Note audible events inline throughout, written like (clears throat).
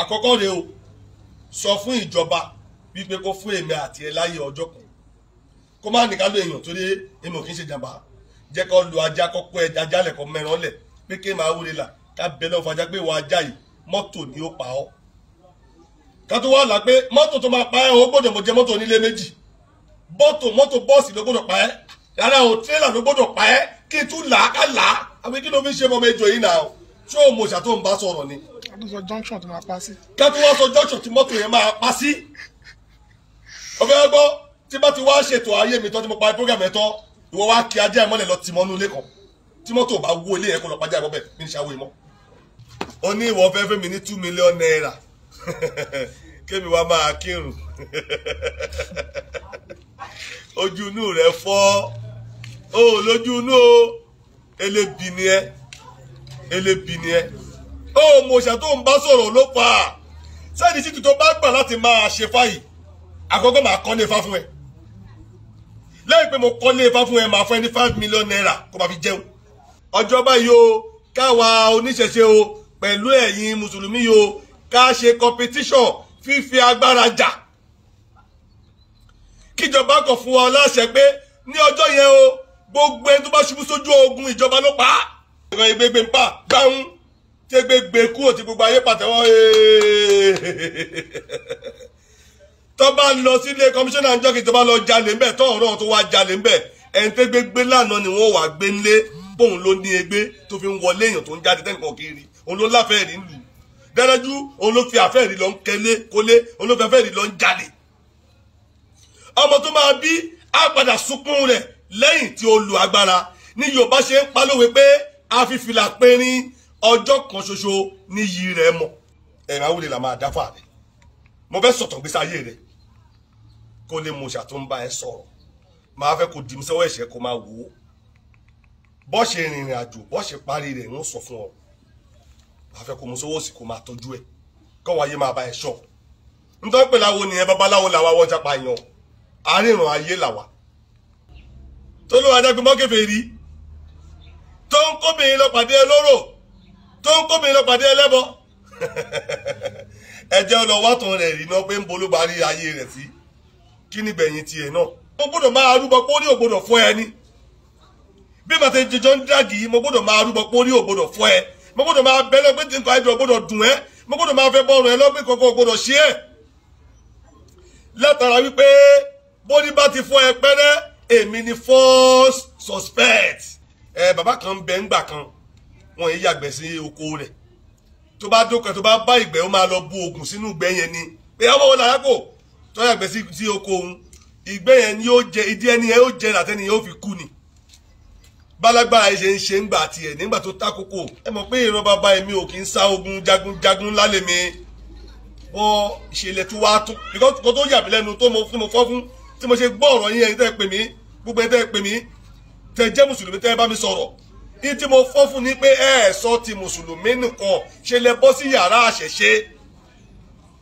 àkọ́kọ́ rèé o sọ fún ìjọba wípé kó fún èmi àti ẹ láyé ọjọ́ kan kó má nìkan ló èèyàn torí èmi ò kí ń ṣe jàmbá jẹ́ kó lu ajá kó kó ẹja jálẹ̀ kó mẹ́ràn lẹ̀ pé kí màá wúre là ká bẹ lọ́wọ́ fàájà pé ìwà ajá yìí mọ́tò ni ó pa ọ́ ká tó wà là pé mọ́tò tó máa pa ẹ́ o gbọ́dọ̀ mọ̀ jẹ́ mọ́tò onílé méjì bọ́tò mọ́tò bọ́ọ̀sì ló gbọ́dọ̀ pa ẹ́ rárá o tírélà ló gbọ́dọ̀ pa ẹ́ kí n tún là á àbí kí ló fi ń ṣe ọmọ ẹjọ́ yìí náà ṣé o mọ̀ ṣàtò ń bá sọ̀rọ̀ ni wọ́n tún sọ junction tó máa pa sí. ká tún wá sọ junction tí mọ́tò yẹn máa pa sí. o fẹ́ tí bá ti wá ṣètò ayé mi tán tí mo parí program ẹ̀ tán ìwọ wá kí ajá ẹ̀ mọ́lẹ̀ lọ tìmọ́ nú kan tí mọ́tò bá wó ilé yẹn kó lọ pàjá ìbọ̀bẹ̀ mi ní ṣàwó ìmọ̀. ó ní ìwọ fẹ́ fẹ́ mi ní two million naira (laughs) kémi wá máa kírun (laughs) ojú inú rẹ fọ́ o lójú inú o elébi ni ẹ elébi ni ẹ ó mọ̀ṣà tó ń bá sọ̀rọ̀ ló fà á sẹ́ni títí tó bá gbà láti máa ṣe fáyì àkọ́kọ́ máa kọ́ ní ifá fún ẹ lẹ́yìn pé mo kọ́ ní ifá fún ẹ máa fún ẹ ní five million naira kó máa fi jẹun ọjọ́ báyìí o káwa oníṣẹ̀ṣe o pẹ̀lú ẹ̀yin mùsùlùmí o ká ṣe competition fífi agbára jà kíjọba kọ̀ fún wa láṣẹ pé ní ọjọ́ yẹn o gbogbo ẹni tó bá ṣubú sójú ogun ìjọba ló pa á. ìrọ̀ ìgbẹ́gbẹ́ ń pa gbáhùn tẹgbẹ́ gbé kúrò tí gbogbo ayé pàtẹ́wọ́ (laughs) tó bá lọ sílé kọmíṣánná ìjọ kejì tó bá lọ jalè ńbẹ tó ọ̀rọ̀ tó wá jalè ńbẹ ẹni tẹgbẹ́ gbé lánàá ni wọ́n wà gbé ńlé bóun ló ní egbé tó fi ń wọlé èèyàn tó ń jáde tẹ́nìkan kiri òun ló láfẹ́ rí lù dájú òun ló fi àfẹ́ rí lọ ń kẹlé kólé òun ló fi àfẹ́ rí lọ ń jalè ọmọ tó máa bí á padà sunkún rẹ̀ lẹ́yìn tí ó lu agbára ní Yorùbá ṣe ń palówe pé afifìlà pẹrin ọjọ́ kan ṣoṣo níyì rẹ̀ mọ̀ ẹ̀rọ awúlé la máa dáfà rẹ̀ mo fẹ́ sọ̀tàn gbèsè ayé rẹ̀ kó lè mo ṣàtúnbá ẹ sọ̀rọ̀ máa fẹ́ kó dì mí sọ́wọ́ ẹ̀ṣẹ̀ kó máa wò ó bọ́ ṣe rìnrìn àjò bọ́ ṣe parí rẹ̀ ń sọ fún ọ máa fẹ́ kó mo sọ́wọ́ òsì kó máa tọ́jú ẹ̀ kọ́ wáyé máa bá ẹ ṣọ́ nítorí pé láwo nìyẹn babaláwo làwa wọ́n jápa yan àríran ayé làwa tó ló wá dágbé mọ́kẹ́fẹ́ rí tó ń kóbìnrin lọ pàdé ẹ lóró tó ń kó mi lọ pàdé ẹlẹ́bọ (laughs) ẹjẹ́ ọlọ́wọ́tàn rẹ̀ rí náà pé ń bolú parí ayé rẹ̀ sí kí ni gbẹ̀yìn tiẹ̀ náà. mo gbọ́dọ̀ máa rúbọ pé ó ní ògbọ́dọ̀ fún ẹ ní bí màtí jẹjọ ń dàgì yìí mo gbọ́dọ̀ máa rúbọ pé ó ní ògbọ́dọ̀ fún ẹ mo gbọ́dọ̀ máa bẹ lọ́gbẹ́ tí nǹkan ẹ̀dùn ògbọ́dọ̀ dùn ẹ́ mo gbọ́dọ̀ máa fẹ́ bọ́ọ̀rùn ẹ lọ́gbẹ́ kankan ògbọ́dọ̀ ṣe é látara wípé bóni bá ti fún ẹ pẹ́rẹ́ èmi ni first suspect ẹ bàbá kan bẹ ńgbà kan wọn yìí yàgbẹ́ sí oko rẹ̀ tó bá dókè tó bá bá ìgbẹ́ ó máa lọ bu oògùn sínú ìgbẹ́ yẹn ni pé ọmọ wọn làrákò tó yàgbẹ́ sí oko òun ìgbẹ́ yẹn ni ó jẹ ìdí ẹni yẹn ó jẹ làtẹ́ni yẹn ó fi kú ni bálágbára yìí ṣe ń ṣe ńgbà tiẹ̀ nígbà tó tákòkò ẹ mọ̀ pé ìran bàbá èmi ò kì í sá ogun jagunjagun lálẹ́ mi wọ́n ìṣẹ̀lẹ̀ tó wá tó kó tó yà mí lẹ́nu tó mo fọ́ fún tí mo ṣe gbọ́ ọ̀rọ̀ yín ẹ̀yin pè mí gbogbo ẹ̀ tẹ́ pè mí tẹ́ jẹ́ mùsùlùmí tẹ́ bá mi sọ̀rọ̀ ní tí mo fọ́ fún ni pé ẹ sọ ti mùsùlùmí nìkan ṣe lẹ bọ́ sí yàrá àṣẹṣe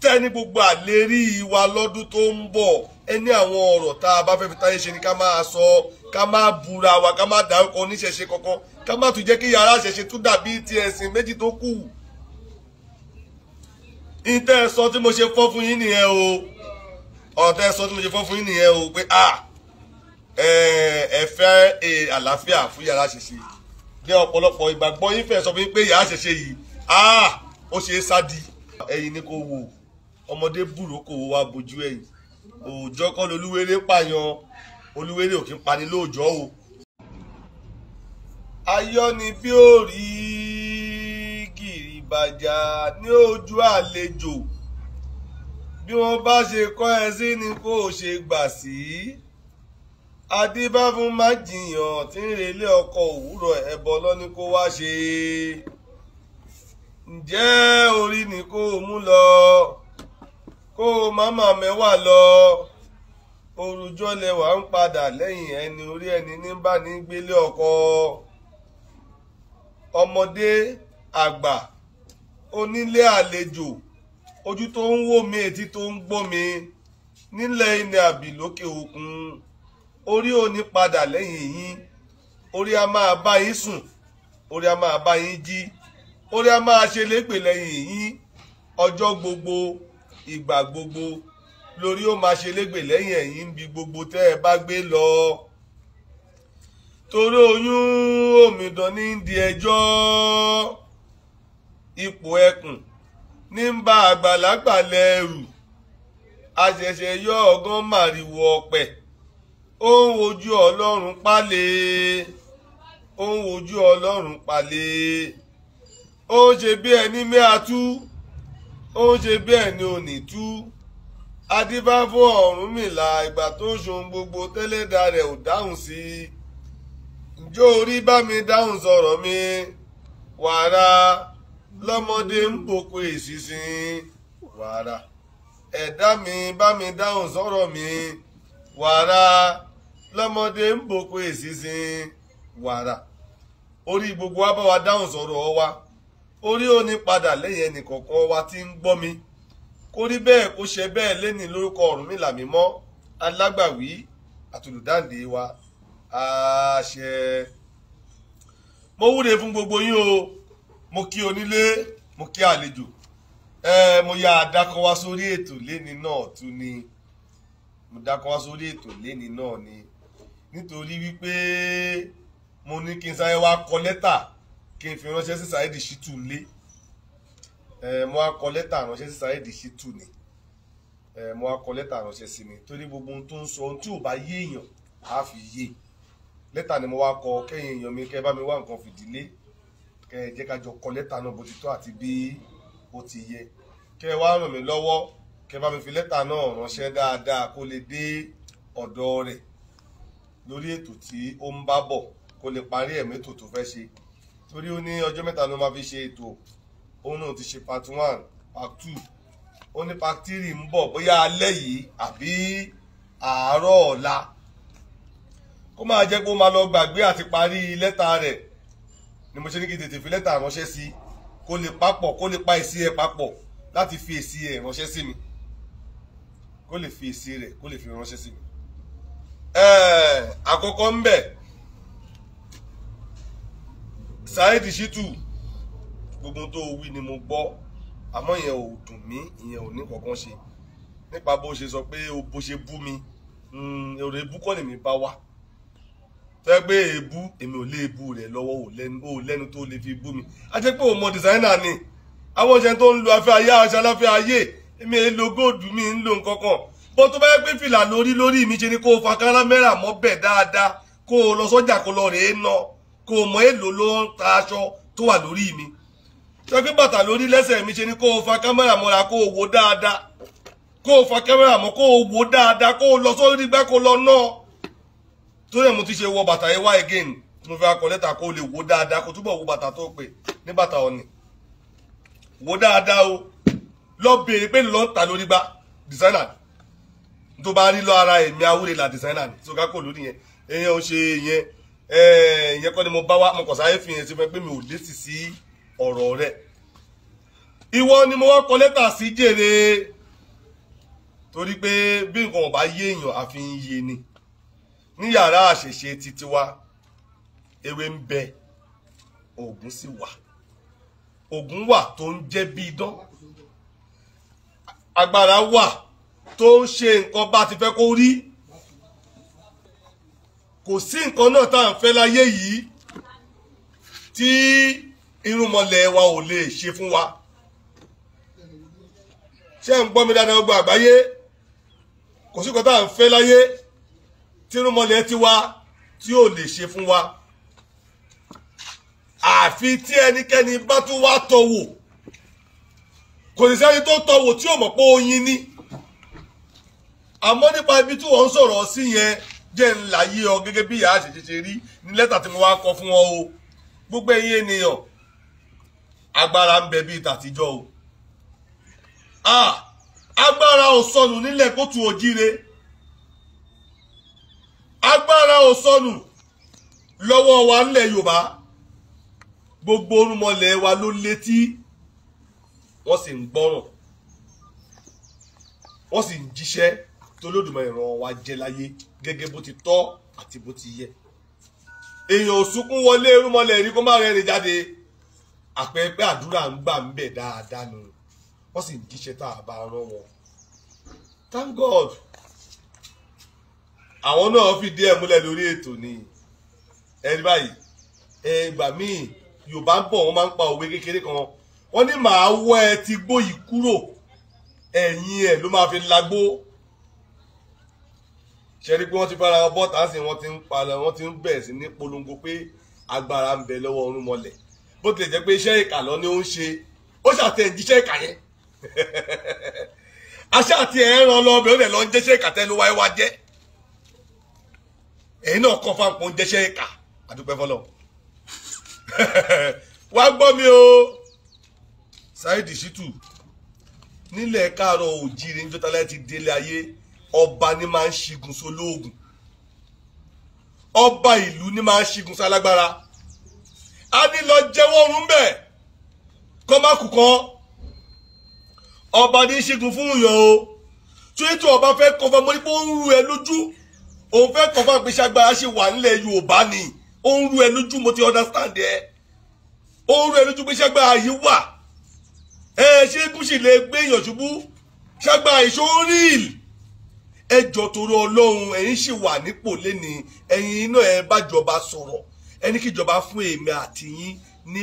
tẹ́ni gbogbo àlérí wa lọ́dún tó ń bọ̀ ẹni àwọn ọ̀rọ̀ tá a bá fẹ́ fi táyé ṣe ni ká máa sọ ká máa búra wa ká máa dárúkọ oníṣẹ̀ṣe kankan ká má tún jẹ́ kí yàrá àṣẹṣe tún dàbí ti ẹ̀sìn méjì tó kù. ìtẹ́ sọ tí mo ṣe fọ́ fún yín nìyẹn o ọ̀tẹ́ ẹ sọ tí mo ṣe fọ́ fún yín nìyẹn o pé a ẹ fẹ́ àlàáfíà fún yàrá àṣẹṣe ní ọ̀pọ̀lọpọ̀ ìgbàgbọ́ yín fẹ́ sọ fún yín pé ìyá àṣẹṣe yìí ah, ó ṣe é sádi ẹ̀yin ni kò wò ọmọdé búrò kò wá bójú ẹ̀yìn òòjọ́ kọ́ lolúwéré pààyàn olúwéré ò pani lóòjọ́ o. ayọ́ni bí ó rí gìrìbàjà ní ojú àlejò bí wọ́n bá ṣe kọ́ ẹ sí ni kò ṣe gbà sí. Si adébáfún má jiyàn tí ń relé ọkọ òwúrọ̀ ẹbọ lọ́ni kó wá ṣe ǹjẹ́ orí ni kó o mú lọ kó o máma mẹ́wàá lọ orújọ́ lẹwà ń padà lẹ́yìn ẹni orí ẹni ní bá ní gbélé ọkọ ọmọdé àgbà onílé àlejò ojú tó ń wò mí etí tó ń gbọ́ mi nílẹ̀ ilẹ̀ àbí lókè òkun. orí ò padà lẹ́yìn yín orí a máa bá yín sùn orí a máa bá yín jí orí a máa ṣe lépè lẹ́yìn yín ọjọ́ gbogbo ìgbà gbogbo lórí ó máa ṣe lépè lẹ́yìn ẹ̀yìn bí gbogbo tẹ́ ẹ bá gbé lọ torí oyún omidan ní di ẹjọ́ ipò ẹkùn ní ń bá àgbàlagbà lẹ́rù àṣẹṣẹ yọ ọgán màrìwò ọ̀pẹ̀ ó ń wojú ọlọ́run palẹ̀ ó ń wojú ọlọ́run palẹ̀ ó ń ṣe bí ẹni mẹ́àtú ó ń ṣe bí ẹni onítú adíbáfó Ọ̀rúnmìlà ìgbà tó ń ṣohun gbogbo tẹ́lẹ̀dá rẹ̀ ò dáhùn sí i ǹjọ́ orí bá mi dáhùn sọ̀rọ̀ mi wàrà lọ́mọdé ń poko ìsinsin wàrà ẹ̀dá mi bá mi dáhùn sọ̀rọ̀ mi wàrà. lọ́mọdé ń bòkó èsìsìn wàrà orí gbogbo wa bá wa dáhùn sọ̀rọ̀ wa orí òní padà lẹ́yìn ẹnìkọ̀ọ̀kan wa ti ń gbọ́ mi kó rí bẹ́ẹ̀ kó ṣe bẹ́ẹ̀ lẹ́ni lórúkọ Ọ̀rúnmìlà mọ́ alágbàwí àtòlùdáǹdè wa àṣẹ mo wúre fún gbogbo yín o mo kí onílé mo kí àlejò ẹ mo ya àdákọ wá sórí ètò lẹ́ni náà tún ni mo dákọ wá sórí ètò lẹ́ni náà ni. nítorí wípé mo ní kí n sáré wá kọ lẹ́tà kí n fi ránṣẹ́ sí Saheed Shittu lé mo wá kọ lẹ́tà ránṣẹ́ sí Saheed Shittu ni mo wá kọ lẹ́tà ránṣẹ́ sí mi torí gbogbo ohun tó ń sọ ohun tí ò bá yé èèyàn á fi yé lẹ́tà ni mo wá kọ kẹ́yìn èèyàn mi kẹ́ bá mi wá nǹkan fìdílé kẹ́ ẹ jẹ́ ká jọ kọ lẹ́tà náà bó ti tọ́ àti bí ó ti yẹ kẹ́ ẹ wá ràn mí lọ́wọ́ kẹ́ bá mi fi lẹ́tà náà ránṣẹ́ dáadáa kó lè dé ọ̀dọ̀ rẹ̀ lórí ètò tí ó ń bá bọ̀ kó lè parí ẹ̀mí ètò tó fẹ́ ṣe torí ó ní ọjọ́ mẹ́ta ló máa fi ṣe ètò òun náà ti ṣe part one part two ó ní part three ń bọ̀ bóyá alẹ́ yìí àbí àárọ̀ ọ̀la kó máa jẹ́ kó máa lọ gbàgbé àti parí lẹ́tà rẹ̀ ni mo ṣe ní kí tètè fi lẹ́tà ránṣẹ́ sí kó lè papọ̀ kó lè pa èsì ẹ̀ papọ̀ láti fi èsì ẹ̀ ránṣẹ́ sí mi kó lè fi èsì rẹ̀ kó lè fi ránṣẹ́ sí mi. Eh, àkọ́kọ́ ń bẹ̀ Saheed Shittu gbogbo tó wí ni mo gbọ́ àmọ́ ìyẹn ò dùn mí ìyẹn ò ní kankan ṣe nípa bó ṣe sọ pé bó ṣe bú mi hmm, èrò ebú kọ́ mi bá wá tẹ́ pé èébú èmi ò lé èébú rẹ̀ lọ́wọ́ ò lẹ́nu tó lè fi bú mi a jẹ́ pé òmò dìsáínà ni àwọn ìṣẹ́ tó ń lo afẹ́ ayé aṣọ aláfẹ́ ayé èmi èlò góòdù mi ń lo nǹkan kan bó tó bá yẹ pé fìlà lórí lórí mi ṣe ni kó o fa kárámẹ́rà mọ́bẹ̀ dáadáa kó o lọ sọ́jà kó lọ rèé ná kó o mọ èlò ló ń ta aṣọ tó wà lórí mi ṣé pé bàtà lórí lẹ́sẹ̀ mi ṣe ni kó o fa kámẹ́rà mọ́ra kó o wò dáadáa kó o fa kámẹ́rà mọ́ kó o wò dáadáa kó o lọ sórí gbá kó lọ ná tó yẹ mo ti ṣe wọ bàtà yẹn wá again mo fi akọ lẹ́tà kó o lè wò dáadáa kó túbọ̀ wo bàtà tó pè ní bàtà ọ̀nì wò dáadáa o lọ béèrè pé lọ́ọ́ lórí gbá designer tó bá rí lọ ara èmi awúre là designer ni so kákò lórí yẹn èèyàn ò ṣe yẹn ìyẹn kọ́ ni mo bá wá mo kàn sáré fi yẹn sí fún ẹ pé mi ò lésì sí ọ̀rọ̀ rẹ̀ ìwọ ni mo wá kọ lẹ́tà sí jèrè torí pé bí nǹkan ò bá yé èèyàn àfi ń yé ni ní yàrá àṣẹṣe títí wa ewé ń bẹ oògùn sì wà oògùn wà tó ń jẹ́ bí idán agbára wà tó ń ṣe nǹkan bá ti fẹ́ kó rí kò sí nǹkan náà tá à ń fẹ́ láyé yìí tí irúnmọlẹ̀ wa ò lè ṣe fún wa ṣé ń gbọ́ mi dáadáa gbogbo àgbáyé kò sí nǹkan tá à ń fẹ́ láyé tí irúnmọlẹ̀ tiwa tí ò lè ṣe fún wa àfi tí ẹnikẹ́ni bá tún wá tọ̀wò kò sì sẹ́ni tó tọ̀wò tí ò mọ̀ pé oyin ni àmọ́ nípa ibi tí wọ́n ń sọ̀rọ̀ sí yẹn jẹ́ ń láyé ọ gẹ́gẹ́ bí ìyá àṣìṣe ṣe rí ní lẹ́tà tí mo wá kọ fún ọ o gbogbo ẹ̀yin ènìyàn agbára ń bẹ bíi tàtijọ́ o agbára ò sọnù nílẹ̀ kó tu òjíire agbára ò sọnù lọ́wọ́ wa nílẹ̀ Yorùbá gbogbo orúnmọlẹ̀ wa ló létí wọ́n sì ń gbọ́ràn wọ́n sì ń jíṣẹ́ tolódùmarè ràn wá jẹ láyé gẹ́gẹ́ bó ti tọ́ àti bó ti yẹ èèyàn ò sunkún wọlé irúmọlẹ̀ rí kó má rẹ́rìn jáde àpẹẹpẹ àdúrà ń gbà ń bẹ̀ dáadáa nù wọ́n sì ń jíṣẹ́ tá a bá rán wọn thank God àwọn náà fìdí ẹ̀ múlẹ̀ lórí ètò ni ẹni báyìí ẹgbà míì yorùbá bọ̀ wọ́n máa ń pa òwe kékeré kan wọ́n ní màá wọ́ ẹ ti gbó yìí kúrò ẹ̀yìn ẹ̀ ló máa fi lagbó ṣe rí pé wọ́n ti fara wọn bọ́ta sí wọ́n ti ń palẹ̀ wọ́n ti ń bẹ̀rẹ̀ sí ní polongo pé agbára ń bẹ lọ́wọ́ Ọ̀rúnmọlẹ̀ bó tilẹ̀ jẹ́ pé iṣẹ́ ìkà lọ ni ó ń ṣe ó ṣàtẹ̀ jíṣẹ́ ìkà yẹn aṣá (laughs) àti ẹ̀ ń ran lọ ọbẹ̀ ó lẹ̀ lọ ń jẹ́ṣẹ́ ìkà tẹ́nu wáyé wá jẹ́ ẹ̀yin náà kọ́ fáwọn ń jẹ́ṣẹ́ ìkà àdúpẹ́ fọlọ́ (laughs) wá gbọ́ mi o Saheed Shittu nílẹ̀ káàárọ̀ òjì ọba ni máa ń ṣigun sólóògùn ọba ìlú ni máa ń ṣigun sálágbára a ní lọ jẹ́wọ́ ọ̀run bẹ́ẹ̀ kọ́ má kú kọ́ ọba ní ṣigun fún yàn o tóyí tó ọba fẹ́ kọfà mọ́ nípa ó ń ru ẹ lójú òun fẹ́ kọfà pé ṣàgbára ṣe wà nílẹ̀ Yorùbá ni ó ru ẹ lójú mo ti understand ẹ ó ru ẹ lójú pé ṣàgbára yìí wà ẹ ṣe é lè gbé èèyàn ṣubú ṣàgbára ìṣòro ríìlì ẹjọ́ torí ọlọ́run ẹ̀yin sì wà nípò lẹ́ni ẹ̀yin náà ẹ bájọba sọ̀rọ̀ ẹni kíjọba fún èmi àti yín ní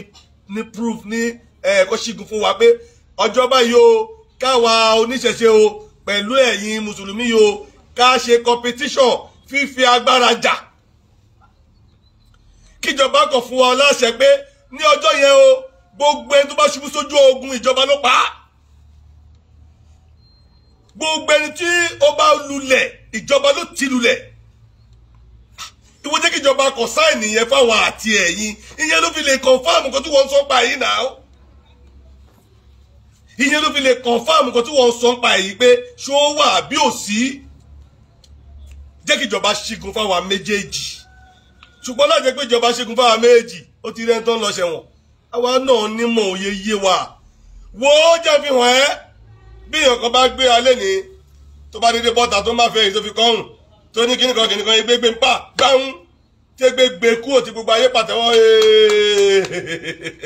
ní proof ní ẹ̀kọ́ ṣígun fún wa pé ọjọ́ báyìí o káwa oníṣẹ̀ṣe o pẹ̀lú ẹ̀yin mùsùlùmí o ká ṣe competition fífi agbára jà kíjọba kọ̀ fún wa láṣẹ pé ní ọjọ́ yẹn o gbogbo ẹni tó bá ṣubú sójú ogun ìjọba ló pa á gbogbo ẹni tí ó bá lulẹ̀ ìjọba ló ti lulẹ̀ ìwọ jẹ́ kí ìjọba kọ sáìnì yẹn fáwọn àti ẹ̀yin ìyẹn ló fi lè confam nǹkan tí wọ́n ń sọ pa yìí náà ìyẹn ló fi lè confam nǹkan tí wọ́n ń sọ pa yìí pé ṣó wà bí ò sí jẹ́ kí ìjọba ṣígun fáwọn méjèèjì ṣùgbọ́n láti jẹ́ pé ìjọba ṣígun fáwọn méjèèjì ó ti rẹ́ńtọ́ lọ ṣẹ̀wọ̀n àwa náà nímọ̀ òye yé wa wò ó jẹ́ fi ẹ́ bí èèyàn kan bá gbé alẹ́ ní tó bá dédé bọ́ta tó má fẹ́ èyí tó fi kọ́hùn tó ní kíníkan kíníkan yìí gbégbé ńpà gbáhùn tí gbé gbé kúrò tí gbogbo ayé pàtẹ́wọ́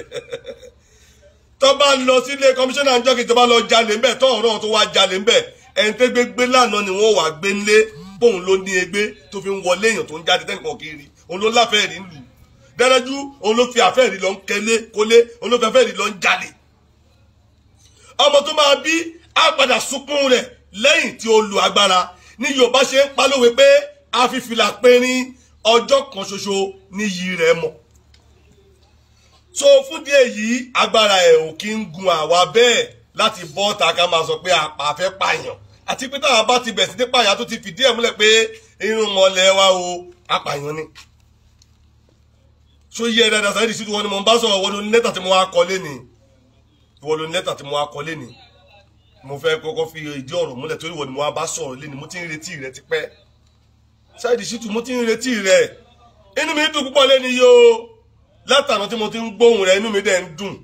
(laughs) tó bá lọ sílé kọmíṣánná njọ́kì tó bá lọ jalè ńbẹ̀ tó ọ̀rọ̀ tó wá jalè ńbẹ̀ ẹni tó gbé gbé lánàá ni wọ́n wà gbé ńlé bóun ló ní egbé tó fi ń wọlé èèyàn tó ń jáde tẹ́nìkan kiri òun ló láfẹ́ẹ́ rí lù dájú òun ló fi àfẹ́ẹ̀rí lọ ń kẹlé kólé òun ló fi àfẹ́ẹ̀rí lọ ń jalè ọmọ tó máa bí á padà sunkún rẹ̀ lẹ́yìn tí ó lu agbára ní yorùbá ṣe ń palówe pé afífìlà pinrin ọjọ́ kan ṣoṣo níyì rẹ̀ mọ̀ so fún díẹ̀ yìí agbára ẹ̀ ò kí ń gun àwa bẹ́ẹ̀ láti bọ́ ta ká máa sọ pé àpá fẹ́ pààyàn àti pé táwa bá ti bẹ̀ sí ní pààyàn tó ti fìdí ẹ̀ múlẹ̀ pé irun mọ̀lẹ́ wa o apààyàn ni so yẹ dada sáyẹ́dì sí wọn ni mo bá sọ̀rọ̀ wọn ló ní lẹ́tà tí mo wá kọ lé ni wọn ló ní lẹ́tà tí mo wá kọ lé ni mo fẹ́ kọ́kọ́ fi ìdí ọ̀rọ̀ múlẹ̀ torí wọ́n ni mo wá bá sọ̀rọ̀ lé ni mo ti ń retí rẹ tipẹ́ Saheed Shittu mo ti ń retí rẹ inú mi dùn púpọ̀ lẹ́ni yìí o látàná tí mo ti ń gbóhùn rẹ inú mi dẹ̀ ń dùn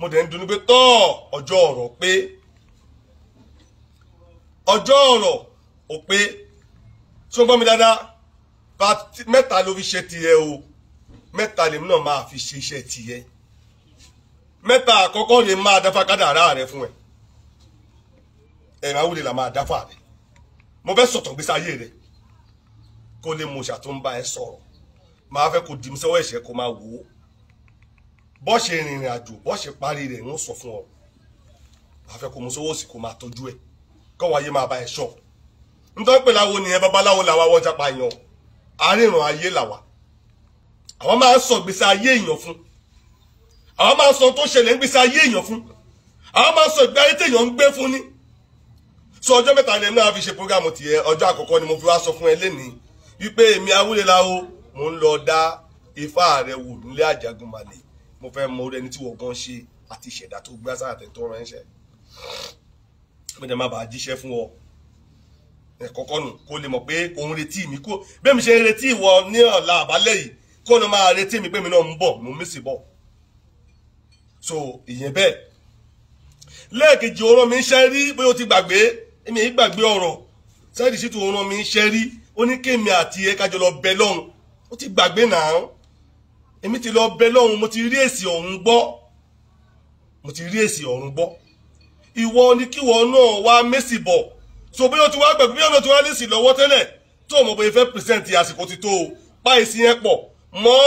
mo dẹ̀ ń dùn ní pé tọ́ ọjọ́ ọ̀rọ̀ pé ọjọ́ ọ̀rọ̀ ò pé tí wọ́n gbọ́ mi dáadáa mẹ́ta ló fi ṣe tiẹ̀ o mẹ́ta lèmi náà máa fi ṣe iṣẹ́ tiẹ̀ mẹ́ta àkọ́kọ́ lè máa dáfakádà ara rẹ fún ẹ ẹ̀rọ awúlé là máa dáfà mo fẹ́ sọ̀tàn gbèsè ayé rẹ̀ kó lè mo ṣàtúnbá ẹ sọ̀rọ̀ máa fẹ́ kó dì mí sọ́wọ́ ẹ̀ṣẹ̀ kó máa wò ó bọ́ ṣe rìnrìn àjò bọ́ ṣe parí rẹ̀ ń sọ fún ọ máa fẹ́ kó mo sọ́wọ́ kó máa tọ́jú kọ́ wáyé máa bá ẹ ṣọ́ nítorí pé láwo nìyẹn babaláwo làwa ayé làwa àwọn máa ń sọ gbèsè ayé èèyàn fún àwọn máa ń sọ tó ṣẹlẹ̀ so ọjọ́ mẹ́ta lẹ náà fi ṣe programu tiẹ̀ ọjọ́ àkọ́kọ́ ni mo fi wá sọ fún ẹ lénìí wípé èmi awúrẹ́láwo mò ń lọ dá ifá rẹ wò nílé àjàgùnmalè mo fẹ́ mọ orí ẹni tí wọ́n gan ṣe àti ìṣẹ̀dá tó gbá sáà tẹ̀ tó ránṣẹ́ mo jẹ́ má bàa jíṣẹ́ fún ọ ẹ̀kọ́kọ́ nù kó lè mọ̀ pé òun retí mi kó bẹ́ẹ̀ mi ṣe retí ìwọ ní ọ̀la àbálẹ̀ yìí kó ló máa retí mi pé mi náà ń bọ̀ mo mí sì bọ̀ so ìyẹn bẹ́ẹ̀ lẹ́ẹ̀kejì oró mi ń ṣẹ́ rí bóyá o ti gbàgbé èmi yìí gbàgbé ọ̀rọ̀ sáyẹ̀dì sí tòun rán mi iṣẹ́ rí ó ní kémi àti ẹ̀ kájọ lọ bẹ lọ́hùn ó ti gbàgbé náà èmi ti lọ bẹ lọ́hùn mo ti rí èsì ọ̀hún gbọ́ mo ti rí èsì ọ̀hún gbọ́ ìwọ ni kíwọ náà wá mẹ́sì bọ̀ so bí o ti wá gbàgbé bí ọ̀nà tí wọ́n á lè sì lọ́wọ́ tẹ́lẹ̀ tó o mọ̀ bóyá fẹ́ pìrìsẹ́ǹtì àsìkò ti tó o pa èsì yẹn pọ̀ mọ́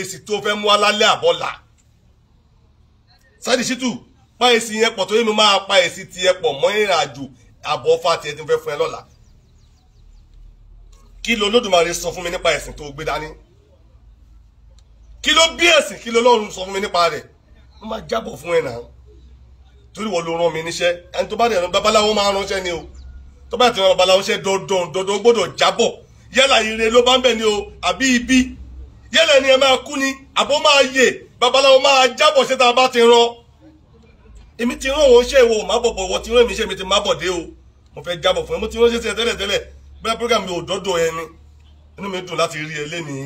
èsì tó fẹ́ mú alálẹ́ àbọ̀là sáyẹ̀dì sí tù pa èsì yẹn pọ̀ tó yẹ máa pa èsì tiẹ̀ pọ̀ mọ́ ìrìn àjò àbọ̀ ọfà tiẹ̀ tí mo fẹ́ fún ẹ lọ́la kí ló lódùmarè sọ fún mi nípa ẹ̀sìn tó gbé dání kí ló bí ẹ̀sìn kí ló lọ́run sọ fún mi nípa rẹ̀ mo máa jábọ̀ fún ẹ náà torí wọ́n ló rán mi níṣẹ́ ẹni tó bá dẹ̀ rán babaláwo máa ránṣẹ́ ni o tó bá ti rán babaláwo ṣe dandan dandan gbọ́dọ̀ jábọ̀ yálà ire ló bá ń bẹ̀ ni o àbí ibi yálà ni ẹ máa kú ni àbó máa yè babaláwo máa jábọ̀ ṣé tá a bá ti rán èmi ti rán òun ṣe ìwò má bọ̀bọ̀ wọ́n ti rán èmi ṣe èmi ti má bọ̀ dé o mo fẹ́ jábọ̀ fún ẹ mo ti rán ṣe tiẹ̀ tẹ́lẹ̀ tẹ́lẹ̀ bẹ́ẹ̀ program mi ò dọ́dọ̀ ẹni inú mi dùn láti rí ẹ lénìí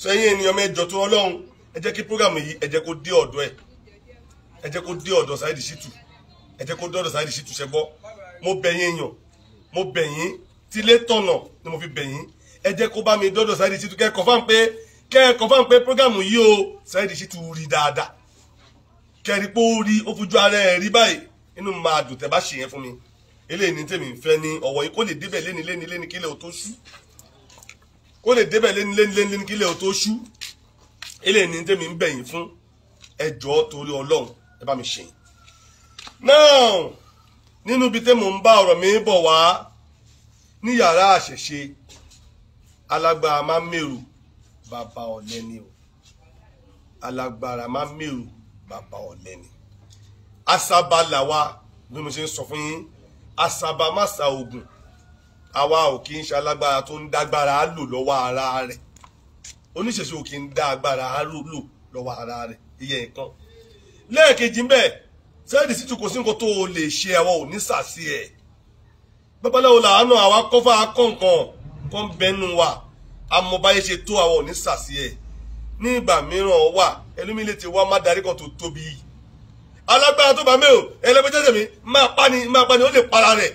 sọ ẹ̀yin ènìyàn mẹ́jọ tó ọlọ́run ẹ jẹ́ kí program yìí ẹ jẹ́ kó dé ọ̀dọ̀ ẹ ẹ jẹ́ kó dé ọ̀dọ̀ Saheed Shittu ẹ jẹ́ kó dé ọ̀dọ̀ Saheed Shittu ṣẹ gbọ́ mo bẹ̀ yín èèyàn mo bẹ̀ yín tilé tọ̀nà ni mo fi bẹ̀ yín ẹ jẹ́ kó bá mi dọ́dọ̀ Saheed Shittu kẹ́ confirm pé kẹ́ confirm pé program yìí o Saheed Shittu rí dáadáa kẹrí pé ó rí ó fojú ara ẹ rí báyìí inú mi máa dùn tẹ́ bá ṣe yẹn fún mi eléyìí ní tèmi ń fẹ́ ní ọ̀wọ́ yìí kó lè débẹ̀ léni léni léni kílẹ̀ ò tó ṣú kó lè débẹ̀ léni léni léni léni kílẹ̀ ò tó ṣú eléyìí ní tèmi ń bẹ̀yìn fún ẹ torí Ọlọ́run ẹ bá mi ṣe yìí. now nínú ibi tí mò ń bá ọ̀rọ̀ mi bọ̀ wá ní yàrá àṣẹ̀ṣe alágbára máa mèrò bàbá ọ̀lẹ́ni o alágbára máa mèrò bàbá ọ̀lẹ ni asaba làwa bí mo ṣe ń sọ fún yín asaba masa ogun àwa ò kì í ṣe alágbára tó ń dágbára á lò lọ́wọ́ ara rẹ̀ oníṣẹ̀ṣe ò kì í dá agbára á lò lọ́wọ́ ara rẹ̀ iye nǹkan lẹ́ẹ̀kejì ń bẹ̀ sẹ́ẹ̀dì sí tukọ̀ sí nǹkan tó o lè ṣe àwọn ò ní sàṣì ẹ̀ babaláwo làánú àwa kọ́fà akọ̀ǹkan kan bẹ́nu wa amọ̀báyé ṣe tó àwọn ò ní sàṣì ẹ̀ ní ìgbà mìíràn wà ẹlòmíì lè ti wá má darí kan tó tóbi yìí alágbára tó bá mi o ẹlẹ́gbẹ́jẹ́sẹ̀ mi máa pa ni máa pa ni ó lè para rẹ̀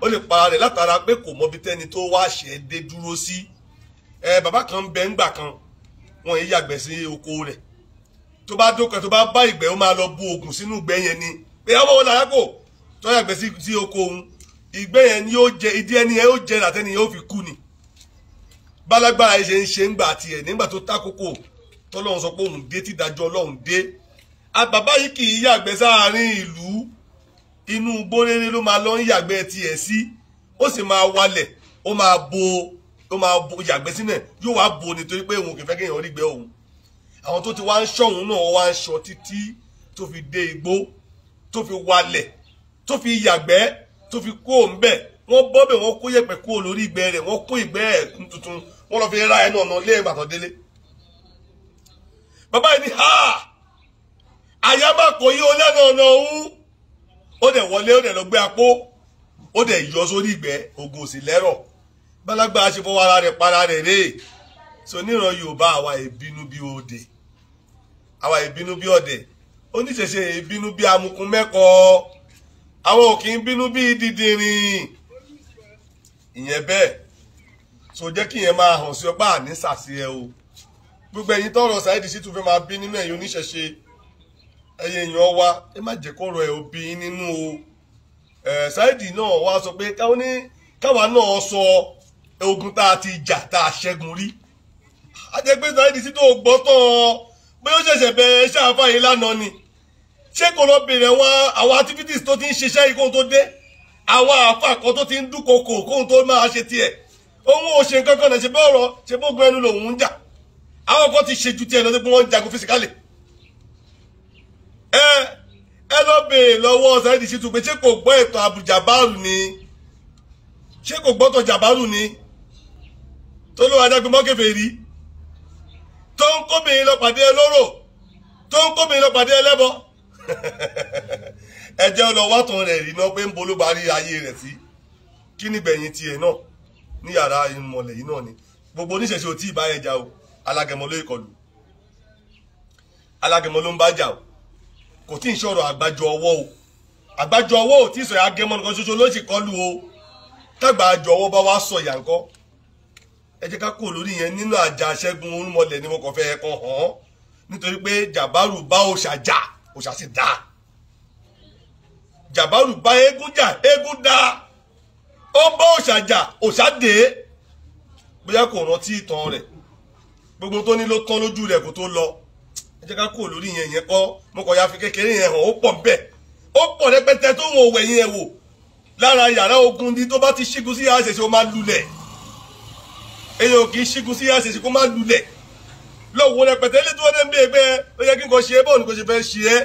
ó lè para rẹ̀ látara pé kò mọbi tẹ́ni tó wá ṣe é dé dúró sí ẹ bàbá kan bẹ ńgbà kan wọn yìí yàgbẹ́ sí oko rẹ̀ tó bá dókè tó bá bá ìgbẹ́ ó máa lọ bu oògùn sínú ìgbẹ́ yẹn ni pé ọmọ wo làyà kò tó yàgbẹ́ sí oko òun ìgbẹ́ yẹn ni yóò jẹ ìdí ẹni yẹn yóò jẹ làtẹ́ni yẹn fi kú ni bálágbára ẹ ṣe ń ṣe ńgbà àti ẹ̀ nígbà tó tákòkò tọ́lọ́run sọ pé òun dé tídájọ́ ọlọ́run dé àbàbá yìí kì í yàgbẹ́ sáàárín ìlú inú gbóréré ló máa lọ ń yàgbẹ́ tiẹ̀ sí ó sì máa walẹ̀ ó máa bo ó máa bo yàgbẹ́ sílẹ̀ yóò wá bo nítorí pé òun kì í fẹ́ kéèyàn rí gbẹ́ òun àwọn tó ti wá ń ṣọ̀hún náà wá ń ṣọ títí tó fi dé igbó tó fi walẹ̀ tó fi yàgbẹ́ tó fi kó òun bẹ́ẹ̀ wọ́n bọ́ bẹ́ẹ̀ wọ́n kó yẹ̀pẹ̀ kó lórí ìgbẹ́ rẹ̀ wọ́n kó ìgbẹ́ tuntun wọ́n lọ fi ra ẹnu ọ̀nà ilé ìgbà tó délé bàbá yìí ni ha àyàbá kò yí o lẹ́nu ọ̀nà òun ó dẹ̀ wọlé ó dẹ̀ lọ gbé apó ó dẹ̀ yọ sórí ìgbẹ́ ogun òsì lẹ́rọ̀ bálágbá ṣe fọwọ́ ara rẹ̀ para rẹ̀ rè so níran Yorùbá àwa ìbínú bí òde àwa ìbínú bí ọ̀dẹ̀ oníṣẹ̀ṣe ìbínú bí amukun mẹ́kọ̀ọ́ àwọn òkè ń bínú bí dídìrín ìyẹn bẹ́ẹ̀ so jẹ́ kí yẹn máa hàn sí ọpá àní sàsí ẹ o gbogbo ẹ̀yin tọrọ Saheed Shittu fẹ́ máa bí nínú ẹ̀yin oníṣẹ̀ṣe ẹ̀yin èèyàn wa ẹ má jẹ́ kọ́rọ̀ ẹ̀ òbí nínú o ẹ̀ Saheed náà wá sọ pé káwọn ní káwa náà sọ ogun tá a ti jà tá a ṣẹ́gun rí àjẹgbé Saheed Shittu gbọ́ tán bóyá ó ṣẹ̀ṣẹ̀ bẹ̀rẹ̀ iṣẹ́ àfáyín lánàá ni ṣé kò lọ bèrè àwọn activities tó ti ń ṣiṣẹ́ yìí kóhun tó dé àwọn àfa kan tó ti ń dúnkokò kóhun tó máa ṣe tiẹ̀ òun ò ṣe nǹkan kan náà ṣe bọ́ ọ̀rọ̀ ṣe bó gbọ́ ẹnu lòun ń jà àwọn kan ti ṣe ju tiẹ̀ lọ sí pé wọ́n ń jagun fisikálì ẹ ẹ lọ bèèrè lọ́wọ́ Saheed Shittu pé ṣé kò gbọ́ ìtàn àbújá báàlù ni ṣé kò gbọ́ tàn jàbáàlù ni tó ló wàá dágbé mọ́kẹ́fẹ́ rí tó ń kóbìnrin lọ pàdé ẹlọ́rọ̀ tó ń kóbìnrin lọ pàdé ẹlẹ́bọ (laughs) ẹ jẹ́ ọ lọ wá tàn rẹ̀ rí náà pé ń bolú ayé rẹ̀ sí kí ni gbẹ̀yìn tiẹ̀ náà ní yàrá ìmọ̀lẹ̀ yìí náà ni gbogbo oníṣẹ̀ṣe ò tí ì bá yẹn jà o alágẹmọ ló ìkọlù alágẹmọ ló ń bá jà o kò tí ì sọ̀rọ̀ àgbájọ ọwọ́ o àgbájọ ọwọ́ ò tí ì sọ̀rọ̀ agẹmọ nìkan ṣoṣo ló sì kọlù o tágbàjọ ọwọ́ bá wá sọ yàǹkọ́ ẹ jẹ́ ká kó lórí yẹn nínú àjà ṣẹ́gun orúmọlẹ̀ ni mo kàn fẹ́ kàn hàn án nítorí pé jàbárù bá òṣà jà òṣà sì dáa jàbárù bá eégún jà eégún dáa ó ń bá òṣàjà òṣàdé bóyá kò rántí ìtàn rẹ̀ gbogbo tó ní ló tán lójú rẹ̀ kó tó lọ ẹ jẹ́ ká kúrò lórí yẹn yẹn kọ́ mo kàn ya fi kékeré yẹn hàn ó pọ̀ ń bẹ̀ ó pọ̀ rẹpẹtẹ tó wọ òwẹ̀ yẹn wò lára yàrá ogun ni tó bá ti ṣígun sí yàrá ṣèṣe ó máa lulẹ̀ èèyàn kì í ṣígun sí yàrá ṣèṣe kó máa lulẹ̀ lọ́wọ́ rẹpẹtẹ ilé tí wọ́n dé ń bí ẹgbẹ́ ó yẹ kí n kò ṣe é bóun ni kò ṣe fẹ́ ṣe é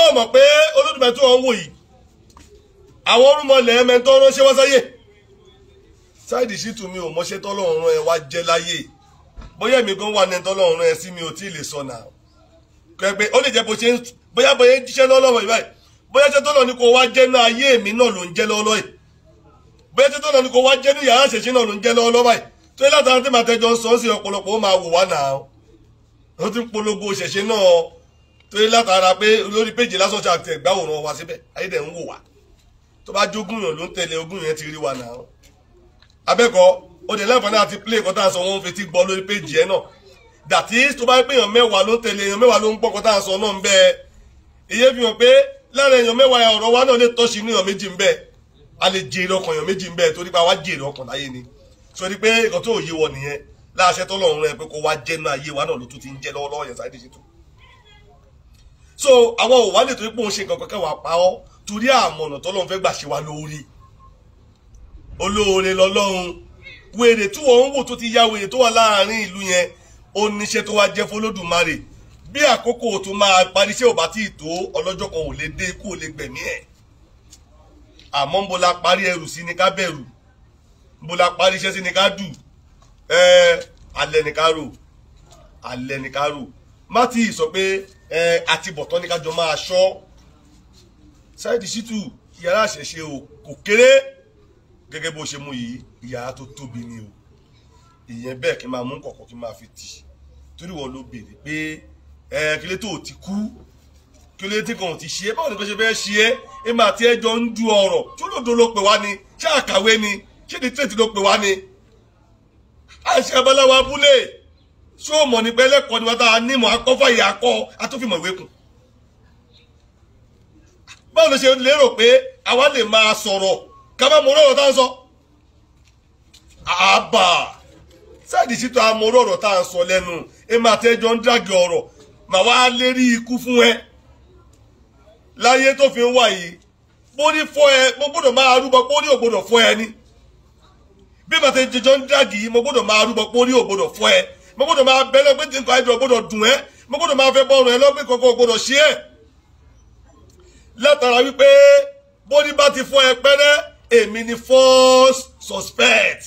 ó mọ̀ pé olódùmẹ̀ tó ń wò yìí àwọn orúmọ lẹ́ẹ̀mẹ́ tó ránṣẹ́ wá sáyé Saheed Shittu mi ò mọṣẹ́ tọ́lọ́run ẹ wá jẹ́ láyé bóyá èmi gan wà ní tọ́lọ́run ẹ sí mi ò tí ì lè sọ nà ó lè jẹ́ bó ṣe ń bóyá bóyá jíṣẹ́ lọ́lọ́wọ́ bóyá ṣe tọ́lọ́ ni kò wá jẹ́ náà ayé èmi náà ló ń jẹ́ lọ́lọ́ yìí bóyá ṣe tọ́lọ́ ni kò wá jẹ́ ní náà ló ń jẹ́ lọ́lọ́ báyìí wa tó bá jogún yàn ló ń tẹ̀lé ogún yẹn ti rí wa náà abẹ́kọ̀ọ́ o dẹ̀ láǹfààní àti play kọ́tà sọ wọn fetí gbọ́ lórí péjì ẹ̀ náà dàtí tó bá pé èèyàn mẹ́wàá ló ń tẹ̀lé èèyàn mẹ́wàá ló ń gbọ́ kọ́tà sọ náà ń bẹ́ ẹ fi hàn pé lára èèyàn mẹ́wàá ọ̀rọ̀ wa náà lè tọ́sí inú èèyàn méjì ń bẹ a lè jèrè ọkàn èèyàn méjì ń bẹ torí pé àwa jèrè ọkàn láyé ni torí pé nǹkan tó yé wọ nìyẹn láàṣẹ tọ́lọ́run rẹ pé kó wá jẹ́ náà ayé wa náà ló tún ti ń jẹ́ lọ́wọ́lọ́wọ́ yẹn Saheed Shittu so àwọn òwà lè torí pé òun ṣe nǹkan kankan wà pa ọ́ torí àmọ́ ọ̀nà tọ́lọ́run fẹ́ gbà ṣe wá lóore olóore lọ́lọ́run wèrè tí wọ́n ń wò tó ti ya wèrè tó wà láàrin ìlú yẹn ó níṣẹ́ tó wá jẹ́ fọlọ́dùmarè bí àkókò tó máa parí iṣẹ́ ò bá tí ì tó ọlọ́jọ́ kan ò lè dé kú ò lè gbẹ̀mí ẹ̀ àmọ́ ń bo la parí ẹrù sí ni ká bẹ̀rù ń bo la parí iṣẹ́ sí ni ká dù alẹ́ ni ká rò alẹ́ ni ká rò má tí sọ pé àtibọ̀tán ni ká jọ máa ṣọ́ Saheed Shittu ìyára àṣẹṣe o kò kéré gẹ́gẹ́ bó ṣe mú yìí ìyára tó tóbi ni o ìyẹn bẹ́ẹ̀ kí n máa mú kọ̀ọ̀kan kí n máa fi tì torí wọn ló béèrè pé ẹ kílé tó ti kú kílé tí kò ti ṣe é báwo ni kò ṣe fẹ́ ṣe é èmi àti ẹjọ́ ń du ọ̀rọ̀ tí olódo ló pè wá ni ṣé àkàwé ni ṣé ni tètè ló pè wá ni àṣẹ abalawo abúlé ṣé o mọ̀ nípa ni wọ́n ta ní mọ̀ akọ́fà ìyá akọ́ ọ ló ṣe lérò pé àwa lè máa sọ̀rọ̀ ká má mọ ọ̀rọ̀ tá à ń sọ. àbà sáàdì ṣètò àmọ́ ọ̀rọ̀ tá à ń sọ lẹ́nu ẹ máa tẹ́jọ́ ń dàgẹ̀ ọ̀rọ̀ màá wá lérí ikú fún ẹ láyé tó fi ń wà yìí bó ní ẹ mo gbọ́dọ̀ máa rúbọ bó ní ògbọ́dọ̀ ẹ ni bí ń yìí mo gbọ́dọ̀ máa rúbọ ní ògbọ́dọ̀ ẹ mo gbọ́dọ̀ máa nǹkan gbọ́dọ̀ dùn ẹ mo gbọ́dọ̀ máa fẹ́ ẹ kankan ògbọ́dọ̀ ṣe látara wípé bóní bá ti fọ́ ẹ pẹ́rẹ́ èmi ni first suspect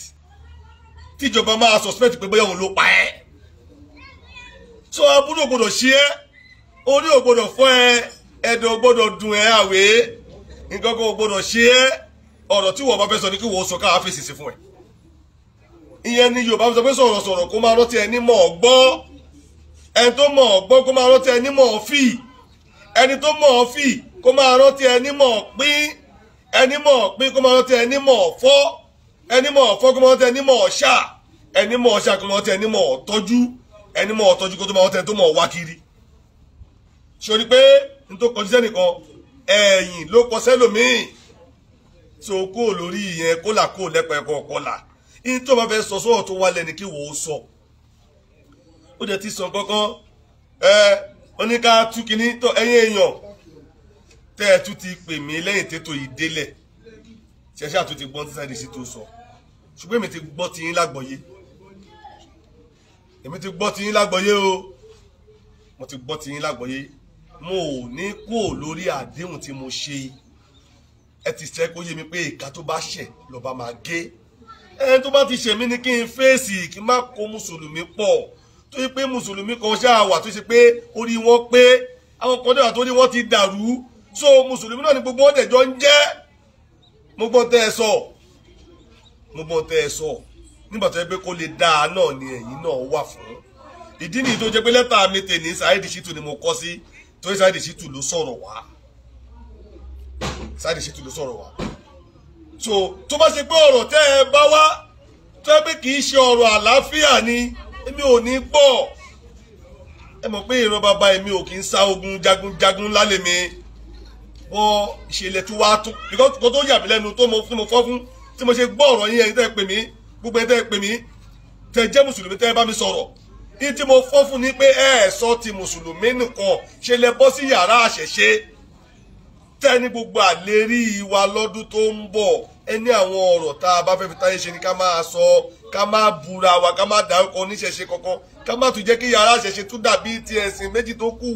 tíjọba máa suspect pé bóyá òun ló pa ẹ́ so abúlé ò gbọdọ̀ ṣí ẹ́ orí ò gbọdọ̀ fọ́ ẹ ẹ̀dọ̀ ò gbọdọ̀ dùn ẹ́ àwé nǹkan kan ò gbọdọ̀ ṣí ẹ́ ọ̀rọ̀ tí wọ́n bá fẹ́ sọ ni kí wọ́n sọ káwá fèsì sí fún ẹ ìyẹn ni Yorùbá sọ pé sọ̀rọ̀ sọ̀rọ̀ kó máa rántí ẹni mọ̀ ọ́ gbọ́ ẹni tó mọ̀ ọ́ gbọ́ kó máa rántí ẹni mọ̀ ọ́ fì ẹni tó mọ̀ ọ́ kó máa rántí ẹni mọ̀ pín ẹni mọ̀ pín kó máa rántí ẹni mọ̀ fọ́ ẹni mọ̀ fọ́ kó máa rántí ẹni mọ̀ ṣá ẹni mọ̀ ṣá kó máa rántí ẹni mọ̀ tọ́jú ẹni mọ̀ tọ́jú kó tó máa rántí ẹni tó mọ̀ wá kiri sori pé n tó kọjú sẹ́nìkan ẹ̀yìn ló kọ sẹ́lòmíì tí o kó lórí ìyẹn kólà kó lẹ́pẹ̀ẹ́ kan kọlà ní tó máa fẹ́ sọ sọ́wọ́ tó wálẹ̀ ní kí wò sọ ó dẹ̀ ti sọ kankan ẹ oníka tú kínní tó ẹ̀yìn èèyàn tẹ́ ẹ tún ti pè mí lẹ́yìn tètò yìí délẹ̀ ṣẹ̀ṣẹ̀ àtún ti gbọ́ tí sáyẹn sí tó sọ ṣùgbọ́n èmi ti gbọ́ ti yín lágbọ̀yé èmi ti gbọ́ ti yín lágbọ̀yé o mo ti gbọ́ ti yín lágbọ̀yé mo ò ní kó lórí àdéhùn tí mo ṣe ẹ ti ṣe kó yé mi pé ìka tó bá ṣẹ̀ lọ́ba máa gé ẹni tó bá ti ṣẹ̀ mí ni kí n fèsì kí n má kó mùsùlùmí pọ̀ tó yẹ pé mùsùlùmí kan ṣáà wà tó ṣe pé orí wọn pé àwọn kan náà tó ní wọn ti dàrú so mùsùlùmí náà ni gbogbo wọn dẹjọ ń jẹ mo gbọ́ tẹ́ ẹ sọ mo gbọ́ tẹ́ ẹ sọ nígbà tó yẹ pé kó lè dáa náà ni ẹ̀yin náà wà fún ìdí nìyí tó jẹ́ pé lẹ́tà mi tè ní Saheed Shittu ni mo kọ sí torí Saheed Shittu ló sọ̀rọ̀ wá Saheed Shittu ló sọ̀rọ̀ wá so tó bá ṣe pé ọ̀rọ̀ tẹ́ ẹ bá wá tó yẹ pé kì í ṣe ọ̀rọ̀ àlàáfíà ni èmi ò ní gbọ́ ẹ mọ̀ pé ìran bàbá èmi ò kì í sá ogun jagunjagun lálẹ́ mi wọ́n ṣẹlẹ̀ tí wàá tún kó tó yà mí lẹ́nu tó mo fún mo fọ́ fún tí mo ṣe gbọ́ ọ̀rọ̀ yín ẹ̀yin tẹ́ ẹ pè mí gbogbo ẹ̀ tẹ́ ẹ pè mí tẹ́ jẹ́ mùsùlùmí tẹ́ ẹ bá mi sọ̀rọ̀ ní tí mo fọ́ fún ni pé ẹ sọ ti mùsùlùmí nìkan ṣẹlẹ̀ bọ́ sí yàrá àṣẹ̀ṣe tẹ́ni gbogbo àlérí wa lọ́dún tó ń bọ̀ ẹ ní àwọn ọ̀rọ̀ tá a bá fẹ́ fi táyé ṣe ni ká máa sọ ká máa búra wa ká máa dárúkọ oníṣẹ̀ṣe kankan ká má tún jẹ́ kí yàrá àṣẹ̀ṣe tún dàbí ti ẹ̀sìn méjì tó kù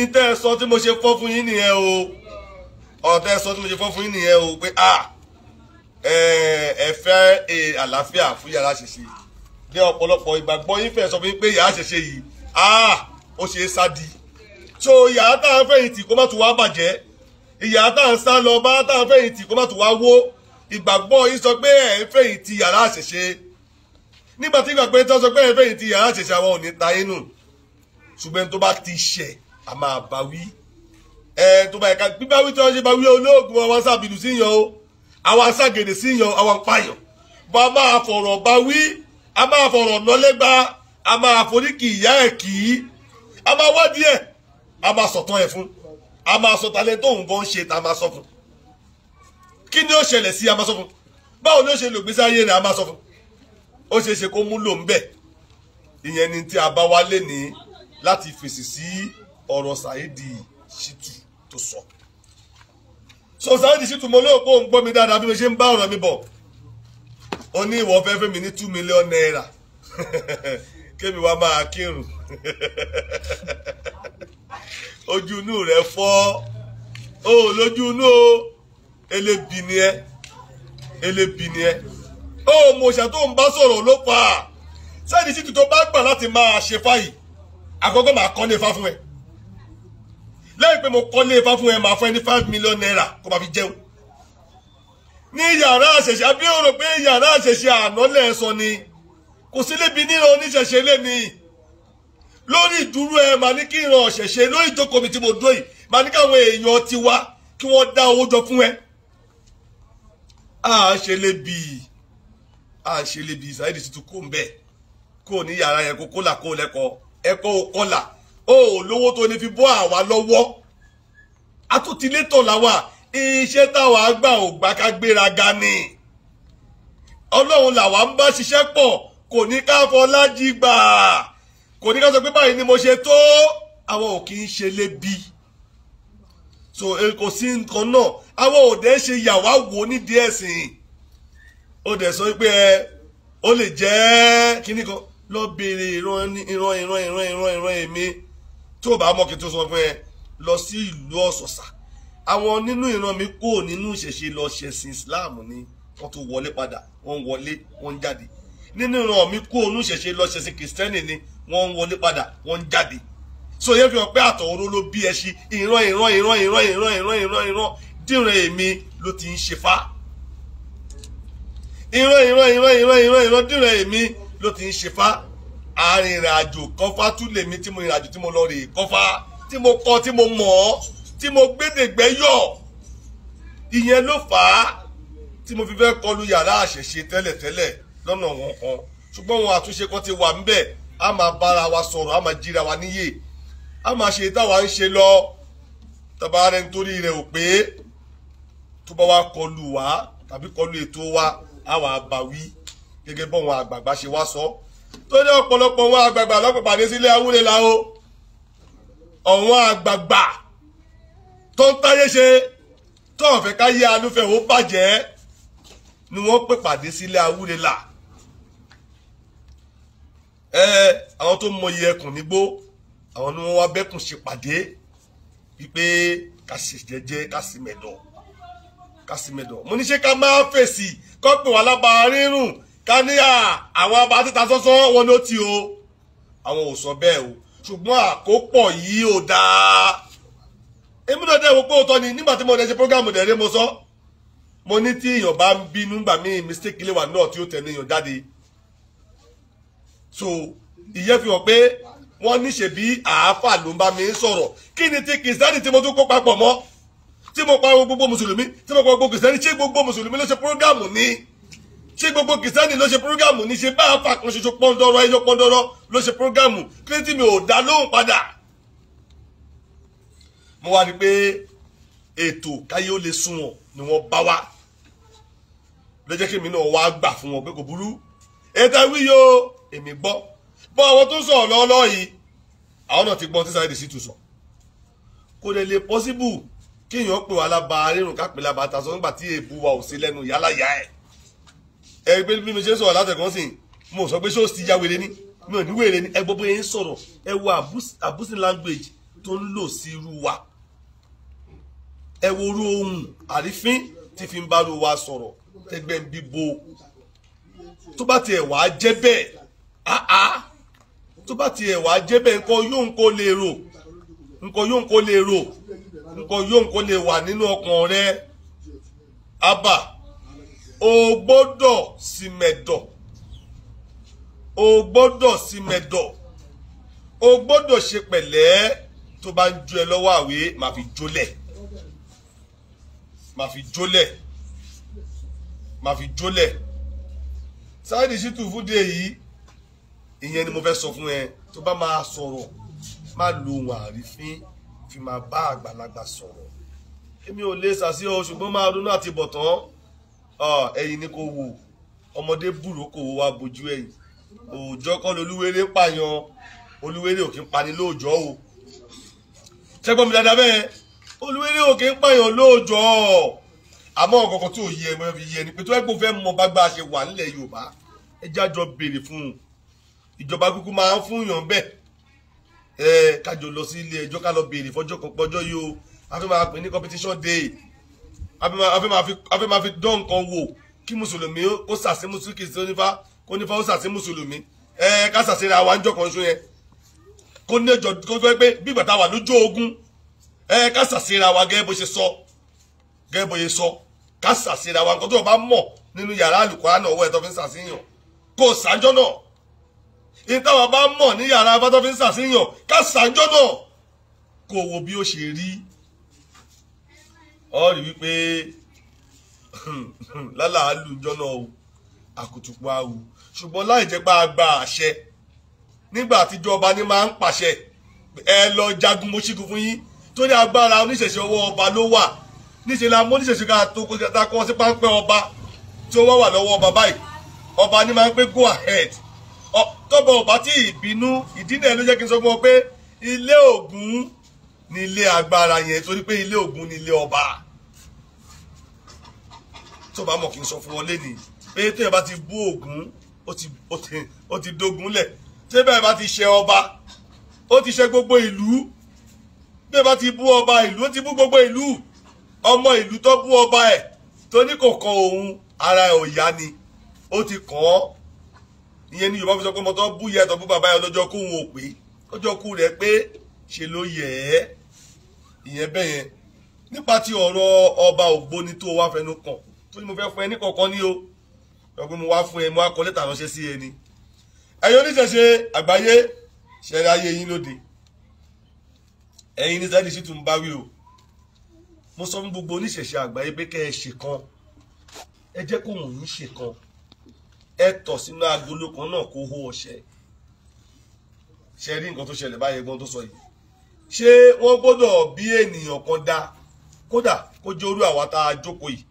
ìtẹ́ ẹ sọ tí mo ṣe fọ́ fún yín nìyẹn o ọ̀tẹ́ ẹ sọ tí mo ṣe fọ́ fún yín nìyẹn o pé a ah, ẹ fẹ́ àlàáfíà fún yàrá ṣẹṣẹ ní ọ̀pọ̀lọpọ̀ ìgbàgbọ́ yín fẹ́ sọ fún yín pé yàrá ṣẹṣẹ yìí a ah, ó ṣe é sá di so yàrá tá a fẹ̀yìntì kó má tún wá bàjẹ́ ìyá tá à ń sá lọ bá tá à ń fẹ̀yìntì kó má tún wá wó ìgbàgbọ́ yín sọ pé ẹ̀ ń fẹ̀yìntì yàrá àṣẹṣe nígbà tí ìgbàgbọ́ yín sọ pé ẹ̀ ń fẹ̀yìntì yàrá àṣẹṣe àwọn ò ní ta yín ṣùgbọ́n tó bá ti ṣẹ̀ a máa bá wí ẹ tó bá yẹ ká bíbá wí tí wọ́n ṣe bá wí olóògùn àwọn aṣáàbìlù sí yan o àwọn aṣáàgèdè sí yan àwọn apáyàn bó a máa fọ̀rọ̀ bá wí a máa fọ̀rọ̀ nọ́lẹ́gba a máa foríkì ìyá ẹ̀ kì í a máa wádìí ẹ̀ a máa sọ̀tàn ẹ̀ fún a máa sọ talẹ́ tóun bọ́ ń ṣe tá a máa sọ fún kí ni ó ṣẹlẹ̀ sí a máa sọ fún báwo ni ó ṣe lò gbèsè ayé rẹ̀ a máa sọ fún ó ṣeé ṣe kó múlò ń bẹ̀ ìyẹn ni tí a bá wálé ní láti fèsì sí. Si ọ̀rọ̀ Saidi Shittu tó sọ. so Saidi Shittu mo lóò pé òun gbọ́ mi dáadáa bí mo ṣe ń bá ọ̀rọ̀ mi bọ̀ ó ní ìwọ fẹ́ fẹ́ mi ní two million naira (laughs) kémi wá máa kírun (laughs) ojú inú rẹ fọ́ o lójú inú o elébi ni ẹ elébi ni ẹ o mọ̀ṣà tó ń bá sọ̀rọ̀ ló fà á Saidi Shittu tó bá gbà láti máa ṣe fáyì àkọ́kọ́ máa kọ́ ní ifá fún ẹ lẹ́yìn pé mo kọ́lé ifá fún ẹ máa fún ẹ ní five million naira kó máa fi jẹun ní yàrá àṣẹṣe àbí o rò pé yàrá àṣẹṣe àná lẹ̀ sọ ni kò sí lébi níran oníṣẹ̀ṣe lẹ́ni lórí ìdúró ẹ màá ní kí ìran ọ̀ṣẹ̀ṣe lórí ìjókòó mi tí mo dó yìí màá ní káwọn èèyàn ti wá kí wọ́n dá owó jọ fún ẹ à ń ṣe lébi à ń ṣe lébi ìsáyédì tuntun kò ń bẹ̀ kò ní yàrá yẹn kó kólà kó lẹ́kọ̀ọ́ ẹ̀kọ́ ò kọ́là o ò lówó tó ní fi bọ́ àwa lọ́wọ́ àtúntilétọ̀ làwà iṣẹ́ táwa gbà ò gbà ká gbéraga ni ọlọ́run làwa ń bá ṣiṣẹ́ pọ̀ kò ní ká fọlájì gbà kò ní ká sọ pé báyìí ni mo ṣe tó àwọn ò kì í ṣe lébi so e, kò sí nǹkan náà àwọn òde ṣe yàwá wò nídìí ẹ̀sìn ó dẹ̀ sọ pé ẹ ó lè jẹ́ kíní kan lọ́ọ́ béèrè ìran ìran ìran ìran ìran ìran èmi tí ò bá mọ̀ kí n tó sọ fún ẹ lọ sí ìlú ọ̀sọ̀sà àwọn nínú ìran mi kúrò nínú ìṣẹ̀ṣe lọ ṣẹ̀sìn Islam ni wọ́n tó wọlé padà wọ́n ń wọlé wọ́n ń jáde nínú ìran mi kúrò nínú ìṣẹ̀ṣe lọ ṣẹ̀sìn Kìrìsìtẹ́nì ni wọ́n ń wọlé padà wọ́n ń jáde so yẹn fi hàn pé àtọ̀wọ́rọ́ ló bí ẹ ṣe ìran ìran ìran ìran ìran ìran ìran ìran dìran èmi ló ti ń ṣe fa ìran ìran ìran ìran ìran ìran dìran èmi ló ti ń ṣe fa arìnrìnàjò kọfà tún lèmi tí mo ìrìnàjò tí mo lọ rè kọfà tí mo kọ tí mo mọ̀ tí mo gbédègbé yọ̀ ìyẹn ló fà á tí mo fi fẹ́ kọlu yàrá àṣẹ̀ṣe tẹ́lẹ̀tẹ́lẹ̀ lọ́nà wọn kan ṣùgbọ́n wọn àtúnṣe kan ti wà ńbẹ̀ a máa bára wa sọ̀rọ̀ a máa jíra wa níyè a máa ṣe táwa ń ṣe lọ tàbá rẹ nítorí rẹ ò pé tó bá wa kọlu wa tàbí kọlu ètò wa a wà bá wí gẹ́gẹ́ bọ́n àwọn ṣe wá sọ. So tó ní ọ̀pọ̀lọpọ̀ wọn àgbààgbà lọ́pọ̀pàdé sílé awúrẹ́lá o ọ̀wọ́n àgbààgbà tó ń táyé ṣe tó ọ̀fẹ́ ká yé alúfẹ́ ò bàjẹ́ ni wọ́n pè pàdé sílé awúrẹ́lá ẹ àwọn tó mọyì ẹkùn nígbó àwọn ni wọ́n wá bẹ́kùn ṣe pàdé wípé ká sì jẹ́jẹ́ ká sì mẹ̀dọ̀ ká sì mẹ̀dọ̀ mo ní ṣe ká máa fèsì kọ́ pè wá lábàárínrùn ká ní àwọn ọba títa sọ́sọ́ wọn ló ti o àwọn ò sọ bẹ́ẹ̀ o ṣùgbọ́n àkópọ̀ yìí ò dáa èmi náà dẹ́wọ́ pé òótọ́ ni nígbà tí mo dẹ́ ṣe prógámù dẹ̀rẹ́ mo sọ mo ní tí èèyàn bá ń bínú gbà mí mistake lè wà náà tí ó tẹ̀lé èèyàn jáde so ìyẹn fi hàn pé wọ́n ní ṣe bí àáfà ló ń bá mi sọ̀rọ̀ kí ni ti kìsìtẹ́nì tí mo tún kó papọ̀ mọ́ tí mo pa gbogbo mùsùlùmí tí mo pa gbogbo kìsìtẹ́nì ṣé gbogbo mùsùlùmí ló ṣe prógámù ni ṣé gbogbo kìsẹ́nì ló ṣe prógámù ní ṣe bá a fà kan ṣoṣo pọ́ńdọ́rọ́ ẹyọ pọ́ńdọ́rọ́ ló ṣe prógámù kílẹ́tì mi ò dá lóhùn padà. mo wá ní pé ètò káyé ó lè sunwọ̀n ni wọ́n bá wá ló jẹ́ kí èmi náà wá gbà fún wọn pé kò burú ètò wíyo èmi gbọ́ bọ́ àwọn tó sọ̀rọ̀ lọ́ọ́lọ́ yìí àwọn náà ti gbọ́n tí Saheed Shittu sọ kò lè lè pọ́síbù kéèyàn pè wá lába rírun ká pè lába tasọ nígbà tí èèbù wa ò sí lẹ́nu yálà yá ẹ̀ ẹ pé bí mo ṣe ń sọ̀rọ̀ látẹ̀kọ́ sí mo sọ pé ṣé ó ti ya wèrè ni mo ò ní wèrè ni ẹ gbọ́ bóyá ń sọ̀rọ̀ ẹ wo abusin language tó ń lò sí irú wa ẹ wo orú ohun àrífín tí fi ń bá ru wa sọ̀rọ̀ tẹgbẹ́ ń bíbo tó bá tiẹ̀ wá jẹ́ bẹ́ẹ̀ áá tó bá tiẹ̀ wá jẹ́ bẹ́ẹ̀ nǹkan yóò ń lè rò nǹkan yóò ń lè rò nǹkan yóò ń lè wà nínú ọkàn rẹ abba o gbọ́dọ̀ sí mẹ̀dọ̀ o gbọ́dọ̀ sí mẹ̀dọ̀ o gbọ́dọ̀ ṣe pẹ̀lẹ́ tó bá ń ju ẹ lọ́wọ́ àwé màá fi jólẹ̀ màá fi jólẹ̀ màá fi jólẹ̀ Saheed Shittu fúdé yìí ìyẹn ni mo fẹ́ sọ fún ẹ tó bá máa sọ̀rọ̀ má lo ohun àrífín fi máa bá àgbàlagbà sọ̀rọ̀ èmi ò lè sàṣeyọ ṣùgbọ́n máa ronú àti bọ̀tán. Ah, ẹ̀yin ni kò wò ọmọdé búrò kò wá bojú ẹ̀yìn òòjọ́ kọ́ lolúwéré pààyàn olúwéré òkè ń pani lóòjọ́ o ṣẹ́gbọ́n mi dáadáa bẹ́ẹ̀ olúwéré òkè ń pààyàn lóòjọ́ àmọ́ ọ̀kọ̀ọ̀kan tí ò yẹ ẹ mọ́ fi yẹ ni pé tó ẹ kó fẹ́ mọ bá gbà ṣe wà nílẹ̀ Yorùbá ẹ jájọ béèrè fún un ìjọba kúkú máa ń fún yàn bẹ́ẹ̀ ẹ kájọ lọ sí ilé ẹjọ́ ká lọ béèrè fọjọ́ kan pọ́jọ́ yìí o a fi máa pè ní competition day afẹ́ máa fi dán nǹkan wò kí mùsùlùmí ó sàṣẹ mùsùlùmí kì í sọ nífà kó nífà ó sàṣẹ mùsùlùmí ẹ ká sàṣẹ ra wa ń jọkàn ṣó yẹn kó ní ẹjọ kó fẹ́ pé bí bàtà wà lójú ogun ẹ ká sàṣẹ ra wa gẹ́gẹ́ bó ṣe sọ gẹ́gẹ́ bó ṣe sọ ká sàṣẹ ra wa nǹkan tó bá mọ̀ nínú yàrá àlùkòrá náà ọwọ́ ẹ̀ tó fi ń sàṣìyàn kó sàájọ́ náà ìtawà bá mọ̀ ní yàrá abátọ́ fi ń sàṣìyàn ká sàájọ́ náà kó wo bí ó ṣe rí ọ rí wípé (clears throat) lálàálù jọ́nà o àkùtùpọ̀ awu ṣùgbọ́n láì jẹ́ pé a gba àṣẹ nígbà àtijọba ni máa ń pàṣẹ ẹ lọ jagun mọ́ṣígun fún yín torí agbára oníṣẹ̀ṣe ọwọ́ ọba ló wà níṣẹ́ la mọ́ oníṣẹ̀ṣe ká tó kó ta kọ́ sí páńpẹ́ ọba tí ó wá wà lọ́wọ́ ọba báyìí ọba ni máa ń pé go ahead tọ́bọ̀ ọba tí ìbínú ìdínà ẹ̀ ló jẹ́ kí n sọ fún ọ pé ilé Ògún ni agbára yẹn torí pé ilé Ògún ni ọba tó bá mọ̀ kí n sọ fún ọ lẹ́nìí pé téèyàn bá ti bú Ògún ó ti dogun lẹ̀ téèyàn bá ti ṣe ọba ó ti ṣe gbogbo ìlú téèyàn bá ti bú ọba ìlú ó ti bú gbogbo ìlú ọmọ ìlú tó bú ọba ẹ̀ tó ní kò kan òun ara ẹ̀ ò yá ni ó ti kàn án ìyẹn ni Yorùbá fi sọ pé ọmọ tó bú yẹ tó bú bàbá ẹ̀ lọ́jọ́ kóun ò pé ọjọ́ kú rẹ̀ pé ṣe ló yẹ ẹ́ ìyẹn bẹ́yẹn nípa ti ọ̀rọ̀ ọba ògbóni tó wá fẹnu kàn tó ni mo fẹ́ fún ẹ ní kọ̀ọ̀kan ní o lọ pé mo wá fún ẹ mo wá kọ lẹ́tà ránṣẹ́ sí ẹ ni ẹ̀yin oníṣẹ̀ṣe àgbáyé ṣẹlẹ̀ ayé yín lóde ẹ̀yin ní Saheed Shittu ń bá wí o mo sọ fún gbogbo oníṣẹ̀ṣe àgbáyé pé kẹ́ ẹ ṣèkan ẹ jẹ́ kó wọ́n yín ṣèkan ẹ tọ̀ sínú agolo kan náà kó hó ọṣẹ ṣe rí nǹkan tó ṣẹlẹ̀ báyẹn gan tó sọ yìí ṣé wọ́n gbọ́dọ̀ bí ènìyàn kan dá kódà kó jẹ́ orú àwa tá a jókòó yìí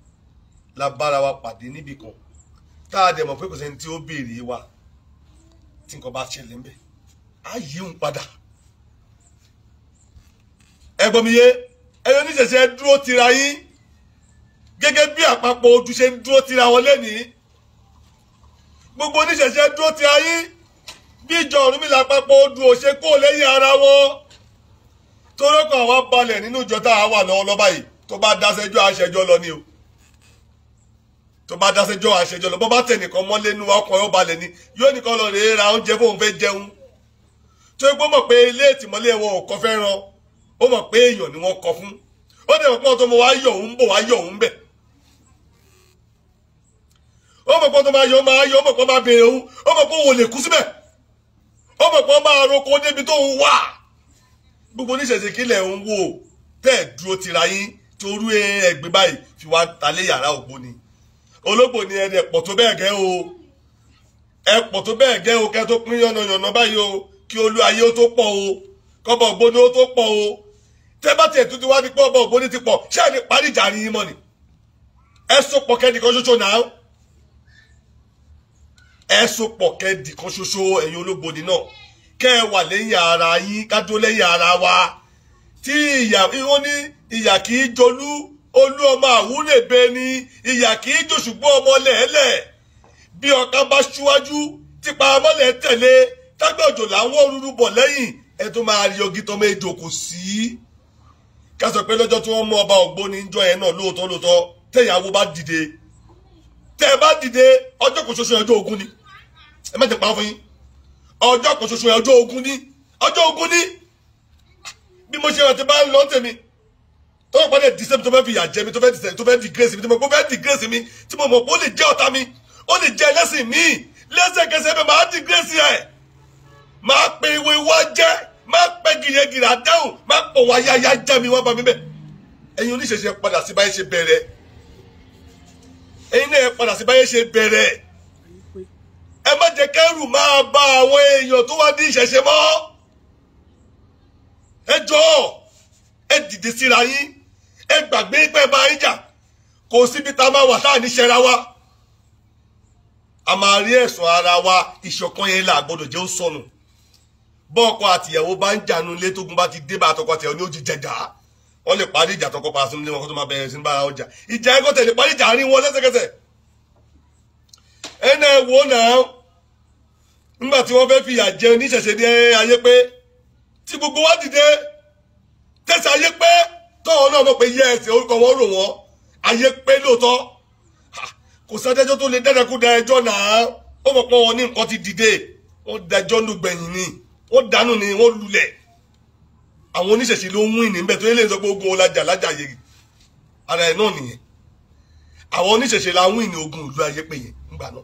la bára wa pàdé níbì kan tá a dẹ̀ mọ̀ pé kò sẹ́ni tí ó béèrè wa tí nǹkan bá ṣẹlẹ̀ ń bẹ̀ á yí òun padà ẹ̀gbọ́n mi yé ẹyọ níṣẹ̀ṣẹ̀ dúró tira yín gẹ́gẹ́ bí àpapọ̀ ojú ṣe ń dúró tira wọn lẹ́nìí gbogbo oníṣẹ̀ṣẹ̀ dúró tira yín bí ìjọ Ọ̀rúnmìlà àpapọ̀ odù òṣè kó lẹ́yìn ara wọn torókàn wa balẹ̀ nínú ìjọ tá a wà lọ́wọ́ lọ́ba yìí tó bá dáṣẹjọ́ àṣẹjọ́ lọ ni o. tó bá dá sẹ́jọ́ àṣejọ lọ bó bá nìkan mọ́lé nu ọkùnrin nìkan lọ rèé ra oúnjẹ fóun fẹ́ jẹun tó gbọ́ mọ̀ pé ilé ìtìmọ́lé wọn ò kọ́ fẹ́ràn ó pé èèyàn ni wọ́n kọ fún ó dẹ̀ mọ̀ pé ọtọ́ wá yọ̀ wá yọ̀ bẹ̀ ó mọ̀ pé ọtọ́ máa yọ̀ máa yọ̀ ó mọ̀ pé bèrè òun ó mọ̀ pé òun ò lè kú síbẹ̀ ó gbogbo ń ológbò ni ẹni ẹ̀pọ̀ tó bẹ́ẹ̀ gẹ́ o ẹ̀pọ̀ tó bẹ́ẹ̀ gẹ́ o kẹ́ tó pín yànnàyànnà báyìí o kí olú ayé ó tó pọ̀ o kọ́bọ̀ ògbóni ó tó pọ̀ o tẹ́ bá tiẹ̀ tuntun wá ní pọ́ ọbọ̀ ògbóni ti pọ̀ ṣé àní parí ìjà ni yín mọ́ ni ẹ so pọ̀ kẹ́ni kan ṣoṣo náà ẹ so pọ̀ kẹ́ni kan ṣoṣo ẹ̀yin ológbòdì náà kẹ́ ẹ wà lẹ́yìn ara yín ká lẹ́yìn ara wa tí ìyà ìwọ́n ìyà kì í jolú olú ọmọ àwúlèbe ni ìyà kì í jòṣùgbọ́n ọmọ lẹ́ẹ̀lẹ̀ bí ọkàn bá ṣíwájú tipa amọ́lẹ̀ tẹ̀lé tágbẹ́ òjò làwọn òrùrù bọ̀ lẹ́yìn ẹ tó máa rí ogi tọmọ èdè kò sí. ká sọ pé lọ́jọ́ tí wọ́n mú ọba ògbóni ń jọ yẹn náà lóòótọ́ lóòótọ́ tẹ̀yàwó bá dìde tẹ́ ẹ bá dìde ọjọ́ kò ṣoṣo ẹjọ́ ogun ni ẹ má jẹ́ pa fún yín ọjọ́ kò ṣoṣo ẹjọ́ ogun ni ọjọ́ ogun ni bí mo ṣe rà ti bá ń lọ tèmi tó o gbọ́dọ̀ di sẹ́mi tó fẹ́ fi ìyà jẹ mi tó fẹ́ di tó fẹ́ di grace mi tí mo fẹ́ di grace mi tí mo mọ̀ pé ó lè jẹ́ ọ̀tá mi ó lè jẹ́ ẹlẹ́sìn mi lẹ́sẹ̀kẹsẹ̀ bẹ́ẹ̀ máa di grace ẹ̀ máa pe ìwé wá jẹ́ máa pẹ́ gìrẹ́gìrẹ́ àdáhùn máa pọ̀ wá yáyá já mi wọ́n bá mi bẹ́ẹ̀ ẹ̀yin oníṣẹ̀ṣe padà sí báyé ṣe bẹ̀rẹ̀ ẹ̀yin náà padà sí báyé ṣe bẹ̀rẹ̀ ẹ má jẹ́ kẹ́rù máa bà àwọn èèyàn tó wá ní ìṣẹ̀ṣe mọ́ ẹ jọ̀ọ́ ẹ dìde síra yín ẹ gbàgbé pé máa ń jà kò síbi tá a máa wà tá à ní ṣẹra wa a máa rí ẹ̀sùn ara wa ìṣọ̀kan yẹn là gbọ́dọ̀ jẹ́ ó sọnù bọ́ọ̀kọ àtìyàwó bá ń jànú ilé tógun bá ti dé bá àtọkọ àtìyàwó ní ó ti jẹjà wọ́n lè parí ìjà tọkọ pa sínú ilé wọn kó tó máa bẹ̀rẹ̀ sí ní bára ọjà ìjà ẹ̀kọ́ tẹ̀lé parí ìjà àárín wọn lẹ́sẹ̀kẹsẹ̀ ẹnà ẹ̀wò náà nígbà tí wọ́n fẹ́ẹ́ fìyà jẹ oníṣẹ̀ṣẹ̀ ní ayé pé tí gbogbo wa dìde tẹ̀sán ayé pé tọ́wọ́ náà mọ̀ pé yẹ́ẹ̀sì orúkọ wọn rò wọ́n ayé pé lóòótọ́ kò sádẹ́jọ́ tó lè dẹ́dẹ́kú da náà ó mọ̀ pé wọn ní nǹkan ti dìde wọ́n dájọ́ nù gbẹ̀yìn ni wọ́n dànù ni wọ́n lulẹ̀ àwọn oníṣẹ̀ṣe ló ń wìn níbẹ̀ tó lè sọ pé ogun ọlájà lájà yẹ̀rì ara ẹ̀ náà nìyẹn àwọn oníṣẹ̀ṣe la wìn ní ogun ìlú ayé pé yẹn ńgbà náà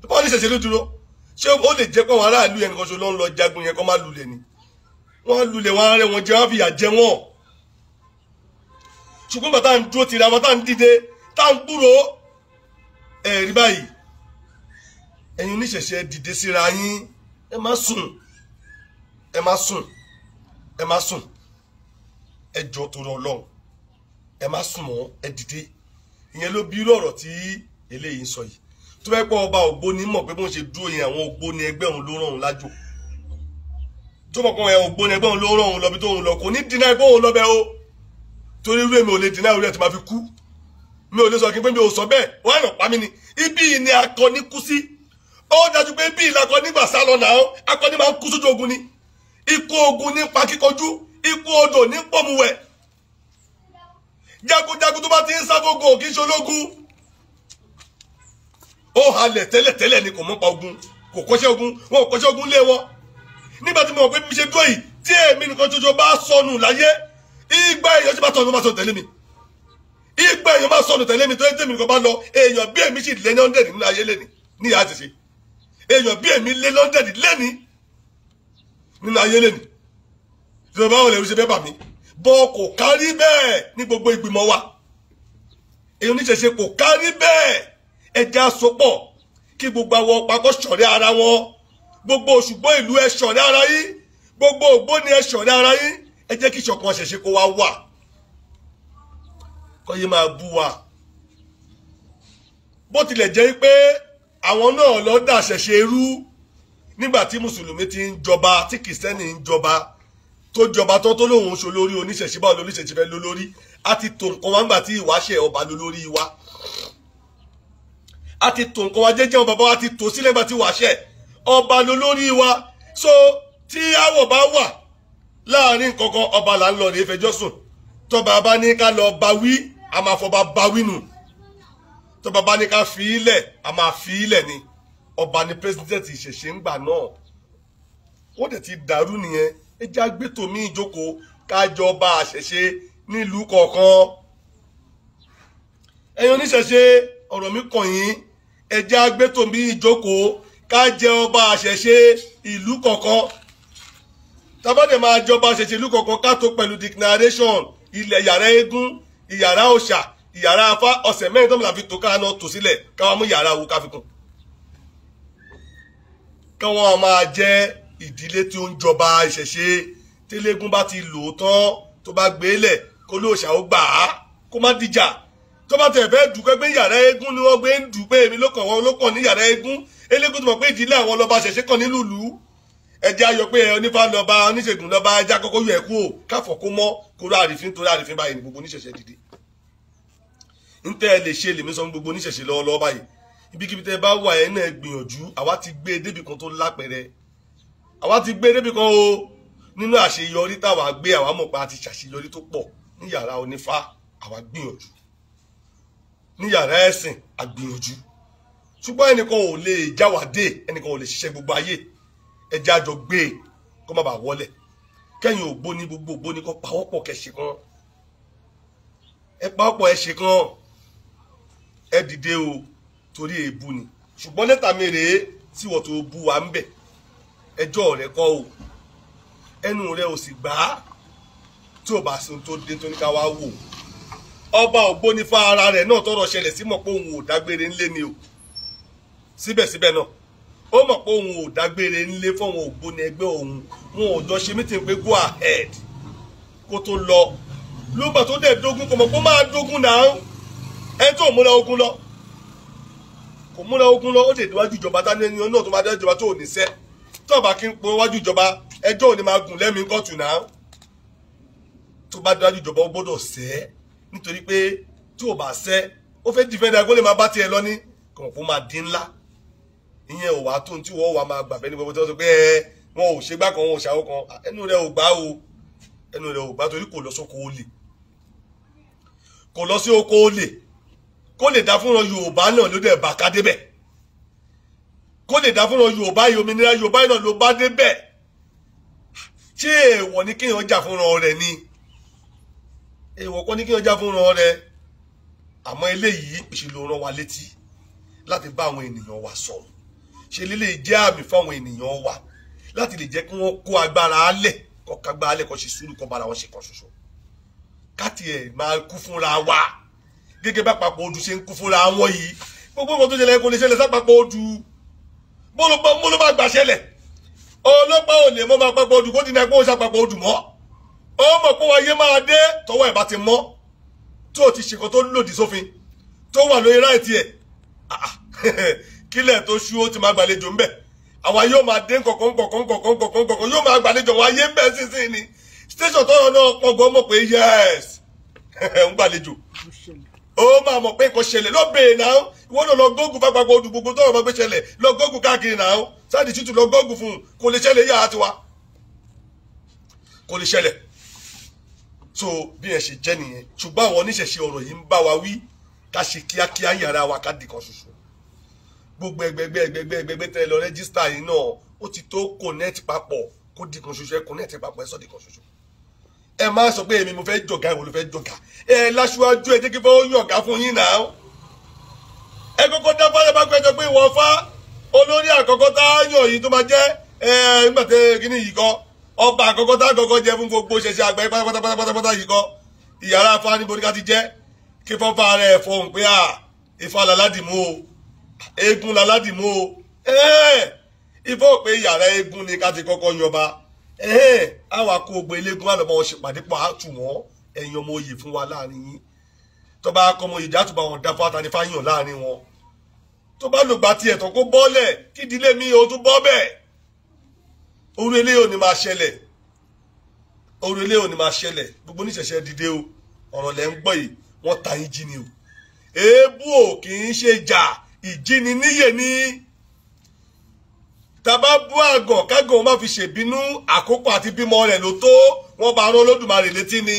tó bá ló dúró ṣé ó lè jẹ́ pé àwọn aráàlú yẹn nìkan ṣo ló ń lọ jagun yẹn kó má lulẹ̀ ni wọ́n lulẹ̀ wọn ara wọn jẹ́ wọ́n fìyà jẹ wọ́n ṣùgbọ́n bàtà ń dúró tìrẹ àwọn tá ń dìde tá ń gbúrò ẹ̀rí báyìí ẹ̀yin oníṣẹ̀ṣe dìde síra yín ẹ má sùn ẹ má sùn ẹ má sùn ẹ jọ torí Ọlọ́run ẹ má sùn mọ́ ẹ dìde ìyẹn ló bí irú ọ̀rọ̀ tí eléyìí ń sọ yìí tó fẹ́ pọ̀ ọba ògbóni mọ̀ pé bó ń ṣe dúró yẹn àwọn ògbóni ẹgbẹ́ òun ló rán lájò tó mọ̀ pọ̀ ẹ̀ ògbóni ẹgbẹ́ òun ló rán lọ bí tó òun lọ kò ní dínà ẹgbẹ́ òun lọ bẹ́ẹ̀ o torí wíwé mi ò lè dín náà orí ẹ̀ tó máa fi kú mi ò lè sọ kí n mi ò sọ bẹ́ẹ̀ wọ́n àná pa mí ni ibi ni akọni kú sí ó dájú pé bí ìlàkọ nígbà sá lọ náà akọni máa ń kú sójú ogun ni ikú ogun nípa kíkọjú ikú odò ní pòmùwẹ̀ jagunjagun tó bá ti ń sáfógo kì í ṣológun ó halẹ̀ tẹ́lẹ̀tẹ́lẹ̀ ni kò mọ́ pa ogun kò kọ́ṣẹ́ ogun wọn ò kọ́ṣẹ́ ogun lé wọn nígbà tí mo mọ̀ pé mi ṣe dúró yìí tí èmi nìkan ṣoṣo bá sọnù láyé igba èèyàn sì bá sọnù máa sọnù tẹ̀lé mi igba èèyàn máa sọnù tẹ̀lé mi tó yẹ tèmi nìkan bá lọ èèyàn bí èmi sì lé ní ọ́ndẹ̀dì nínú ayé lẹ́ni ní ìyá àti ṣe èèyàn bí èmi lé ní ọ́ndẹ̀dì lẹ́ni nínú ayé lẹ́ni ìjọba báwo lè rí ṣe fẹ́ bà mí bọ́ kò kárí bẹ́ẹ̀ ní gbogbo ìgbìmọ̀ wa èèyàn oníṣẹ̀ṣe kò kárí bẹ́ẹ̀ ẹ̀jẹ̀ àsopọ̀ kí gbogbo àwọn ọ̀pákọ́ ṣọ̀rẹ́ ara wọn gbogbo òṣùgbọ́n ìlú ẹ̀ ṣọ̀rẹ́ ara yín gbogbo ògbóni ẹ̀ ṣọ̀rẹ́ ara yín ẹ jẹ́ kí ìṣọ̀kan ṣẹ̀ṣẹ̀ kó wá wà kó yé máa bú wa bó tilẹ̀ jẹ́ pé àwọn náà lọ dà ṣẹ̀ṣẹ̀ rú nígbà tí mùsùlùmí ti ń jọba tí kìrìsìtẹ́nì ń jọba tó jọba tó tó lóun ṣo lórí oníṣẹ̀ṣẹ̀ báwo lóníṣẹ̀ṣẹ̀ fẹ́ lólórí a ti tò nǹkan wá nígbà tí ìwáṣẹ̀ ọba lólórí wa a ti tò nǹkan wá jẹ́jẹ́ wọn bàbá wa ti tò sílẹ̀ nígbà tí ìwáṣẹ̀ ọba lólórí wa so tí àwọ̀ bá wà láàrin nkankan ọba là ń lọ rèé fẹjọ́ sùn tọba bá ní ká lọ bá wí a máa fọba bá wí nù tọba bá ní ká fi í lẹ̀ a máa fi í lẹ̀ ni ọba ni president ìṣẹ̀ṣe ń gbà náà ó dẹ̀ ti dàrú nìyẹn ẹ já gbẹ́tò mí ìjókòó kájọ ọba àṣẹ̀ṣe nílùú kọ̀ọ̀kan ẹ̀yin oníṣẹ̀ṣe ọ̀rọ̀ mi kàn yín ẹ já gbẹ́tò mí ìjókòó kájẹ ọba àṣẹ̀ṣe ìlú kọ̀ọ̀kan tábàdé máa jọba ṣèṣèlú kankan kátó pẹ̀lú declaration ilẹ̀ yàrá eégún ìyàrá òòṣà ìyàrá afá ọ̀sẹ̀ mẹ́rin tó ń làfi tó káàánú tò sílẹ̀ káwọn mú yàrá wo káfikún. káwọn máa jẹ́ ìdílé tí ó ń jọba ìṣẹ̀ṣe télégún bá ti lò ó tán tó bá gbé e lẹ̀ kó lóòṣà ó gbà á kó má dìjà tó bá tẹ̀ fẹ́ dùn pé yàrá eégún ni wọ́n gbé ń dùn pé èmi ló kàn wọ́n ló kàn ní yàrá eégún elégún tó mọ̀ pé ìdílé àwọn lọ́ba ṣẹ̀ṣẹ̀ kàn nílùú ẹjẹ́ ayọ̀ pé onífà lọ́ba oníṣègùn lọ́ba ẹjẹ́ akọ́kọ́ yọ ẹ̀kú o káfọ̀ kó mọ́ kóró àrífín torí àrífín báyìí ní gbogbo oníṣẹ̀ṣẹ̀ dìde ntẹ́ ẹ lè ṣe lèmi sọ gbogbo oníṣẹ̀ṣẹ̀ lọ́wọ́lọ́wọ́ báyìí ibikíbi tẹ́ bá wà ẹ̀ náà gbìyànjú àwa ti gbé e débì kan tó lápẹẹrẹ àwa ti gbé e débì kan o nínú àṣeyọrí táwa gbé àwa mọ̀ pé a ti ṣàṣeyọrí tó pọ̀ ní yàrá onífà àwa gbìyànjú ní yàrá ẹ̀sìn àgbìyànjú ṣùgbọ́n ẹnìkan ò lè jáwàdé ẹnìkan ò lè ṣiṣẹ́ gbogbo ayé ẹjẹ́ àjọ gbé e kó má bàa wọlẹ̀ kẹ́yìn ògbóni gbogbo ògbóni kó pawọ́pọ̀ kẹ̀ṣe kan ẹ pawọ́pọ̀ ẹ ṣe kan ẹ dìde o torí èébú ni ṣùgbọ́n lẹ́tà mi rèé tí wọ́n tó bú wa ń bẹ̀ ẹjọ́ rẹ kọ́ o ẹnu rẹ ò sì gbà á tí ò bá sí ohun tó dé tó ní ká wá wò ọba ògbóni fún ara rẹ̀ náà tọrọ ṣẹlẹ̀ sí mọ̀ pé òun ò dágbére ńlé ni o síbẹ̀síbẹ̀ náà ó mọ̀ pé òun ò dágbére nílé fóun ògbóni ẹgbẹ́ òun wọn ò jọ ṣe mítìn pé go ahead kó tó lọ lóògbà tó dẹ̀ dógún kò mọ̀ pé ó máa dógún náà ẹ tó múra ogun lọ kò múra ogun lọ ó lè déwájú ìjọba tání ẹni náà tó máa dé ìjọba tó ò ní sẹ́ tó bá kí n pé wájú ìjọba ẹjọ́ ò ní máa gùn lẹ́mìí kọ́tù náà tó bá déwájú ìjọba ó gbọ́dọ̀ sẹ́ nítorí pé tí ò bá sẹ́ ó fẹ́ dìfẹ́ dàgbọ́n lè máa bá tiẹ̀ lọ ní kò mọ̀ pé ó máa dín ńlá ìyẹn ò wá tó tí wọ́n wà máa gbàgbẹ́ ní gbogbo tí wọ́n sọ pé ẹ wọn ò ṣe gbá wọn ò ṣàwó kan ẹnu rẹ ò gbá o ẹnu rẹ ò gbá torí kò lọ sóko olè kò lọ sí oko olè kó lè dá fúnra Yorùbá náà ló dẹ̀ bá ká débẹ̀ kó lè dá fúnra Yorùbá yìí òmìnira Yorùbá náà ló bá débẹ̀ ṣé èèwọ̀ ni kéèyàn jà fúnra rẹ̀ ni èèwọ̀ kọ́ ni kéèyàn jà fúnra rẹ̀ àmọ́ eléyìí ìṣèlú rán wa létí láti bá àwọn ènìyàn wa sọ̀rọ̀ ṣe lélẹ̀ jẹ́ àmì fáwọn ènìyàn wa láti lè jẹ́ kí wọ́n kó agbára alẹ̀ kọ́ kágbára alẹ̀ kọ́ ṣe sùúrù kọ́ bára wọn ṣe kan ṣoṣo káti ẹ̀ máa kú fúnra wa gẹ́gẹ́ bá papọ̀ odù ṣe ń kú fúnra wọn yìí gbogbo nǹkan tó ṣẹlẹ̀ kò lè ṣẹlẹ̀ sápapọ̀ odù mo ló bá gbà ṣẹlẹ̀ ọlọ́pàá ò lè mọ́ máa papọ̀ odù kó dínà pé ó ṣàpapọ̀ odù mọ́ ó mọ̀ pé wáyé máa dé tọwọ́ ẹ̀ bá ti mọ́ tó ti ṣèkọ́ tó lòdì sófin tó wà lórí ráìtì ẹ̀ ah, ah. (laughs) kílẹ̀ tó ṣú ó ti máa gbàlejò ńbẹ̀ àwa yóò máa dé kọ̀kọ̀ kọ̀kọ̀ kọ̀kọ̀ kọ̀kọ̀ yóò máa gbàlejò wa yé ńbẹ̀ sínsìn ni station tọrọ náà pọ̀gbọ́n mọ̀ pé yes (laughs) ń gbàlejò ó máa mọ̀ pé kò ṣẹlẹ̀ ló bèè náà wọ́n lọ lọ gógùn fagbagbo odù gbogbo tọrọ máa gbé ṣẹlẹ̀ lọ gógùn káàkiri náà sáàdì tútù lọ gógùn fún un kò lè ṣẹlẹ̀ yàrá tiwa kò lè ṣẹlẹ̀ so bí ẹ ṣe jẹ́ nìyẹn ṣùgbọ́n àwọn oníṣẹ̀ṣe ọ̀rọ̀ yìí ń bá wa wí ká ṣe kíákíá yàrá wa ká di ṣoṣo gbogbo ẹgbẹgbẹ ẹgbẹgbẹ ẹgbẹgbẹ tẹ lọ rẹjísítà yìí náà ó ti tó connect papọ̀ kó di kan ṣoṣo ẹ connect papọ̀ ẹ sọ di kan ṣoṣo ẹ máa sọ pé èmi mo fẹ́ jọ̀gá ìwọ ló fẹ́ jọ̀gá ẹ láṣíwájú ẹ jẹ́ kí fọ́ yọ̀gá fún yín náà ẹ kọ́kọ́ dá fáyọ̀ bá gbẹjọ pé ìwọ fá olórí àkọ́kọ́ tá a yàn yìí tó máa jẹ́ ẹ nígbà tẹ kíní yìí kọ́ ọba àkọ́kọ́ tá a kọ́kọ́ jẹ fún gbogbo ṣẹṣẹ àgbáyé pátápátápátá yìí kọ́ ìyàrá afáníbo ní ká ti jẹ́ eégún làládìmọ́ o ifọ̀ pé yàrá eégún ni ká ti kọ́kọ́ yọba àwa kó gbé eléégún àlọ́bọ̀ wọn ṣèpàdé pọ̀ àtù wọn ẹ̀yin ọmọ oyè fún wa láàrin yín tó bá kọ́ ọmọ ìdí àtùbà wọn dáfọ́ àtànífàyàn láàrin wọn tó bá lògbà tiẹ̀ tó kó bọ́lẹ̀ kí ìdílé mi ò tún bọ́ bẹ́ẹ̀ orí ilé ò ní máa ṣẹlẹ̀ orí ilé ò ní máa ṣẹlẹ̀ gbogbo oníṣẹ̀ṣẹ̀ dìde o ọ̀rọ̀ lẹ́ ń gbọ́ yìí wọ́n ta yín jí ni o èébú ò kì í ṣe jà ìjíniníyè ni tàbá bú àgọ̀ kágọ̀ má fi ṣèbínú àkókò àti bímọ rẹ̀ ló tó wọ́n bá rán olódùmarè létí ni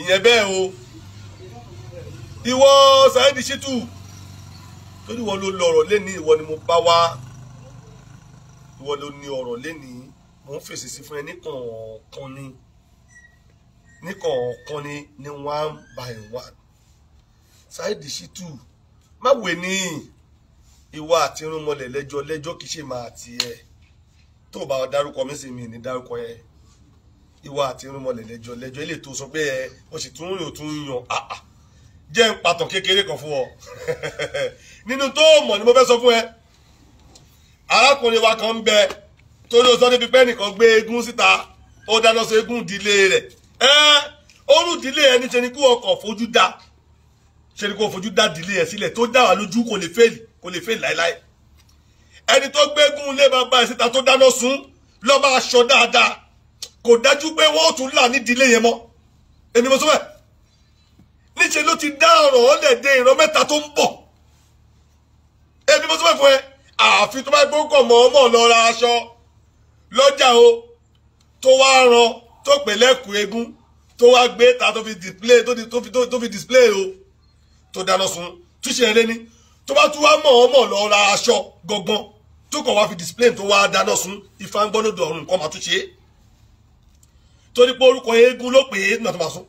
ìyẹn bẹ́ẹ̀ o ìwọ Saheed Shittu torí ìwọ ló lọ́rọ̀ lẹ́ni ìwọ ni mo bá wá ìwọ ló ní ọ̀rọ̀ lẹ́ni mo ń fèsì sí fún ẹ níkọ̀ọ̀kan ni níkọ̀ọ̀kan ni ní one by one Saheed Shittu má wè ní ìwà àti irúnmọlẹ̀ lẹ́jọ́ lẹ́jọ́ kìí ṣe máa ti ẹ tó bá dárúkọ mi sì mi ní dárúkọ ẹ ìwà àti irúnmọlẹ̀ lẹ́jọ́ lẹ́jọ́ ilé tó sọ pé ẹ o sì tún rìn o tún yan àà ah, ah. jẹ́ ń patọ̀ kékeré kan fún ọ (laughs) nínú tó mọ̀ ni mo fẹ́ sọ fún ẹ arákùnrin wa kan ń bẹ tó o sọ níbi pẹ́ nìkan gbé eégún síta ó dáná sọ eégún ìdílé rẹ̀ ẹ́ orú ìdílé ẹni ṣe ni kí ọkọ̀ fojú dáa ṣe ni kò fojú dá ìdílé ẹ sílẹ̀ tó dá wà lójú kò lè fèlì kò lè fèlì láéláé ẹni tó gbégún lé bàbá ẹ síta tó dáná sun lọ́ máa ṣọ dáadáa kò dájú pé wọ́n tún là ní ìdílé yẹn mọ́ èmi mo sọ bẹ́ẹ̀ níṣẹ́ ló ti dá ọ̀rọ̀ ọ̀lẹ́dẹ ìran mẹ́ta tó ń bọ̀ èmi mo sọ bẹ́ẹ̀ fún ẹ àfi tó bá gbókọ̀ mọ́ ọmọ lọ ra aṣọ lọ́jà o tó wá ran tó pè lẹ́kùn eégún tó wá gbé ta tó fi display tó fi display o tó dáná sun túnṣe eré ní tó bá tún wá mọ̀ ọ́ mọ̀ lọ ra aṣọ gangan tó kàn wá fi display tó wá dáná sun ifá ń gbọ́dọ̀ ọ̀run nǹkan máa tún ṣe é torí pé orúkọ eégún ló pè é nígbà tó máa sún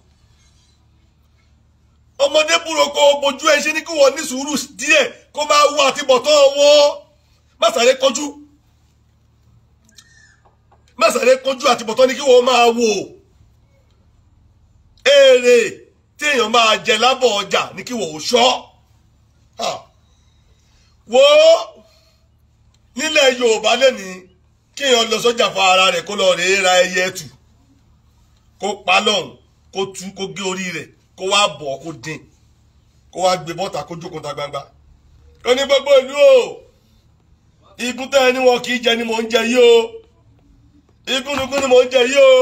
ọmọdé burúkú bojú ẹ ṣe ní kí wọ́n ní sùúrù díẹ̀ kó máa wú àtibọ̀tán wọn má sáré kọjú má sáré kọjú àtibọ̀tán ni kí wọ́n máa wò èrè téèyàn máa jẹ lábọ̀ ọjà ní kí wò ó ṣọ́ wo nílẹ̀ Yorùbá lẹ́ni kéèyàn lọ sọ́jà fún ara rẹ̀ kó lọ rèé ra ẹyẹ ẹtù kó pa lọ́hùn kó tú kó gé orí rẹ̀ kó wá bọ̀ kó dín kó wá gbé bọ́ta kó jókòó ta gbangba ó ní gbogbo ìlú o igun tẹ́ ẹni wọn kì í jẹ ni mò ń jẹ yìí o igúnnugún ni mò ń jẹ yìí o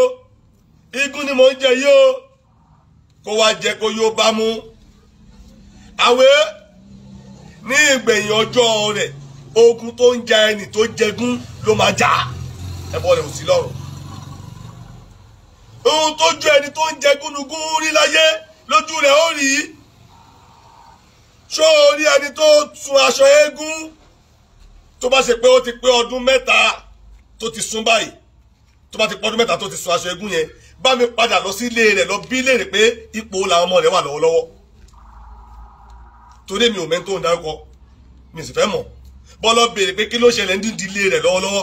igún ni mò ń jẹ yìí o kó wá jẹ kó yóò bá mú àwẹ̀ ní ìgbẹ̀yìn ọjọ́ rẹ̀ ogun tó ń ja ẹni tó jẹgún ló máa jà ẹbọ rẹ̀ ò sí lọ́rùn ohun tó ju ẹni tó ń jẹgúnugún rí láyé lójú rẹ̀ ó rí ṣó o rí ẹni tó sun aṣọ eégún tó bá ṣe pé ó ti pé ọdún mẹ́ta tó ti sun báyìí tó bá ti pé ọdún mẹ́ta tó ti sun aṣọ eégún yẹn bá mi padà lọ sí ilé rẹ̀ lọ bí léèrè pé ipò làwọn ọmọ rẹ̀ wà lọ́wọ́lọ́wọ́ torí mi ò mẹ́ńtò ń dárúkọ mi sì fẹ́ mọ̀ bọ́lọ́ béèrè pé kí ló ṣẹlẹ̀ ń dídí ilé rẹ̀ lọ́wọ́lọ́wọ́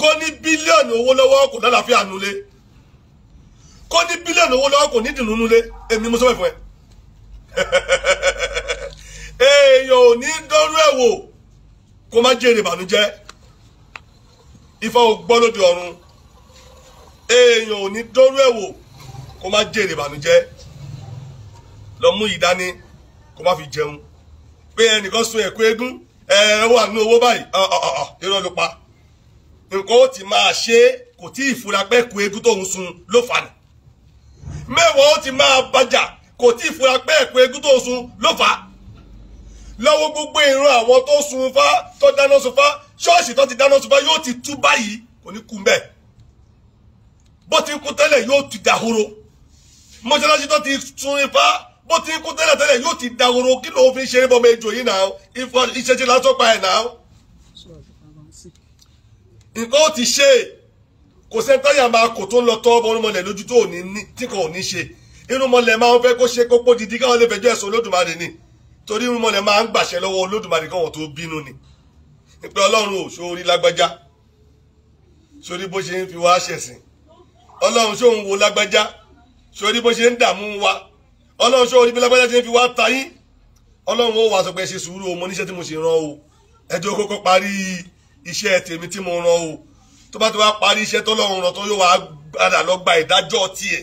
kó ní bílíọ̀nù owó lọ́wọ́ kò lálàáfíà nulẹ̀ kó ní bílíọ̀nù owó lọ́wọ́ kò ní dùnú nulẹ̀ èmi mo sọ fún ẹ (laughs) èèyàn ò ní dọ́rú ẹ̀ wò kó má jèrè ìbànújẹ́ ifá ò gbọ́ lóde ọ̀run èèyàn ò ní dọ́rú ẹ̀ wò kó má jèrè ìbànújẹ́ lọ mú ìdání kó má fi jẹun pé ẹnìkan sun ẹ̀kú eégún ẹ wà nínú owó báyìí irọ́ ló pa nǹkan ó ti máa ṣe kò tí ì fura pé ẹ̀kú eégún tóun sun ló fà ní mẹ́wàá ó ti máa bàjà kò tí ì fura pé ẹ̀kú eégún tóun sun ló fà á lọ́wọ́ gbogbo ìran àwọn tó sun tó dáná sun ṣọ́ọ̀ṣì tó ti dáná sun yóò ti tú báyìí kò ní kú mbẹ́ẹ̀ bó ti kú tẹ́lẹ̀ yóò ti dahoro mọ́ṣáláṣí tó ti sun ifá bó ti kú tẹ́lẹ̀ tẹ́lẹ̀ yóò ti dahoro kí ló fi ṣe bọ́mọ ejò yìí náà ifá iṣẹ́ ti lásán pa ẹ̀ náà nǹkan ó ti ṣe kò sẹ́ńtáyà máa kò tó ń lọ tọ́ ọmọ onímọ̀lẹ̀ lójú tó ní tí kò ní ṣe inú mọ̀lẹ̀ máa ń fẹ́ kó ṣe kó pó didi káwọn lè fẹjọ́ ẹ̀sùn olódùmarè ni torí inú mọ̀lẹ̀ máa ń gbàṣẹ lọ́wọ́ olódùmarè káwọn tó bínú ni ìpè ọlọ́run ò sórí lágbájá sórí bó ṣe ń fi wá ṣẹ̀sìn ọlọ́run ṣóun wo lágbájá sórí bó ṣe ń dààmú wa ọlọ́run ṣóun ibi lágbájá ti ń fi wá ta yín ọlọ́run ó wàá sọ pé ṣe sùúrù o mo níṣẹ́ tí mo ṣe rán o ẹjọ́ kọ́kọ́ parí iṣẹ́ tèmi tí mo rán o tó bá ti wá parí iṣẹ́ tọ́lọ́run rán tó yóò wá padà lọ gba ìdájọ́ tiẹ̀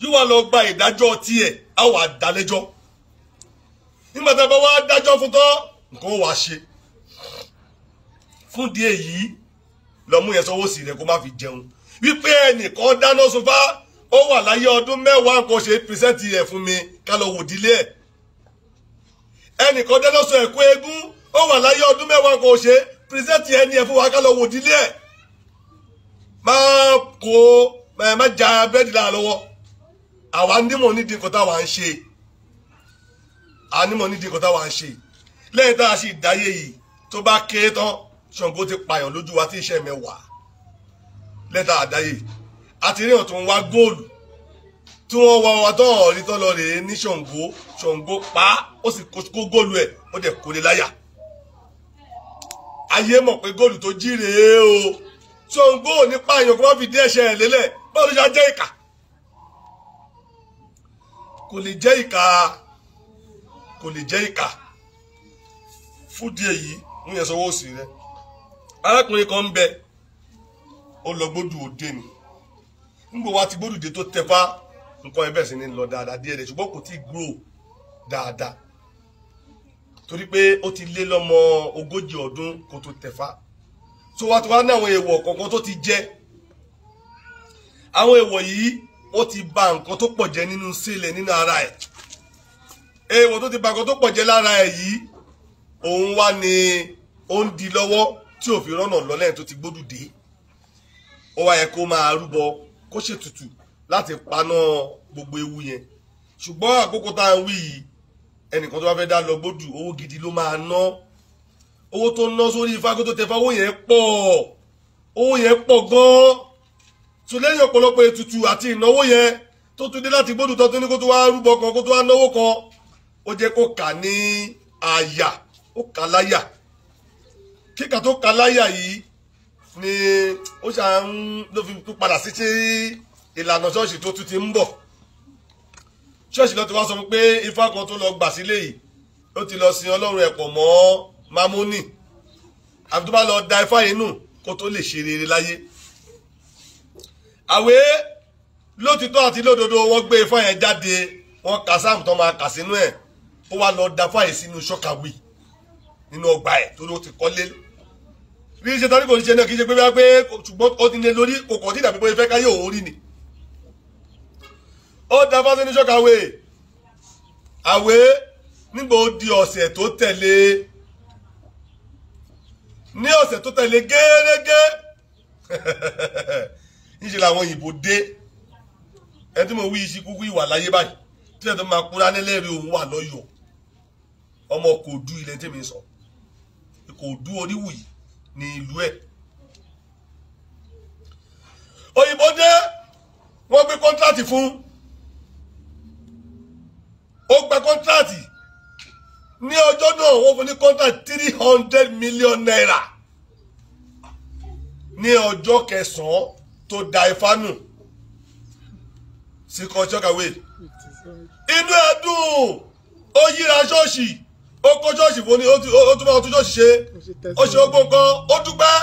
yóò wá lọ gba ìdájọ́ tiẹ̀ á wà dálẹ́jọ́ nígbà tá a bá wá dájọ́ fún tán nǹkan ó wàá ṣe fún díẹ̀ yìí lọ́mú yẹn sọ́wọ́ sí rẹ kó má fi jẹun wípé ẹnìkan dáná sun fá ó wà láyé ọdún mẹ́wàá kan ṣe pírísẹ́ǹtì rẹ̀ fún mi ká lọ wò dílé ẹ̀ ẹnìkan dáná sun ẹ̀kú eégún ó wà láyé ọdún mẹ́wàá kan ṣe pírísẹ́ǹtì ẹni ẹ̀ fún wa ká lọ wò dílé ẹ̀ má kó má ja bẹ́ẹ̀dì láà lọ́wọ́ àwa nímọ̀ nídìí nǹkan táwa ń ṣe àwa nímọ̀ nídìí nǹkan táwa ń ṣe lẹ́yìn tá a sì dáyé yìí tó bá kéré tán Ṣàngó ti pààyàn lójú wa tí iṣẹ́ mẹ́wàá lẹ́tà àdáyé àti ríhàn tó ń wá góòlù tí wọ́n wá wa tán ọ̀rí tán lọ rèé ní Ṣàngó Ṣàngó pa á ó sì kó góòlù ẹ̀ ó dẹ̀ kó lé láyà ayé mọ̀ pé góòlù tó jí rèé o Ṣàngó ní pààyàn kó má fi dé ẹ̀ṣẹ̀ ẹ̀ lélẹ̀ báwo ló ṣe á jẹ́ ìkà kò lè jẹ́ ìkà kò lè jẹ́ ìkà fúdìí èyí ń yẹn sọ sí rẹ̀. arákùnrin kan ń bẹ ọlọgbọdù òde ni nígbà wa ti gbódùde tó tẹfá nǹkan ẹbẹ ni lọ dáadáa díẹ̀ díẹ̀ ṣùgbọ́n kò tí ì grow dáadáa torí pé ó ti lé lọ́mọ ogójì ọdún kó tó tẹfá tó wá tó wá ní àwọn èèwọ̀ kọ̀ọ̀kan tó ti jẹ àwọn èèwọ̀ yìí ó ti ba nǹkan tó pọ̀ jẹ́ nínú sílẹ̀ nínú ara ẹ̀ èèwọ̀ tó ti ba nǹkan tó pọ̀ ni ó ń di tí ò fi rọ́nà lọ́lẹ́ tó ti gbódù dé ó wá yẹ kó máa rúbọ kó ṣètùtù láti paná gbogbo ewu yẹn ṣùgbọ́n àkókò tá à ń wí yìí ẹnìkan tó bá fẹ́ dá lọ gbódù owó gidi ló máa ná owó tó ná sórí ifá kó tó tẹ̀fá owó yẹn pọ̀ owó yẹn pọ̀ gan-an tún lẹ́yìn ọ̀pọ̀lọpọ̀ ètùtù àti ìnáwó yẹn tó tún dé láti gbódù tó ní kó tó wá rúbọ kan kó tó wá náwó kan ó jẹ́ kó kà ní àyà ó kà láyà kíkà tó ka láyà yìí ni ó ṣà ń ló fi tún padà sí tí ìlànà ṣọ́ọ̀ṣì tó tún ti ń bọ̀ ṣọ́ọ̀ṣì ló ti wá sọ pé ifá kan tó lọ gbà sílé yìí ó ti lọ sin ọlọ́run ẹ̀pọ̀ mọ́ mamoni àfi tó bá lọ da ifá yìí nù kó tó lè ṣe rere láyé àwẹ̀ lótìtọ́ àti lódodo wọ́n gbé ifá yẹn jáde wọ́n kà sáàmù tó máa kà sínú ẹ̀ ó wá lọ da ifá yìí sínú ṣọ́kàwì nínú ọgbà ẹ̀ tó ló ti kọ́lé lọ bí ṣe tán ní kò ń ṣe náà kì í ṣe pé bí wá pé ṣùgbọ́n ó ti lè lórí kò kọ́ sí ìdàbí pé ìfẹ́ káyé òórí ni. ó da fásitì ṣọ́kàwé àwé nígbà ó di ọ̀sẹ̀ tó tẹ̀lé ní ọ̀sẹ̀ tó tẹ̀lé gẹ́gẹ́ (laughs) níṣẹ́ làwọn òyìnbó dé ẹ tí mo wí iṣẹ́ kúkú ìwà láyé báyìí tí ẹ̀ tó máa kúra nílẹ̀rí òun wà lọ́yọ̀ọ́ ọmọ kò du ilẹ̀ tí mi sọ kò du oníwù yìí Ni ìlú ẹ̀ òyìnbó dé wọ́n gbé kọ́ńtráàtì fún ó gba kọ́ńtráàtì ní ọjọ́ náà wọ́n fún ní kọ́ńtráàtì three hundred million naira ní ọjọ́ kẹsàn-án tó da ifá nù sí kọ́ńtráàtì inú ẹ̀ dùn ó yíra ṣọ́ọ̀ṣì ó kó ṣọ́ọ̀ṣì fún ni ó tún bá ọtún ṣọ́ọ̀ṣì ṣe ó ṣe ó gbóǹkan ó dúpẹ́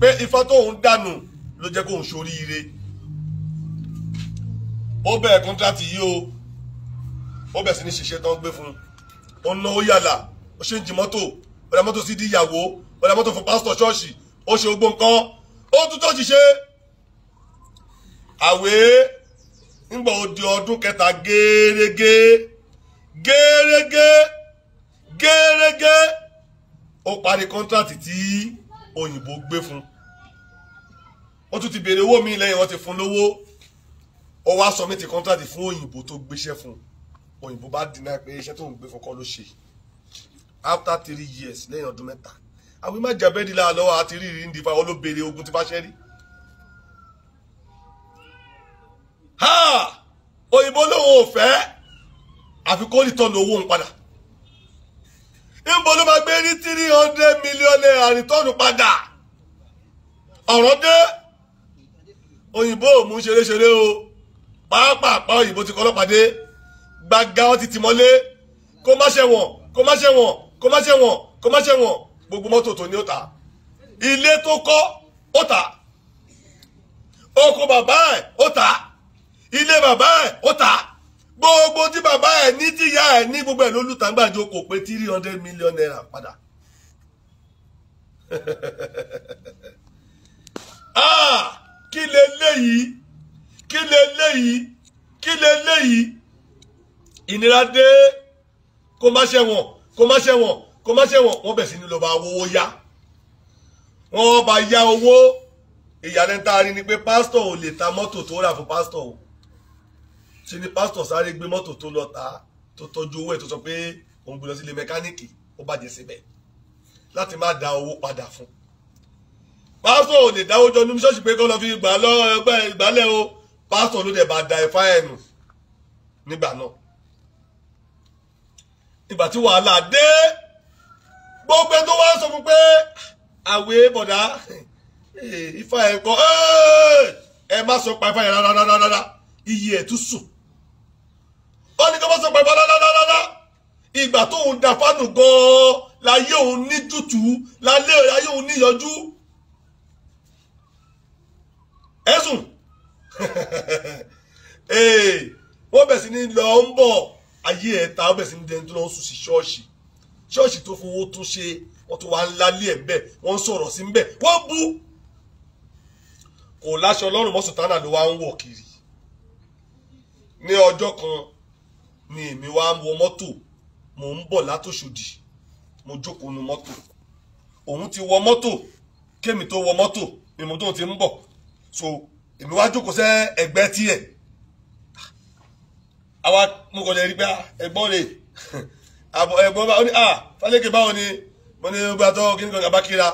pé ifá tóun dànù ló jẹ́ kóun ṣoríire ó bẹ̀rẹ̀ kọ́ńtrátì yìí o ó bẹ̀rẹ̀ sí ní ṣiṣẹ́ tán gbé fún un ó ná ó yàlà ó ṣe ń jí mọ́tò ó ra mọ́tò sí di ìyàwó ó ra mọ́tò fún pásítọ̀ ṣọ́ọ̀ṣì ó ṣe gbogbo nǹkan ó tún tó ṣiṣẹ́ àwẹ̀ ńgbà ó di ọdún kẹta gẹ́rẹ́gẹ́ gẹ́rẹ́gẹ́ gẹ́rẹ́gẹ́ ó parí kọ́ńtrátì tí òyìnbó gbé fún ó tún ti béèrè owó mi lẹ́yìn wọ́n ti fún lówó ó wá sọ mí ti kọ́ńtrátì fún òyìnbó tó gbéṣẹ́ fún òyìnbó bá dínà pé iṣẹ́ tó ń gbé fún kọ́ ló ṣe after three years lẹ́yìn ọdún mẹ́ta àwọn ìmájàbẹ́dì làlọ́ àti rírì ń di fa olóbèrè ogun tí bá ṣẹ́ rí. òyìnbó lòun ò fẹ́ àfikún ìtọ́nù owó ń padà níbo ló máa gbé ní three hundred million naira rìtọ́ọ̀nù padà ọ̀rọ̀ dé òyìnbó ò mú ṣeréṣeré o pàápàá òyìnbó ti kọ́ ọlọ́pàá dé gbàgà ọ́ ti tì mọ́lé kó má ṣẹ̀wọ̀n kó má ṣẹ̀wọ̀n kó má ṣẹ̀wọ̀n kó má ṣẹ̀wọ̀n gbogbo mọ́tò tó ní ó ta ilé tó kọ́ ó ta oko bàbá ẹ̀ ó ta ilé bàbá ẹ̀ ó ta gbogbo tí bàbá ẹ̀ ní tíyá ẹ̀ ní gbogbo ẹ̀ lólùtàgbàjọ kò pé three hundred million naira padà (laughs) ah, kí lè léyìí kí lè léyìí kí lè léyìí ìnira dé kó má ṣẹ̀wọ̀n kó má ṣẹ̀wọ̀n kó má ṣẹ̀wọ̀n wọ́n bẹ̀ sí ní lọ́ba owó yá wọ́n bá yá owó ìyàlẹ́ta rí ni pé pásítọ̀ ò lè ta mọ́tò tó rà fún pásítọ̀ o ṣe ni pásítọ̀ sáré gbé mọ́tò tó lọ tà á tó tọ́jú owó ẹ̀ tó sọ pé òun gbé lọ mẹkáníìkì ó bàjẹ́ síbẹ̀ láti má da owó padà fún pásítọ̀ ò lè dáwó jọ nínú ṣọ́ọ̀ṣì pé kó lọ fi gbà lọ ẹgbẹ́ ìgbálẹ̀ o pásítọ̀ ló dẹ̀ bá da ẹ̀fá ẹ̀ nù nígbà náà nígbà tí wàhálà dé gbogbo tó wá sọ fún pé àwẹ̀ bọ̀dá eh, ifá ẹ̀ kọ́ eh, ẹ má sọ pa ifá yẹn rárá rárá iyì ẹ̀ tún sùn ó ní kọ́ bá sọ pẹ̀fọ́ lálálálá ìgbà tóun da fánù gan-an láyé òun ní tútù láyé òun níyọjú ẹ̀sùn (laughs) wọ́n bẹ̀ sí ní lọ ń bọ̀ ayé ẹ̀ta wọ́n bẹ̀ sí ní dẹni tó lọ ń sùn sí ṣọ́ọ̀ṣì ṣọ́ọ̀ṣì tó fowó tó ṣe wọ́n tó wá ń lálé ẹ̀ bẹ́ẹ̀ wọ́n ń sọ̀rọ̀ sí bẹ́ẹ̀ wọ́n bú kò láṣọ ọlọ́run mọ́sùtánà ló wá ń wọ̀ kiri ní ọjọ́ kan ni èmi wá wọ mọ́tò mò ń bọ̀ látòṣòdì mo jókòó nu mọ́tò òun ti wọ mọ́tò kémi tó wọ mọ́tò èmi tó ti ń bọ̀ so èmi wá jókòó sẹ́ ẹgbẹ́ tiẹ̀ àwa mo kọ̀ jẹ́ rí pé ah, ẹgbọ́n rè (laughs) ẹgbọ́n bá ní ah Fálékè báwo ni mo ní gbà tó kí ni kò gàba kíra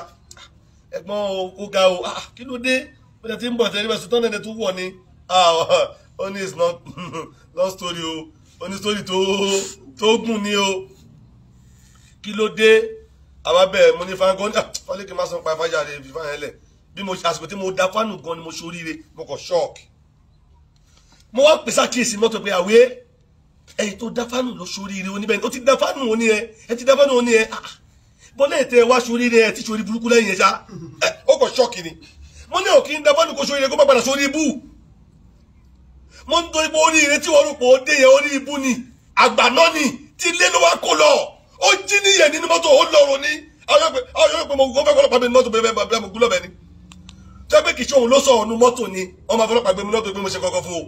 ẹgbọ́n ó ga o ah kí ló dé bó ti ń bọ̀ tẹ́lẹ̀ sọ tán lẹ́nu tó wọ̀ ni ah (laughs) ó ní it's not (laughs) long story o onísítórì tó tó gùn ni o kí ló dé àwa bẹ́ẹ̀ mo ní fangọ́ndà wọ́n lè kí n má sọ pa ìfájà rẹ̀ fi fáyà lẹ̀ bí mo àsìkò tí mo da fánù gan ni mo ṣoríire mo kọ̀ ṣọ́ọ̀kì mo wá pèsè àkíyèsí mọ́tò pé àwé ẹ̀yìn tó da fánù lọ ṣoríire oníbẹ̀ ó ti da fánù oní ẹ ẹ ti da fánù oní ẹ ah, bọ́lá ètè wá ṣoríire ẹ ti ṣorí burúkú lẹ́yìn ẹ ṣá ó kọ̀ ṣọ́ọ̀kì ni mo ní òkè ń da fánù kó ṣoríire kó má padà ṣorí bú mo ń torí pé oríire tí wọ́n rò pé ó dé yẹn orí ibú ni àgbà náà ni tí ilé ló wá kó lọ ó jí níyẹn nínú mọ́tò ó lọ́rùn ní àwọn yóò pé mo fẹ́ fọlọ́pàá mi mọ́tò bẹ́ẹ̀ bẹ́ẹ̀ mo gúlọ́ bẹ́ẹ̀ ni tó pé kì í ṣe ló sọ ọ̀nù mọ́tò ni wọ́n fọlọ́pàá gbé mi lọ́tò pé mo ṣe kọ́kọ́ fún o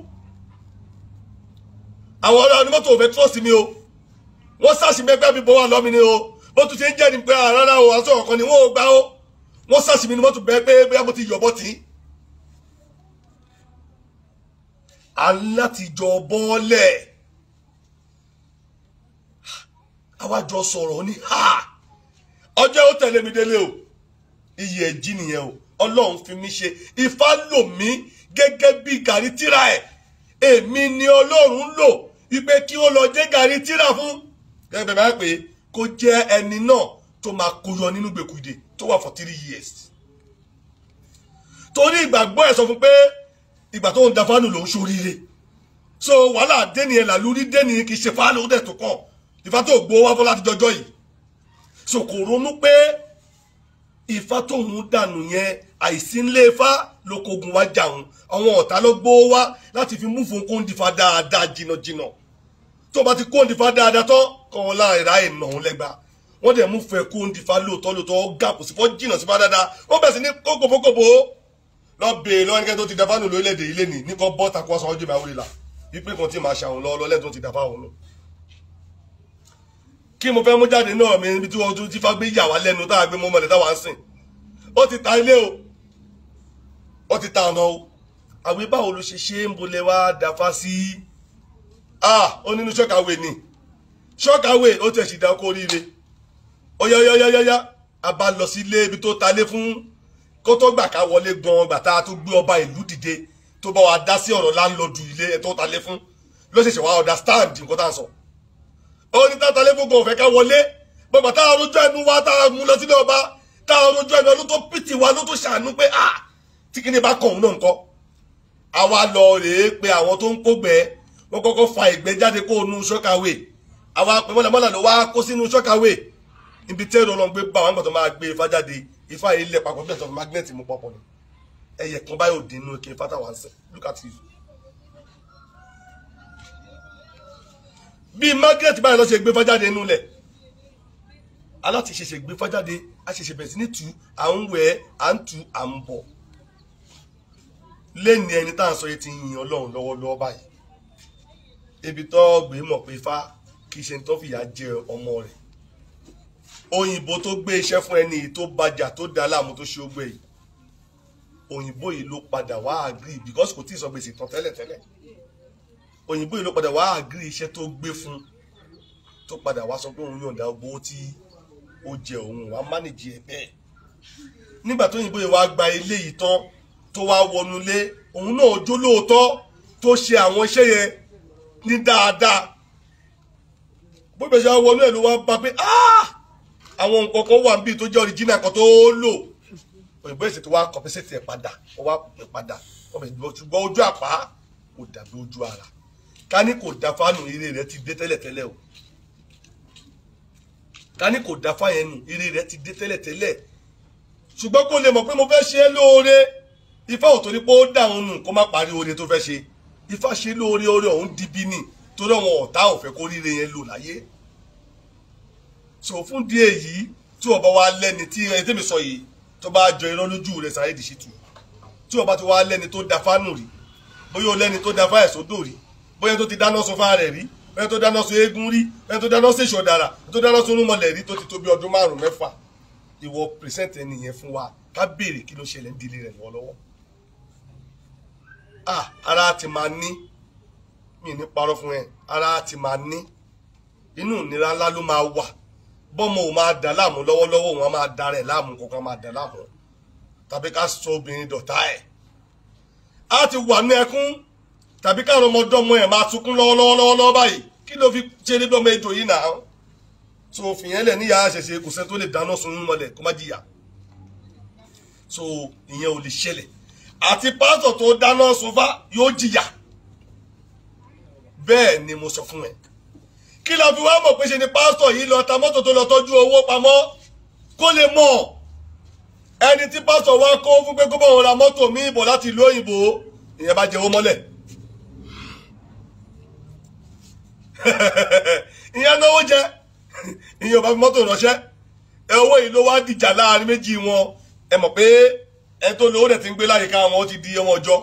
àwọn ọ̀rọ̀ ọ̀nù mọ́tò ò fẹ́ trọ́ọ̀sì mi o wọ́n sàṣì mẹ́gbẹ́ mi bọ́ wà lọ́mi ni o bó tún ṣe ń jẹ́ ni pé ah, rárá o aṣọ ọ̀kan ni wọ́n ò gbá o wọ́n sàṣì mi ni mọ́tò bẹ́ẹ̀ pé bóyá mo ti yọ̀bọ tì í alátijọ́ bọ́ọ̀lẹ̀ àwájọ sọ̀rọ̀ ní ha ọjọ́ ó tẹ̀lé mi délé o iyì ẹ̀jí nìyẹn o ọlọ́run fi mí ṣe ifá lò mí gẹ́gẹ́ bí gàrí tíra ẹ̀ èmi ni ọlọ́run lò wípé kí ó lọ jẹ́ gàrí tíra fún gẹ́gẹ́ bá pé kó jẹ́ ẹni náà tó máa koyọ nínú gbèkùdè tó wà for three years torí ìgbàgbọ́ ẹ̀ sọ fún pé ìgbà tó ń da fánù ló ń ṣoríire so wàhálà déni ẹ̀ làlúrí déni kì í ṣe fáánù ó dẹ̀ tó kọ̀ ìfà tó gbowó wá fọ́ láti jọjọ́ yìí so kò ronú pé ìfà tóun dànù yẹn àìsí ńlé ifá ló kogun wá jà òun àwọn ọ̀tá ló gbowó wá láti fi mú fún kóńdìfà dáadáa jìnnàjìnnà tó bá ti kóńdìfà dáadáa tán kọ́ wọn láìra ìnà òun lẹ́gbàá wọ́n dẹ̀ mú fẹ́ kóńdìfà lóòótọ́ lóòótọ́ gàpò sí fọ́ jìnnà sí fá dáadáa wọ́n bẹ̀ sí ní kókòbókòbó lọ bèè lọ ẹnikẹ́ni tó ti dáfá nù lórílẹ̀‐èdè ilé ni ní kọ́ bọ́ta kó sanwó jẹ́ mi àwòrán ìlà wípé kan tí màá ṣàwọn lọ lọ́lẹ́ tó ti dáfá òun lọ. kí mo fẹ́ mú jáde náà mi níbi tí wọ́n tún ti fá gbé yà wá lẹ́nu táwa gbé mọ́mọ́lẹ̀ táwa ń sìn ó ti ta ilé o ó ti ta ọ̀nà o àwẹ̀ báwo ló ṣe ṣe ń bolẹ̀ wá dáfá sí ah ó nínú ṣọ́kàwé ni ṣọ́kàwé ó tẹ̀ sí ìdákó oríire ó yáyáyáyá a bá lọ sí ilé ibi tó talé fún kó tó gbà ká wọlé gan gbàtà tó gbé ọba ìlú dìde tó bá wa dá sí ọ̀rọ̀ láńlọ́ọ̀dù ilé ẹ̀ tó talé fún ló ṣẹ̀ṣẹ̀ wá understand nǹkan tá à sọ. ó ní tá a talé fún gan òfẹ́ ká wọlé bàbá tá a rojọ́ ẹnu wa tá a mú lọ sílé ọba tá a rojọ́ ẹnu ló tó pìtì wa ló tó ṣàánú pé ah tí kíni bá kàn òun nǹkan. àwa lọ rèé pé àwọn tó ń kógbẹ́ wọ́n kọ́kọ́ fa ìgbẹ́ jáde kó nu ṣọ́kàwé àwa pẹ̀lú mọ́lá ló wá kó sínú ṣọ́kàwé ibi tẹ́rọ lọ́n gbé bá àwọn àgbàtàn máa gbé ifá jáde ifá yìí lẹ̀ papọ̀ bí ẹ̀sọ́ magnet mú papọ̀ ni ẹ̀yẹ̀ kan báyìí ò dín inú ike fata wà sẹ́ look at you. bí magnet báyìí lọ ṣe gbé fájáde inú lẹ̀ aláti ṣẹ̀ṣẹ̀ gbé fájáde a ṣẹ̀ṣẹ̀ bẹ̀rẹ̀ sí ní tù à ń wẹ̀ à ń tù à ń bọ̀ lẹ́ni ẹni tá à ń sọ yìí ti yin ọlọ́run lọ́wọ́lọ́wọ́ báyìí ibi tó gbé mọ̀ pé ifá kì í ṣe tó fìyà jẹ ọmọ rẹ̀ òyìnbó tó gbé iṣẹ́ fún ẹni tó bàjà tó dá láàmú tó ṣe ogbè yìí òyìnbó yìí ló padà wá agree because kò tí ì sọ gbèsè tán tẹ́lẹ̀tẹ́lẹ̀ òyìnbó yìí ló padà wá agree iṣẹ́ tó gbé fún tó padà wá sọ pé òun yọ̀ǹda gbowó tí ó jẹ òun wá mánèjì ẹ̀ bẹ́ẹ̀ nígbà tó òyìnbó yìí wá gba eléyìí tán tó wá wọnúlé òun náà jó lóòótọ́ tó ṣe àwọn iṣẹ́ yẹn ní dáadáa bó bẹ̀ ṣe wọnú ẹ̀ ló wá bá pé ah àwọn nǹkan kan wà níbi tó jẹ́ original kan tó lò òyìnbó èsì tó wá ti ẹ̀ padà ó wá pè padà ṣùgbọ́n ojú àpá kò dàbí ojú ara ká ní kò da fánù ire rẹ ti dé tẹ́lẹ̀tẹ́lẹ̀ o ká ní kò da fáyẹn nù ire rẹ ti dé tẹ́lẹ̀tẹ́lẹ̀ ṣùgbọ́n kó lè mọ̀ pé mo fẹ́ ṣe é lóore ifá ò torí pé ó dáhùn nù kó má parí oore tó fẹ́ ṣe ifá ṣe lóore oore ọ̀hún dibi nì torí àwọn ọ̀tá ò fẹ́ kó ríire yẹn lò láyé so fún díẹ̀ yìí tí ọba wa lẹ́ni tí ẹni tẹ́mi sọ yìí tó bá jọ irọ́ lójú rẹ̀ sáré dìṣí tu tí ọba ti wá lẹ́ni tó da fánù rí bóyá o lẹ́ni tó da fáyà sódò rí bóyá tó ti dáná sun fáà rẹ̀ rí bóyá tó dáná sun eégún rí bóyá tó dáná sun èṣù ọ̀dàrà tó dáná sun olúmọlẹ̀ rí tó ti tó bí ọdún márùn-ún mẹ́fà ìwọ present ẹni yẹn fún wa ká béèrè kí ló ṣẹlẹ̀ ń dilé rẹ̀ lọ́wọ́lọ́wọ́ ah ara ti máa ní mi ní parọ́ fún ẹ ara ti máa ní inú ìnira ńlá ló máa wà bọ́mọ ò máa dà láàmú lọ́wọ́lọ́wọ́ wọn máa da rẹ̀ láàmú kó kàn máa dà láàmú tàbí ká sọ obìnrin dọ̀tá ẹ̀ á ti wà ní ẹkún tàbí káwọn ọmọdọ́mọ ẹ̀ máa sunkún lọ́wọ́lọ́wọ́ báyìí kí ló fi ṣe ní bọ́mọ ejò yìí náà so fìyẹn lẹ̀ níyà àṣẹṣe kò sẹ́ni tó lè dáná sun mọ́lẹ̀ kó má jìyà so ìyẹn ò lè ṣẹlẹ̀ àti pásítọ̀ tó dáná sun fá yóò jìyà bẹ́ẹ̀ ni mo sọ fún ẹ kí la fi wá mọ̀ pé ṣe ni pásítọ̀ yìí lọ ta mọ́tò tó lọ tọ́jú owó pamọ́ kó lè mọ̀ ẹni tí pásítọ̀ wá kó fún pé kó bá òun ra mọ́tò míì bọ̀ láti ìlú òyìnbó ìyẹn bá jẹ́ owó mọ́lẹ̀ (laughs) ìyẹn náwó jẹ (laughs) ìyẹn ò bá fi mọ́tò ránṣẹ́ ẹ owó yìí ló wá dìjà láàrin méjì wọn ẹ mọ̀ pé ẹ tó lówó dẹ̀ ti ń gbé láyìíká wọn ó ti di ọmọ ọjọ́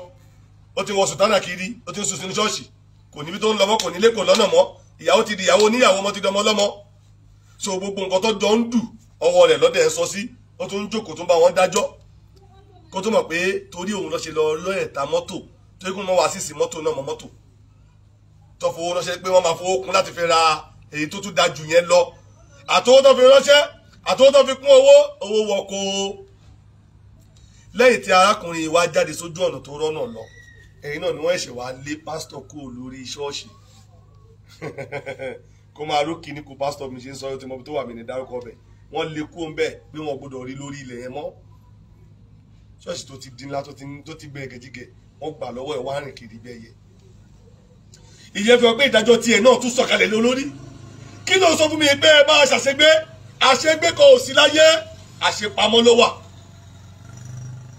ó ti wọ sùtánà kiri ó ti ń sùn sínú ṣọ́ọ̀ṣì kò níbi tó ń lọ mọ́ kò nílé kò lọ́nà mọ́ ìyàwó ti di ìyàwó oníyàwó ọmọ ti di ọmọ ọlọ́mọ so gbogbo nǹkan tó jọ ń dù ọwọ́ rẹ̀ lọ́dẹ̀ sọ sí ó tún ń jókòó tó ń bá wọn dájọ́ kó tó mọ̀ pé torí òun lọ́ ṣe lọ lọ́ẹ̀ta mọ́tò tó kún mọ́ wá sísì mọ́tò náà mọ́ mọ́tò tó fowó ránṣẹ́ pé wọ́n máa fowó kún láti fi ra èyí tó tún da jù yẹn lọ àtowó tó fi ránṣẹ́ àtowó tó fi kún owó owó wọ kó lẹ́yìn tí arákùnrin wa jáde sójú ọ̀nà tó rọ́nà lọ ẹ̀yìn náà ni wọ́n ṣẹ̀ wá lé pásítọ̀ kúrò lórí ṣọ́ọ̀ṣì (laughs) kó máa rókì ní kó pásítọ̀ mi ṣe ń sọ ọ́ tí mo tó wà mí ní dárúkọ bẹ̀ wọ́n lè kú ọ́n bẹ́ẹ̀ pé wọ́n gbọ́dọ̀ rí lórí ilẹ̀ yẹn mọ́ ṣọ́ọ̀ṣì tó ti dín ńlá tó ti gbẹ gẹ̀jígẹ̀ wọ́n gbà lọ́wọ́ ẹ̀ wá rìn kiri bẹ́yẹ ìyẹn fi hàn pé ìdájọ́ tiẹ̀ náà tún sọ̀kalẹ̀ lólórí kí ló sọ fún mi pé ẹ bá ṣàṣegbé àṣegbé kan ò sí láyé àṣepamọ́ ló wà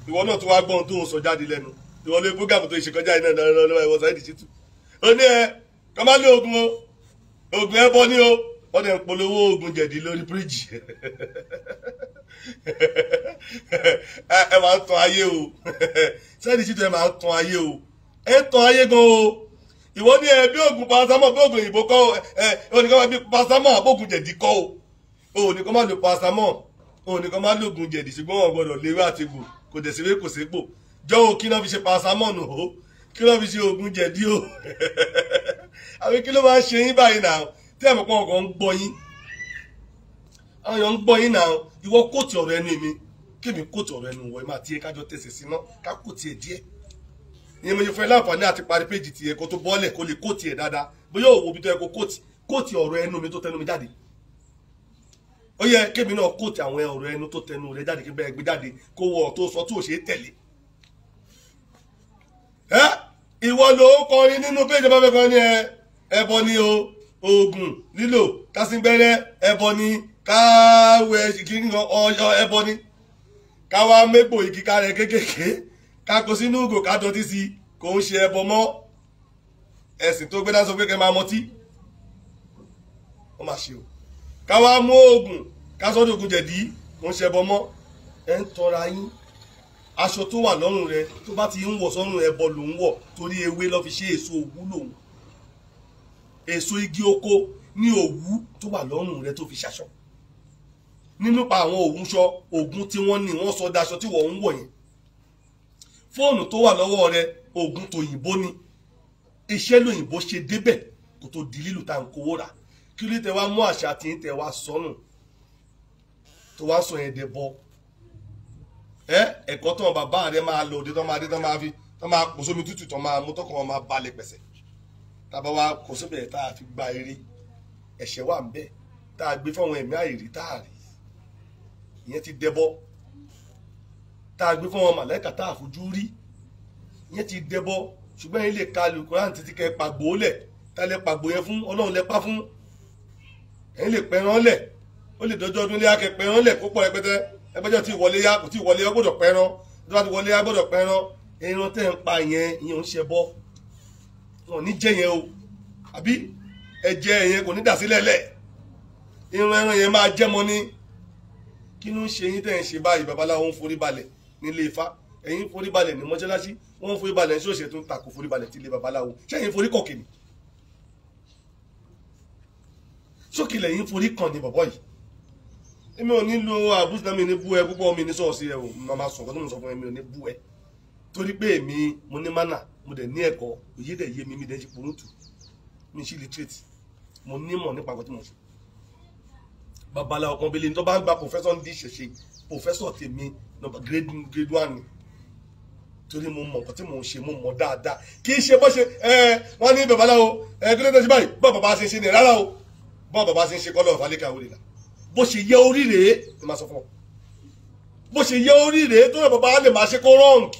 ìwọ náà tó wá gbọ́n tó ń sọ jáde lẹ́nu ìwọ ló búgàmù tó ṣe kọjá iná lọ́wọ́ ìwọ sáyẹ́dì ṣètù ó ní ẹ kọ́ máa lé ogun o ogun ẹbọ ni o wọ́n dẹ̀ ń polówó ogun jẹ̀dí lórí bíríìjì ẹ máa ń tan ayé o sẹ́ni títí ẹ máa ń tan ayé o ẹ ń tan ayé gan o ìwọ ní ẹ bí oògùn paracetamol bí oògùn òyìnbó kọ́ ẹ oníkan máa bí paracetamol àbóògùn jẹ̀dí kọ́ o oníkan máa lo paracetamol oníkan máa lo oògùn jẹ̀dí ṣùgbọ́n wọn gbọ́dọ̀ léwé àtìgbò kò dẹ̀ síwé kò sépò jọ́ o kí náà fi ṣe paracetamol nù o kí náà fi ṣe oògùn jẹ̀dí o. (laughs) àbí kí ló máa ṣe yín báyìí náà tí àpò pọ̀ kan ń gbọ́ yín àwọn èèyàn ń gbọ́ yín náà ìwọ kóòtù ọ̀rọ̀ ẹnu mi kémi kóòtù ọ̀rọ̀ ẹnu wọ̀ ẹ máa tiẹ̀ kájọ tẹ̀sẹ̀ sí náà ká kóòtù ẹ̀ díẹ̀ ìyẹn mo ṣe fẹ́ láǹfààní àti parí péjì tiẹ̀ kó tó bọ́ọ̀lẹ̀ kó lè kóòtù ẹ̀ dáadáa bóyá òwò bí tó yẹ kó kóòtù kóòtù ọ̀rọ̀ ẹnu mi tó tẹnu mi jáde ó yẹ kémi náà kóòtù àwọn ọ̀rọ̀ ẹnu tó tẹnu rẹ jáde kí bẹ́ẹ̀ gbé jáde kó wọ tó sọ tó ṣe é tẹ̀lé ẹ ìwọ ló kọrin nínú péjì bá fẹ́ kọrin ni ẹ ẹbọ ni o oògùn lílò kásíngbẹ́rẹ́ ẹbọ ni káwẹ kíkọ ọyọ ẹbọ ni káwa mẹ́pò igi kárẹ kéékèèké káko sínú ògò kádọtí sí kò ń ṣe ẹbọ mọ́ ẹ̀sìn tó gbéná sọ pé kẹ́ máa mọtí wọ́n máa ṣe o káwa mú oògùn kásọ́dọ̀ ògùn jẹ̀dí kò ń ṣe ẹbọ mọ́ ẹ̀ ń tọ́ra yín aṣọ tó wà lọ́rùn rẹ tó bá ti ń wọ̀ sọ́rùn ẹbọ ló ń torí ewé lọ́ fi ṣe èso òwú lòun èso igi oko ní òwú tó wà lọ́rùn rẹ tó fi ṣaṣọ nípa àwọn òwúṣọ ògùn tí wọ́n ní wọ́n sọ daṣọ tí wọ́n ń wọ̀ yẹn fóònù tó wà lọ́wọ́ rẹ ògùn tòyìnbó ni iṣẹ́ lòyìnbó ṣe débẹ̀ kó tó di lílù tá à ń kówó rà kí ló tẹ wá mú àṣà tí ń tẹ wá sọnù tó wá sọ yẹn dẹ bọ ẹ ẹ̀kọ́ tó wọn bàbá rẹ máa lò dé tó máa dé tó máa fi tó máa pòsómi tútù tó máa mú tó kàn wọn máa balẹ̀ pẹ̀sẹ̀ tábà wá kó síbẹ̀ tá a fi gba eré ẹ̀ṣẹ̀ wà ń bẹ̀ tá a gbé fáwọn ẹ̀mí àìrí tá a rí ìyẹn ti dẹbọ tá a gbé fáwọn màlẹ́kà tá a fojú rí ìyẹn ti dẹbọ ṣùgbọ́n ilé kalu koran títí kẹ́ pàgbó lẹ̀ tálẹ̀ pàgbó yẹn fún ọlọ́run lẹ pa fún ẹ̀yin lè pẹran lẹ̀ ó lè dọjọ́ ọdún léyà kẹ́ pẹran lẹ̀ kó pọ̀ rẹpẹtẹ ẹgbẹ́jọ́ tí ìwọlé yá kò tí ìwọlé yá gbọ́dọ̀ pẹran tó bá ti wọlé yá gbọ́dọ̀ pẹran ẹran tẹ́ ń pa yẹn ìyẹn ń ṣe bọ́ sọ ní jẹ yẹn o àbí ẹ̀jẹ̀ yẹn kò ní dà sílẹ̀ lẹ̀ irun ẹran yẹn máa jẹ́mọ ní kí ló ń ṣe yín tẹ̀ ń ṣe báyìí babaláwo ń forí balẹ̀ nílé ifá ẹ̀yin forí balẹ̀ ní mọ́ṣáláṣí wọ́n forí balẹ̀ ṣé òṣèlú tó ń takò forí balẹ̀ tilé babaláwo ṣé ẹ̀yin forí kọ̀kì ni sókìlẹ̀ yín forí kàn ní bọ̀bọ̀ yìí èmi ò ní lo àbúṣe mi ní bú ẹ púpọ̀ mi ní sọ̀ọ́sì ẹ o màmá sọ̀kọ́ tó ń sọ fún ẹ mi ò ní bú ẹ torí pé èmi mo ní mánà mo dẹ̀ ní ẹ̀kọ́ òye dẹ̀ yé mi mi dẹ̀ ṣe pòrótù mi ṣe literate mo nímọ̀ nípa àgọ́ tí mo ṣe babaláwo kan bẹ́lẹ̀ ní tó bá ń gba professor ní ìṣẹ̀ṣe professor tèmi grade grade one torí mo mọ̀ nǹkan tí mo ń ṣe mo mọ̀ dáadáa kì í ṣe bó ṣe wọ́n ní babaláwo kí ló dé sí báyìí bọ́ bàbá ṣe ń ṣe ní rárá o bọ́ bàbá ṣe ń ṣe kọ́lọ́ ìfàlẹ́kà òrìlà bó ṣe yẹ orí rèé ni màá sọ fún ọ bó ṣe yẹ orí rèé tó yẹ bàbá lè máa ṣe kó rọ́ǹkì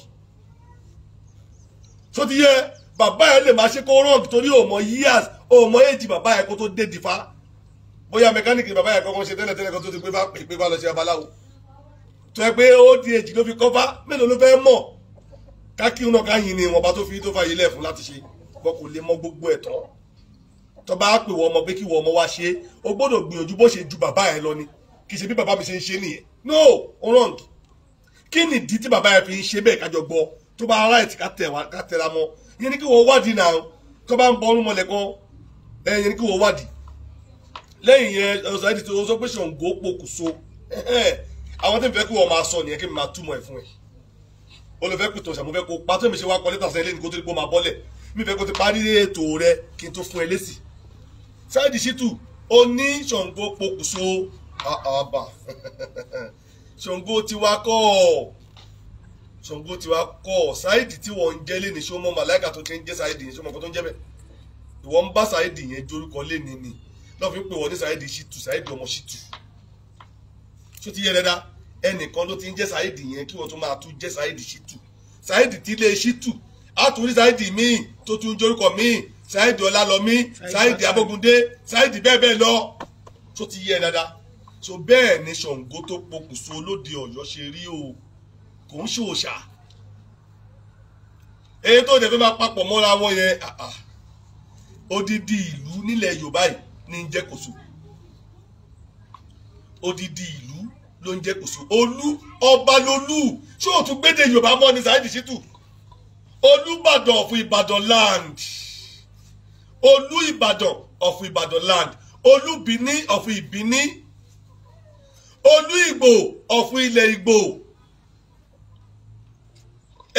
ṣó ti yẹ bàbá ẹ lè máa ṣe kó wrong torí òmọ years òmọ èjì bàbá ẹ kó tó dé dìfá bóyá mẹkáníìkì bàbá ẹ kọ́kọ́ ṣe tẹ́lẹ̀ tẹ́lẹ̀ kan tó ti pé bá lọ ṣe abaláwo tó ẹ pé ó di èjì ló fi kọ́fà mélòó ló fẹ́ mọ̀ kákíhun náà ká yin ni ìwọ̀nba tó fi tó fàyè lẹ̀ fún láti ṣe bọ́ kò lè mọ gbogbo ẹ̀ tán tó bá pè wọ ọmọ pé kí wọ ọmọ wá ṣe o gbọ́dọ̀ gbìyànjú bó ṣe ju bàbá ẹ lọ ni kì í ṣe bí bàbá mi ṣe ń ṣe nìyẹn no wrong kí nìdí tí bàbá ẹ fi ń ṣe bẹ́ẹ̀ kájọ gbọ́ tó bá right ká tẹ̀ wá ká tẹra mọ́ yẹn ni kí wọ́n wádìí náà tó bá ń bọ ọdún mọ́lẹ̀ kan yẹn ni kí wọ́n wádìí lẹ́yìn yẹn ọ̀sán ẹ̀dí tó sọ pé Ṣàngó pokùnso àwọn tí mi fẹ́ kí wọ́n máa sọ nìyẹn kí mi máa túmọ̀ ẹ̀ fún ẹ̀ olùfẹ́ pìtàn ṣàmúfẹ́ kó pátó mi ṣe wá kọ lẹ́tà sẹ́yìn lẹ́nu kó tó máa bọ́lẹ̀ mi fẹ́ kó ti parí ètò rẹ kí n tó fún ẹ lésì Saheed Shittu ó ní Ṣàngó pokùnso àbà (laughs) ti wá kọ́ ọ́ Ṣàngó ti wá kọ́ ọ Saidi tí wọ́n ń jẹ́ lé ní ṣé ó mọ màláìka tó ti ń jẹ́ Saidi yẹn ṣé ó mọ nǹkan tó ń jẹ́ bẹ́ẹ̀ ìwọ ń bá Saidi yẹn jorúkọ lé ní ni lọ́ọ́ fi pè wọ́n ní Saidi Ṣítù Saidi ọmọ Ṣítù ṣó ti yẹ dáadáa ẹnìkan ló ti ń jẹ́ Saidi yẹn kí wọ́n tún máa tún jẹ́ Saidi Ṣítù Saidi tí ilé Ṣítù àtúndí Saidi míì tó tún jorúkọ míì Saidi Ọlálọmí Saidi Abógundé Saidi bẹ́ẹ̀ bẹ́ẹ̀ lọ ṣó ti yẹ dáadáa so bẹ́ẹ̀ ni Ṣàngó tó pokùnso olóde Ọ̀yọ́ ṣe rí o kò ń ṣòòṣà èyí tó dẹ̀ fẹ́ máa papọ̀ mọ́ra wọn yẹn odidi ìlú nílẹ̀ yorùbá yìí ní ń jẹ́ kòso odidi ìlú ló ń jẹ́ kòso olú ọba lolú ṣé o tún gbédè yorùbá mọ́ ni Saheed Shittu olúbàdàn of ìbàdàn land olú ìbàdàn of ìbàdàn land olúbíní of ìbíní olú ìgbò of ilẹ̀ ìgbò.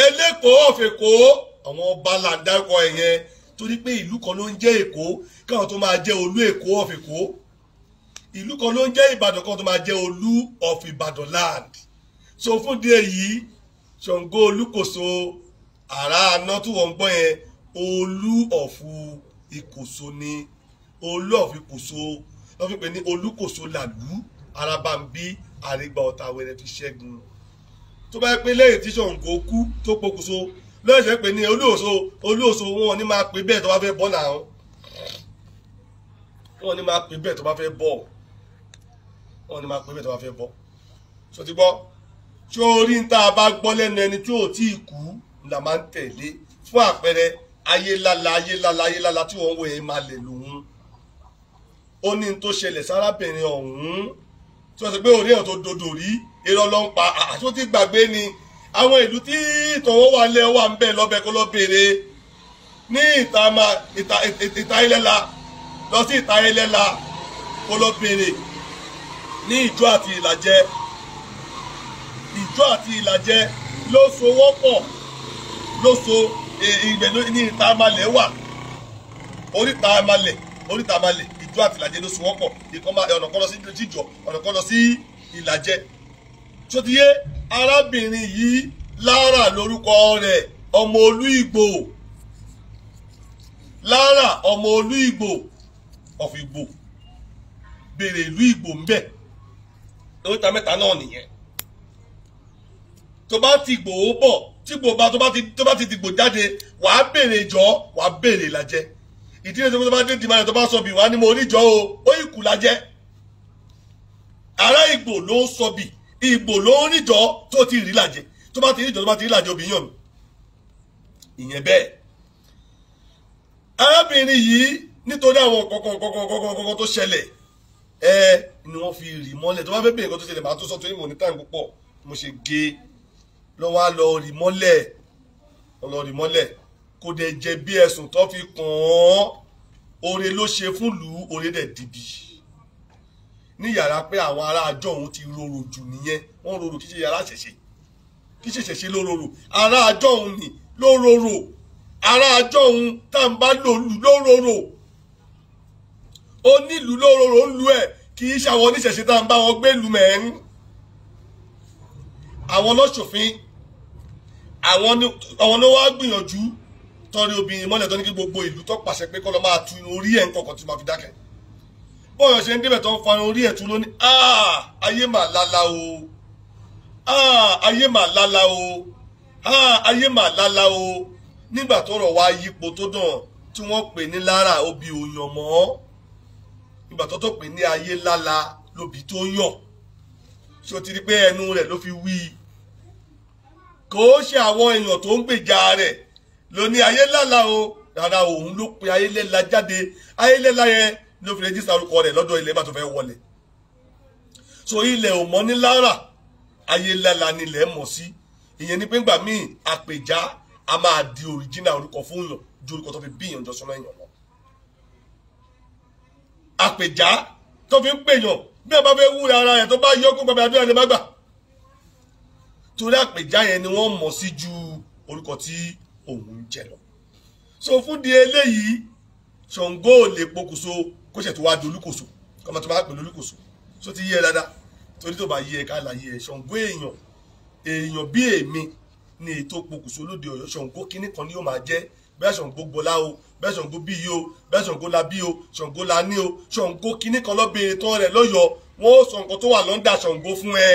Eléko ọ̀fẹ̀kọ́ àwọn ọba là ń dárúkọ ẹ̀ yẹn torí pé ìlú kan ló ń jẹ́ èkó káwọn tó máa jẹ́ olú èkó ọ̀fẹ̀kọ́ ìlú kan ló ń jẹ́ ìbàdàn kan tó máa jẹ́ olú of ìbàdàn land so fún díẹ̀ yìí ṣàngó olúkòso ara aná tó wọ́n ń gbọ́ yẹn olú ọ̀fù ìkòso ni olú ọ̀fù ìkòso wọ́n fi pè ní olúkòso làlú arábàmbí àrígbà ọ̀tàwẹ̀rẹ̀ fi ṣẹ́gun tó bá pé lẹ́yìn tí Ṣàngó kú tó pokùnso lóyè ṣe pé ní olóòṣò olóòṣò wọn ni máa pè bẹ́ẹ̀ tó bá fẹ́ bọ́ náà wọn ni máa pè bẹ́ẹ̀ tó bá fẹ́ bọ́ wọn ni máa pè bẹ́ẹ̀ tó bá fẹ́ bọ́ sọ ti gbọ́ tí orí ń tá a bá gbọ́ lẹ́nu ẹni tí ò tí ì kú la máa ń tẹ̀lé fún àpẹẹrẹ ayélala ayélala ayélala tí wọ́n wọ yẹn máa lè lòun ó ní tó ṣẹlẹ̀ sárábìnrin ọ̀hún tí wọ́n sọ pé orí ẹ̀ tó dodo rí èrò ọlọ́npa àti wọ́n ti gbàgbé ni àwọn ìlú tí ìtọ̀wọ́ wà lẹ́ wà ń bẹ̀ lọ́bẹ̀ kó lọ́ béèrè ní ìta ilẹ̀ la lọ sí ìta ilẹ̀ la kó lọ́ béèrè ní ìjọ àti ìlàjẹ ìjọ àti ìlàjẹ ló so wọ́pọ̀ ló so ìgbẹ́ e, ní ìta wà oríta amalẹ̀ oríta amalẹ̀ ijó àti ìlàjẹ ló so wọ́n pọ̀ ọ̀nà kan lọ sí jíjọ ọ̀nà kan lọ sí ìlàjẹ tó ti yé arábìnrin yìí Lára lórúkọ rẹ̀ ọmọ olú Ìgbò Lára ọmọ olú Ìgbò of Ìgbò bèrè ìlú Ìgbò ń bẹ oríta mẹ́ta náà nìyẹn tó bá ti gbòó bọ̀ tí gbòó bá tó bá ti dìgbò jáde wàá bèrè ìjọ wàá bèrè ìlàjẹ ìdí èso tó bá dé dìbò àyàn tó bá sọ bì wá ni mo níjọ o ó ìkù la jẹ́ ará ìgbò ló ń sọ bì ìgbò ló ń níjọ tó ti rí làjẹ tó bá ti rí ìjọ tó bá ti rí làjẹ obìnrin yàn mí ìyẹn bẹ́ẹ̀ arábìnrin yìí nítorí àwọn kọ̀kọ̀kọ̀kọ̀kọ̀kọ̀ tó ṣẹlẹ̀ ẹ ni wọ́n fi rì mọ́lẹ̀ tó bá fẹ́ bèèrè kan tó ṣẹlẹ̀ màá tó sọ torí mo ní táìmù púpọ̀ mo ṣe gé e, lọ́wọ́ á lọ rì mọ́lẹ̀ lọ rì mọ́lẹ̀ kò dẹ̀ jẹ̀bi ẹ̀sùn tó fi kàn án oore ló ṣe fúnlùú oore dẹ̀ dìbì ní yàrá pé àwọn ará àjọ òun ti rorò jù nìyẹn wọ́n rorò kí ṣe yàrá ṣẹ̀ṣẹ̀ kí ṣe ṣẹ̀ṣẹ̀ ló rorò ará àjọ òun ni ló rorò ará àjọ òun tá n bá lòlù ló rorò onílù ló rorò ń lu ẹ̀ kì í ṣàwọn oníṣẹ̀ṣẹ̀ tá n bá wọn gbé lu mẹ́rin àwọn lọ́sọ̀fin àwọn ló wá gbìyànjú tọ́rí obìnrin mọ́lẹ̀ tó ní kí gbogbo ìlú tó pàṣẹ pé kọ́ lọ máa tu orí ẹ̀ ń kọ̀kọ̀ tí máa fi dákẹ́ bọ́ọ̀yọ̀ ṣe ń débẹ̀ tó ń fa orí ẹ̀ tu lónìí ah, ayé mà lala o ah, ayé mà lala o ah, ayé mà lala o nígbà tó rọ̀ wá yípo tó dàn tí wọ́n pè ní lára obì òyàn mọ́ ìgbà tó tó pè ní ayé lala lobì tó yàn ṣé o ti rí pé ẹnu rẹ̀ ló fi wí kò ó ṣe àwọn èèyàn tó ń gbèjà rẹ̀ lóní ayé lálá o rárá òun ló pe ayélẹ́la jáde ayélẹ́la yẹn ló fi rẹ́jísà orúkọ rẹ̀ lọ́dọ̀ ilẹ̀ bá tó fẹ́ wọlé so ilẹ̀ ò mọ́ ní lára ayélẹ́la nílẹ̀ mọ̀ sí ìyẹn ní pé ńgbà míì àpèjá a máa di òrìjínà orúkọ fún yàn ju orúkọ tó fi bí yàn jọ sọ́nà yàn lọ àpèjá tó fi ń pèyàn bí a bá fẹ́ wúra ara rẹ̀ tó bá yọ kó gbàgbé àdúrà ni má gbà torí àpèjá yẹn ni wọ́n mọ̀ sí ju orúkọ tí òun jẹ lọ so fún di eléyìí Ṣàngó ò lè pokùnso kó ṣètò wá di olúkòso kọ́mọ tó bá pè lólúkòso so ti yé ẹ dáadáa torí tó bá yé ẹ ká láyé ẹ Ṣàngó èèyàn èèyàn bí èmi ni ètò pokùnso lóde Ọ̀yọ́ Ṣàngó kínní kan ni yóò máa jẹ́ bẹ́ẹ̀ Ṣàngó gbọ́lá o bẹ́ẹ̀ Ṣàngó bí yìí o bẹ́ẹ̀ Ṣàngó la bí o Ṣàngó la ní o Ṣàngó kínní kan lọ́bẹ̀ẹ́ tán rẹ̀ lọ́yọ̀ọ́ wọ́n ó sọ nǹkan tó wà lọ́ndà Ṣàngó fún ẹ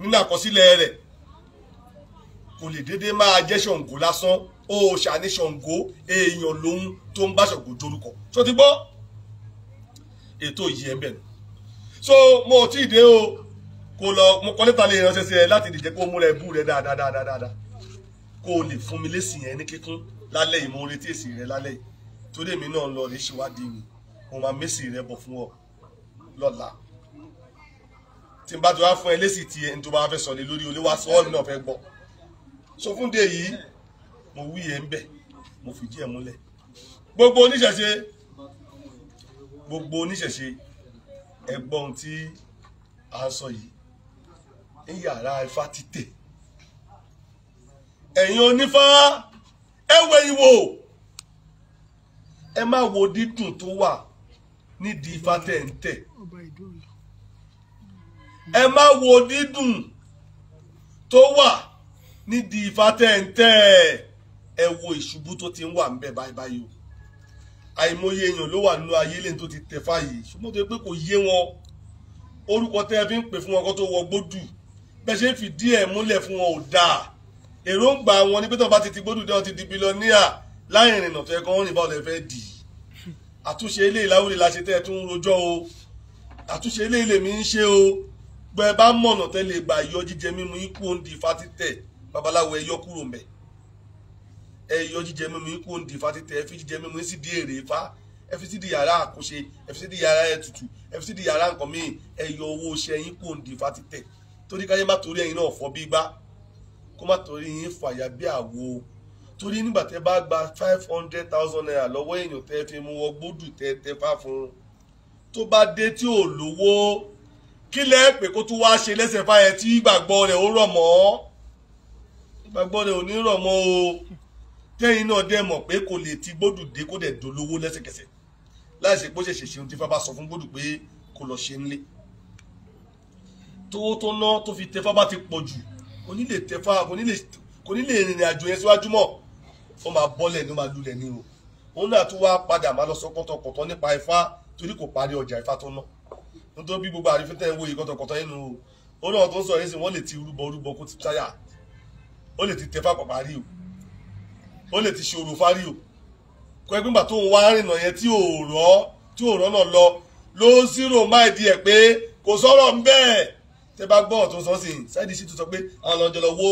nínú àkọsílẹ̀ rẹ̀ kò lè déédéé máa jẹ́ ṣàǹgó lásán òòṣà ní ṣàǹgó èèyàn lòun tó ń bá ṣàǹgó dorúkọ tó ti gbọ́ ètò yìí ẹ̀ bẹ̀rẹ̀ so mo ti dé o kò lọ mo kọ́ lẹ́tà lè ránṣẹ́ sí ẹ láti lè jẹ́ kó múra ẹbú rẹ dáadáa kó o lè fún mi lésì yẹn ní kíkún lálẹ́ yìí mo ń retí èsì rẹ lálẹ́ yìí torí èmi náà lọ rèé ṣèwádìí mi mo máa mésì rẹ bọ̀ fún ọ lọ́la tí n bá ti wá fún ẹ lésì tiẹ̀ ní tó bá fẹ́ sọ lórí olówó aṣọ náà fẹ́ gbọ́ sọ fún de yìí mo wúyè ń bẹ̀ mo fìdí ẹ̀ múlẹ̀ gbogbo oníṣẹ̀ṣe gbogbo oníṣẹ̀ṣe ẹ̀gbọ́n tí a sọ yìí ní yàrá ifá títè ẹ̀yin onífá ẹ wẹ ìwò ẹ má wo dídùn tó wà nídìí ifá tẹ̀ǹtẹ̀ ẹ má wo dídùn tó wà nídìí ifá tẹ́ǹtẹ́ ẹ wo ìṣubú tó ti ń wà ńbẹ báyìí báyìí o àìmọye èèyàn ló wà nínú ayé lẹ́yìn tó ti tẹ̀ fáyìí ṣùgbọ́n tó yẹ pé kò yé wọn orúkọ tẹ́ ẹ fi ń pè fún wọn kó tó wọ gbódù bẹ́ẹ̀ ṣe ń fìdí ẹ̀ múlẹ̀ fún wọn ò dáa èròǹgbà wọn ni pé bá ti ti gbódù dé wọn ti di bílọ́níà láì rìnnà fẹ́ kọ́ ọ́nìbá ọ̀lẹ́ fẹ́ dì í àtúnṣe eléyìí láwùrì la ṣe tẹ́ ẹ tún ń rojọ́ o àtúnṣe eléyìí lèmi ń ṣe o gbẹ bá mọ̀nà tẹ́ lè gbà yọ jíjẹ mímu ikú òǹdí ifá títẹ̀ babaláwo ẹ yọ kúrò mbẹ ẹ yọ jíjẹ mímu kó ń di ifá títẹ ẹ fi jíjẹ mímu sí di èrè ifá ẹ fi sí di yàrá àkóṣe ẹ fi sí di yàrá ètùtù ẹ fi sí di yàrá nǹkan míì ẹ yọ owó iṣẹ yín kó ń di títẹ torí káyé má torí ẹyin náà fọ bí gbá kó má torí yín fàyà bí àwo torí nígbà tẹ bá gba five hundred thousand naira lọ́wọ́ èèyàn tẹ fi mu ọgbódù tẹ tẹ fá fún un tó bá dé tí ò lówó kí lẹ́ẹ̀pẹ̀ kó tún wá ṣe lẹ́sẹ̀ fáyẹ tí gbàgbọ́ rẹ̀ ó rọ̀ mọ́ gbàgbọ́ rẹ̀ ò ní rọ̀ mọ́ o tẹ́yìn náà dẹ́ mọ̀ pé kò lè ti gbódù dé kó dẹ̀ dolówó lẹ́sẹ̀kẹsẹ̀ láì ṣe pé ó ṣẹ̀ṣẹ̀ ṣeun tí fábà sọ fún gbódù pé kò lọ ṣe nílé tówó tó ná tó fi tẹfá bá ti pọ̀ jù kò ní lè tẹfá kò ní lè rìnrìn àjò yẹn síwájú mọ́ ó máa bọ́lẹ̀ ní ó máa lulẹ̀ ní o òun náà tún wá padà máa lọ sọ kọ́tọ̀kọ̀tọ̀ nípa ifá torí kò parí ọjà ifá tó ná nítorí bí gbogbo àrífín tẹ́ ń wo ìkọ́tọ̀kọ̀tọ̀ nínú o ó náà tó ń sọ yẹn sì wọ́n lè ti rúbọ rúbọ kó ti táyà ó lè ti tẹ fápọ̀ parí o ó lè ti ṣòro fárí o kọ ẹgbẹ́ gbà tó ń wá rìnà yẹn tí ò rọ́ tí ò rọ́nà lọ ló ń zero máìdí ẹ̀ pé kò sọ̀rọ̀ ń bẹ́ẹ̀ tẹ bá gbọ́ tó sọ ṣáìdì sí tún pé àwọn lọ́jọ́ lọ wó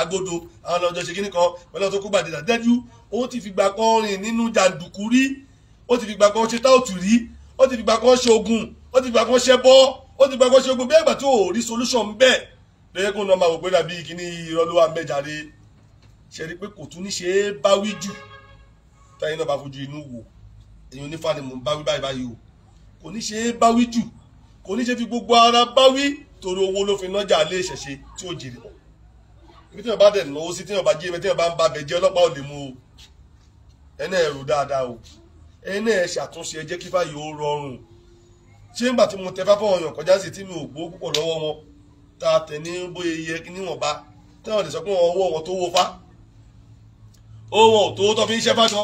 agodo àwọn lọ́jọ́ ṣe kíní kan pẹ̀lú ọtọ́ kó gbàdédà dẹ́jú ó ti fìgbà kan rìn nínú jàǹdùkú rí ó ti fìgbà kan ṣe táòtù rí ó ti fìgbà kan ṣe ogun ó ti fìgbà kan ṣe bọ́ ó ti fìgbà kan ṣe ogun bí ẹgbà tó rí solution bẹ́ẹ̀ lẹ́yìn náà máa wò pé dàbí kíní irọ́ ló wà mẹ́jáde ṣe rí pé kò tún ní ṣe é báwí jù táyé náà bá fojú inú wò èyàn onífàdé mò ń báwí báyìí báyìí o kò ní ṣe é báwí jù kò ní ṣe fi gbogbo ara báwí torí owó ló fi nájà lé ìṣẹ̀ṣe tí ó jèrè mọ́ ibi tí wọn bá dẹ̀ náwó sí tí wọn bá jí ẹbẹ tí wọn bá ń ba bẹ̀jẹ́ ọlọ́pàá ò lè mú o ẹnẹ́ ẹ̀rù dáadáa o ẹnẹ́ ẹ̀ ṣàtúnṣe ẹ kí fáyọ̀ ó rọrùn ṣé ńgbà tí mo tẹ fáfọ́ ọ̀yàn kọjá sí tí mi ò gbó púpọ̀ lọ́wọ́ wọn tá a tẹ̀ ní bóyá iye níwọ̀nba tí wọ́n lè sọ pé wọ́n owó wọn tó wó fa owó wọn ò tó tó fi ń ṣẹ́ fájọ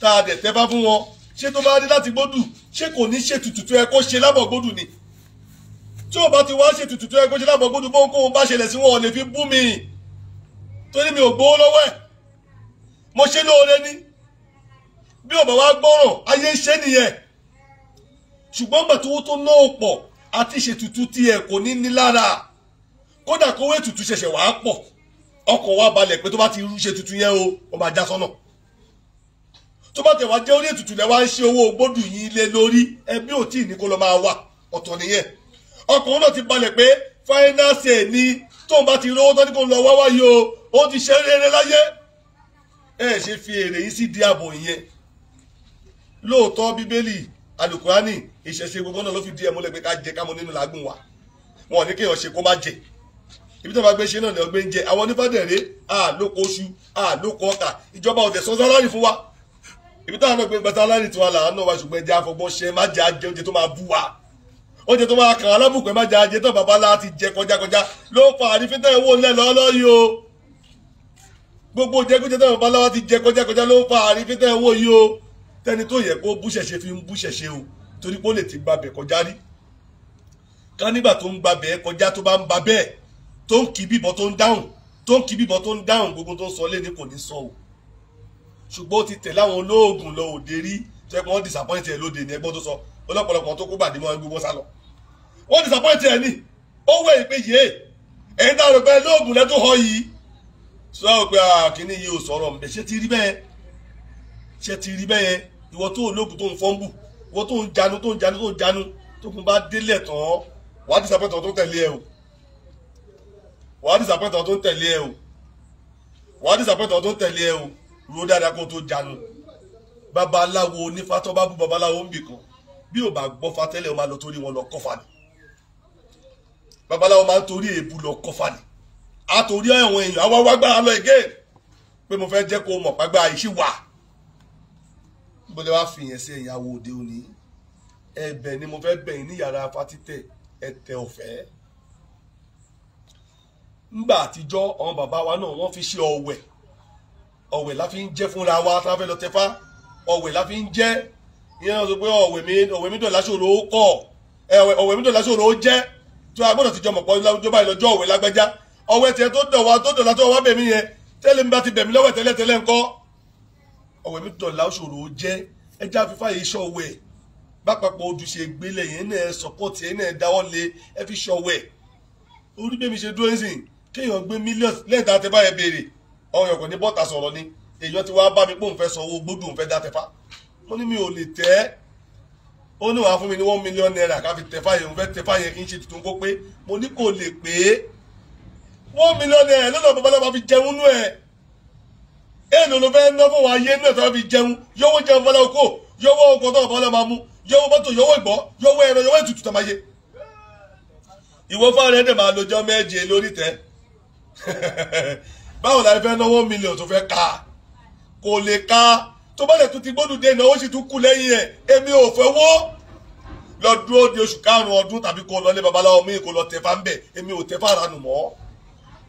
tá a dẹ̀ tẹ́fá fún wọn ṣé tó bá dé láti gbódù ṣé kò ní ṣe tùtùtù ẹ kó ṣe lábọ̀ gbódù ni tí ò bá ti wá ṣe tùtùtù ẹ kó ṣe lábọ̀ gbódù bóun kóun bá ṣẹlẹ̀ sí wọn ò lè fi bú mi torí mi ò gbowó lọ́wọ́ ẹ̀ mo ṣe lóore ni bí ọ̀bà wa gbọ́ràn ayé ń ṣe nìyẹn ṣùgbọ́n gbàtúwó tó ná òpọ̀ àti ṣètùtù tiẹ̀ kò ní ní lára kódà kówé ètùtù ṣẹ̀ṣẹ̀ wàá pọ̀ ọkọ̀ wa balẹ̀ pé tó bá ti ń ṣe tuntun yẹn o ó máa já sọ́nà tó bá tẹ̀ wá jẹ́ orí ètùtù lẹ́wà ń ṣe owó gbódù yín lé lórí ẹbí ò tí ì ní kó lọ máa wà ọ̀tọ̀ nìyẹn ọkùnrin náà ti balẹ̀ pé fáínánsì ẹ̀ ni tóun bá ti rówó tán ní kó lọ wá wáyé o ó ti ṣe rere láyé ẹ ṣe fi èrè yín sí di ààbò yẹn lóòótọ́ bíbélì àlùkùránì ìṣẹ̀ṣe gbogbo náà ló fi díẹ̀ múlẹ̀ pé ká jẹ ká mọ nínú làágùn wa wọn ò ní kéèyàn ṣe kó má jẹ ibi tí wọn bá gbé ṣe náà lọ gbé ń jẹ àwọn onífàdẹ̀rẹ́ àlóko oṣù àlóko ọkà ìjọba ọ̀tẹ̀ sọ sálárì fún wa ibi táwọn náà gbé gba sálárì tiwa là ń náà wá ṣùgbọ́n ẹja àfọgbọ́n ṣe má jẹ ajẹ oúnjẹ tó máa bú wa oúnjẹ tó máa kàn án lábùkún ẹ má jẹ ajẹ tó bàbá la ti jẹ kọjákọjá ló fa àrífín tẹ́ wò lẹ́ lọ́lọ́yìí o gbogbo jẹgúnjẹ tẹ́ bàbá la ti jẹ kọjákọjá ló fa àrífín tẹ́ wò yìí o tẹni tó yẹ kó búṣẹ̀ṣe fi ń búṣẹ̀ṣe o torí pé ó lè ti gbabẹ̀ kọjá rí kán nígbà tó ń gbabẹ̀ kọjá tó bá ń ba bẹ́ẹ̀ tó ń kí bíbọ tó ń dáhùn tó ń kí bíbọ tó ń dáhùn gbogbo tó ń sọ léde kò ní sọ o ṣùgbọ́n ó ti tẹ̀lé àwọn olóògùn lọ òde rí tó yẹ kó wọ́n disappoint ẹ̀ lóde ní ẹgbọ́n tó sọ ọlọ́pọ̀lọpọ̀ tó kó bàdé mọ́ gbogbo sá wọ́n disappoint ẹ̀ ní ó wẹ̀ ìpè yìí ẹ̀yin táwọn olùkọ́ ẹ̀ lóògùn lẹ́tọ́ họ yìí sọ pé ah, kínní yìí ò sọ̀rọ̀ mbẹ̀ ṣé ti rí bẹ́ẹ̀ ṣé ti rí bẹ́ẹ̀ ìwọ tó olóògùn tó ń fọ́nbù wọ́n tó ń janu tó ń janu tó ń janu tó kun bá délẹ̀ tán wàá disapẹ́tọ̀ tó ń tẹ̀lé ẹ o wàá disapẹ́tọ̀ tó ń tẹ̀lé ẹ o wàá disapẹ́tọ̀ tó ń tẹ̀lé ẹ o ro dáadáa kó tó janu babaláwo onífàtọ́ bá bú babaláwo ń bì kan bí ò bá gbọ́ fatẹ́lẹ̀ o máa lọ torí wọn lọ kọ́fà ni babaláwo máa ń torí èébú lọ kọ́fà ni àtòrí àwọn èèyàn àwa wá gbára lọ ìgé pé mo fẹ́ jẹ́ kó mọ̀ pàgbà ìṣíwà níbo lè wá fi yẹn sí ẹ̀yàwó òde òní ẹ̀bẹ̀ ni mo fẹ́ bẹ̀yìn ní yàrá fatitẹ̀ ẹ̀tẹ̀ ọ̀fẹ́ ńgbà àtijọ́ àwọn bàbá wa náà wọ́n fi ṣe ọ̀wẹ̀ ọ̀wẹ̀ la fi ń jẹ́ fúnra wa tá a fẹ́ lọ tẹ̀fá ọ̀wẹ̀ la fi ń jẹ́ ìyẹn náà sọ pé ọ̀wẹ̀ mi ọ̀wẹ̀ mi dọ̀lá ṣòro ó kọ̀ ọ̀wẹ̀ mi dọ̀lá ṣòro ó jẹ́ tí a gbọ́dọ̀ ti jọ mọ̀ pọ̀ lọ́jọ́ báyìí lọ́jọ́ ọ̀wẹ̀ lágbájá ọ̀wẹ̀ tiẹ̀ tó dọ̀ wa tó dọ̀lá tó wá bẹ̀mí yẹn tẹ́lẹ̀ mi bá ti bẹ̀mí lọ́wẹ̀ tẹ́lẹ̀ tẹ́lẹ̀ ńkọ́ ọ̀wẹ̀ mi dọ̀là òṣòro jẹ́ ẹjẹ́ afífá yìí ṣọ̀wẹ̀ bápapọ̀ odù ṣe gbélé yẹn náà sọ̀pọ̀tì yẹn náà dáwọ́ lé ẹ fi ṣọ̀wẹ̀ orí bẹ́ẹ̀ mi ṣe dúró nísìn kéèyàn gbé mílíọ̀nù lẹ́yìn tá a ti bá yẹn béèrè ọ̀hún ẹ̀kọ́ ní bọ́ta sọ̀rọ̀ ni èèyàn ti wá bá mi pé òun fẹ́ sanwó gbódùn òun fẹ́ dá tẹ̀fá ó ní mi ò lè tẹ́ ó ní wàá fún mi ní one million naira ká fi tẹ̀fá yẹn òun fẹ́ tẹ̀fá yẹn kí n ṣe tuntun kó pé mo ní kò lè pé one million naira lọ́nà babaláwa fi jẹun nú ẹ̀ èèlò ló fẹ́ ná fún wa ayé náà tó fi jẹun yọwọ́ jẹun fọlá oko yọwọ́ ọkọ̀ tó fọlá máa mú yọwọ́ mọ́tò yọwọ́ ìgbọ́ yọwọ́ ẹ̀rọ yọwọ́ ètùtù tó máa yé. ìwọ fáwọn ẹ̀dẹ̀ máa lọ́jọ́ méje lórí tẹ́ (laughs) báwo la fẹ́ náwó mílíọ̀n tó fẹ́ ká kò lè ká tó bá lè tún ti gbódùn dé náà ó sì tún kú lẹ́yìn ẹ̀ èmi ò fẹ́ wó lọ́dún ó di oṣù karùn-ún ọdún tàbí kó lọ lé babaláwo mi kó lọ tẹ̀fá ń bẹ̀ èmi ò tẹ̀fá ara nù mọ́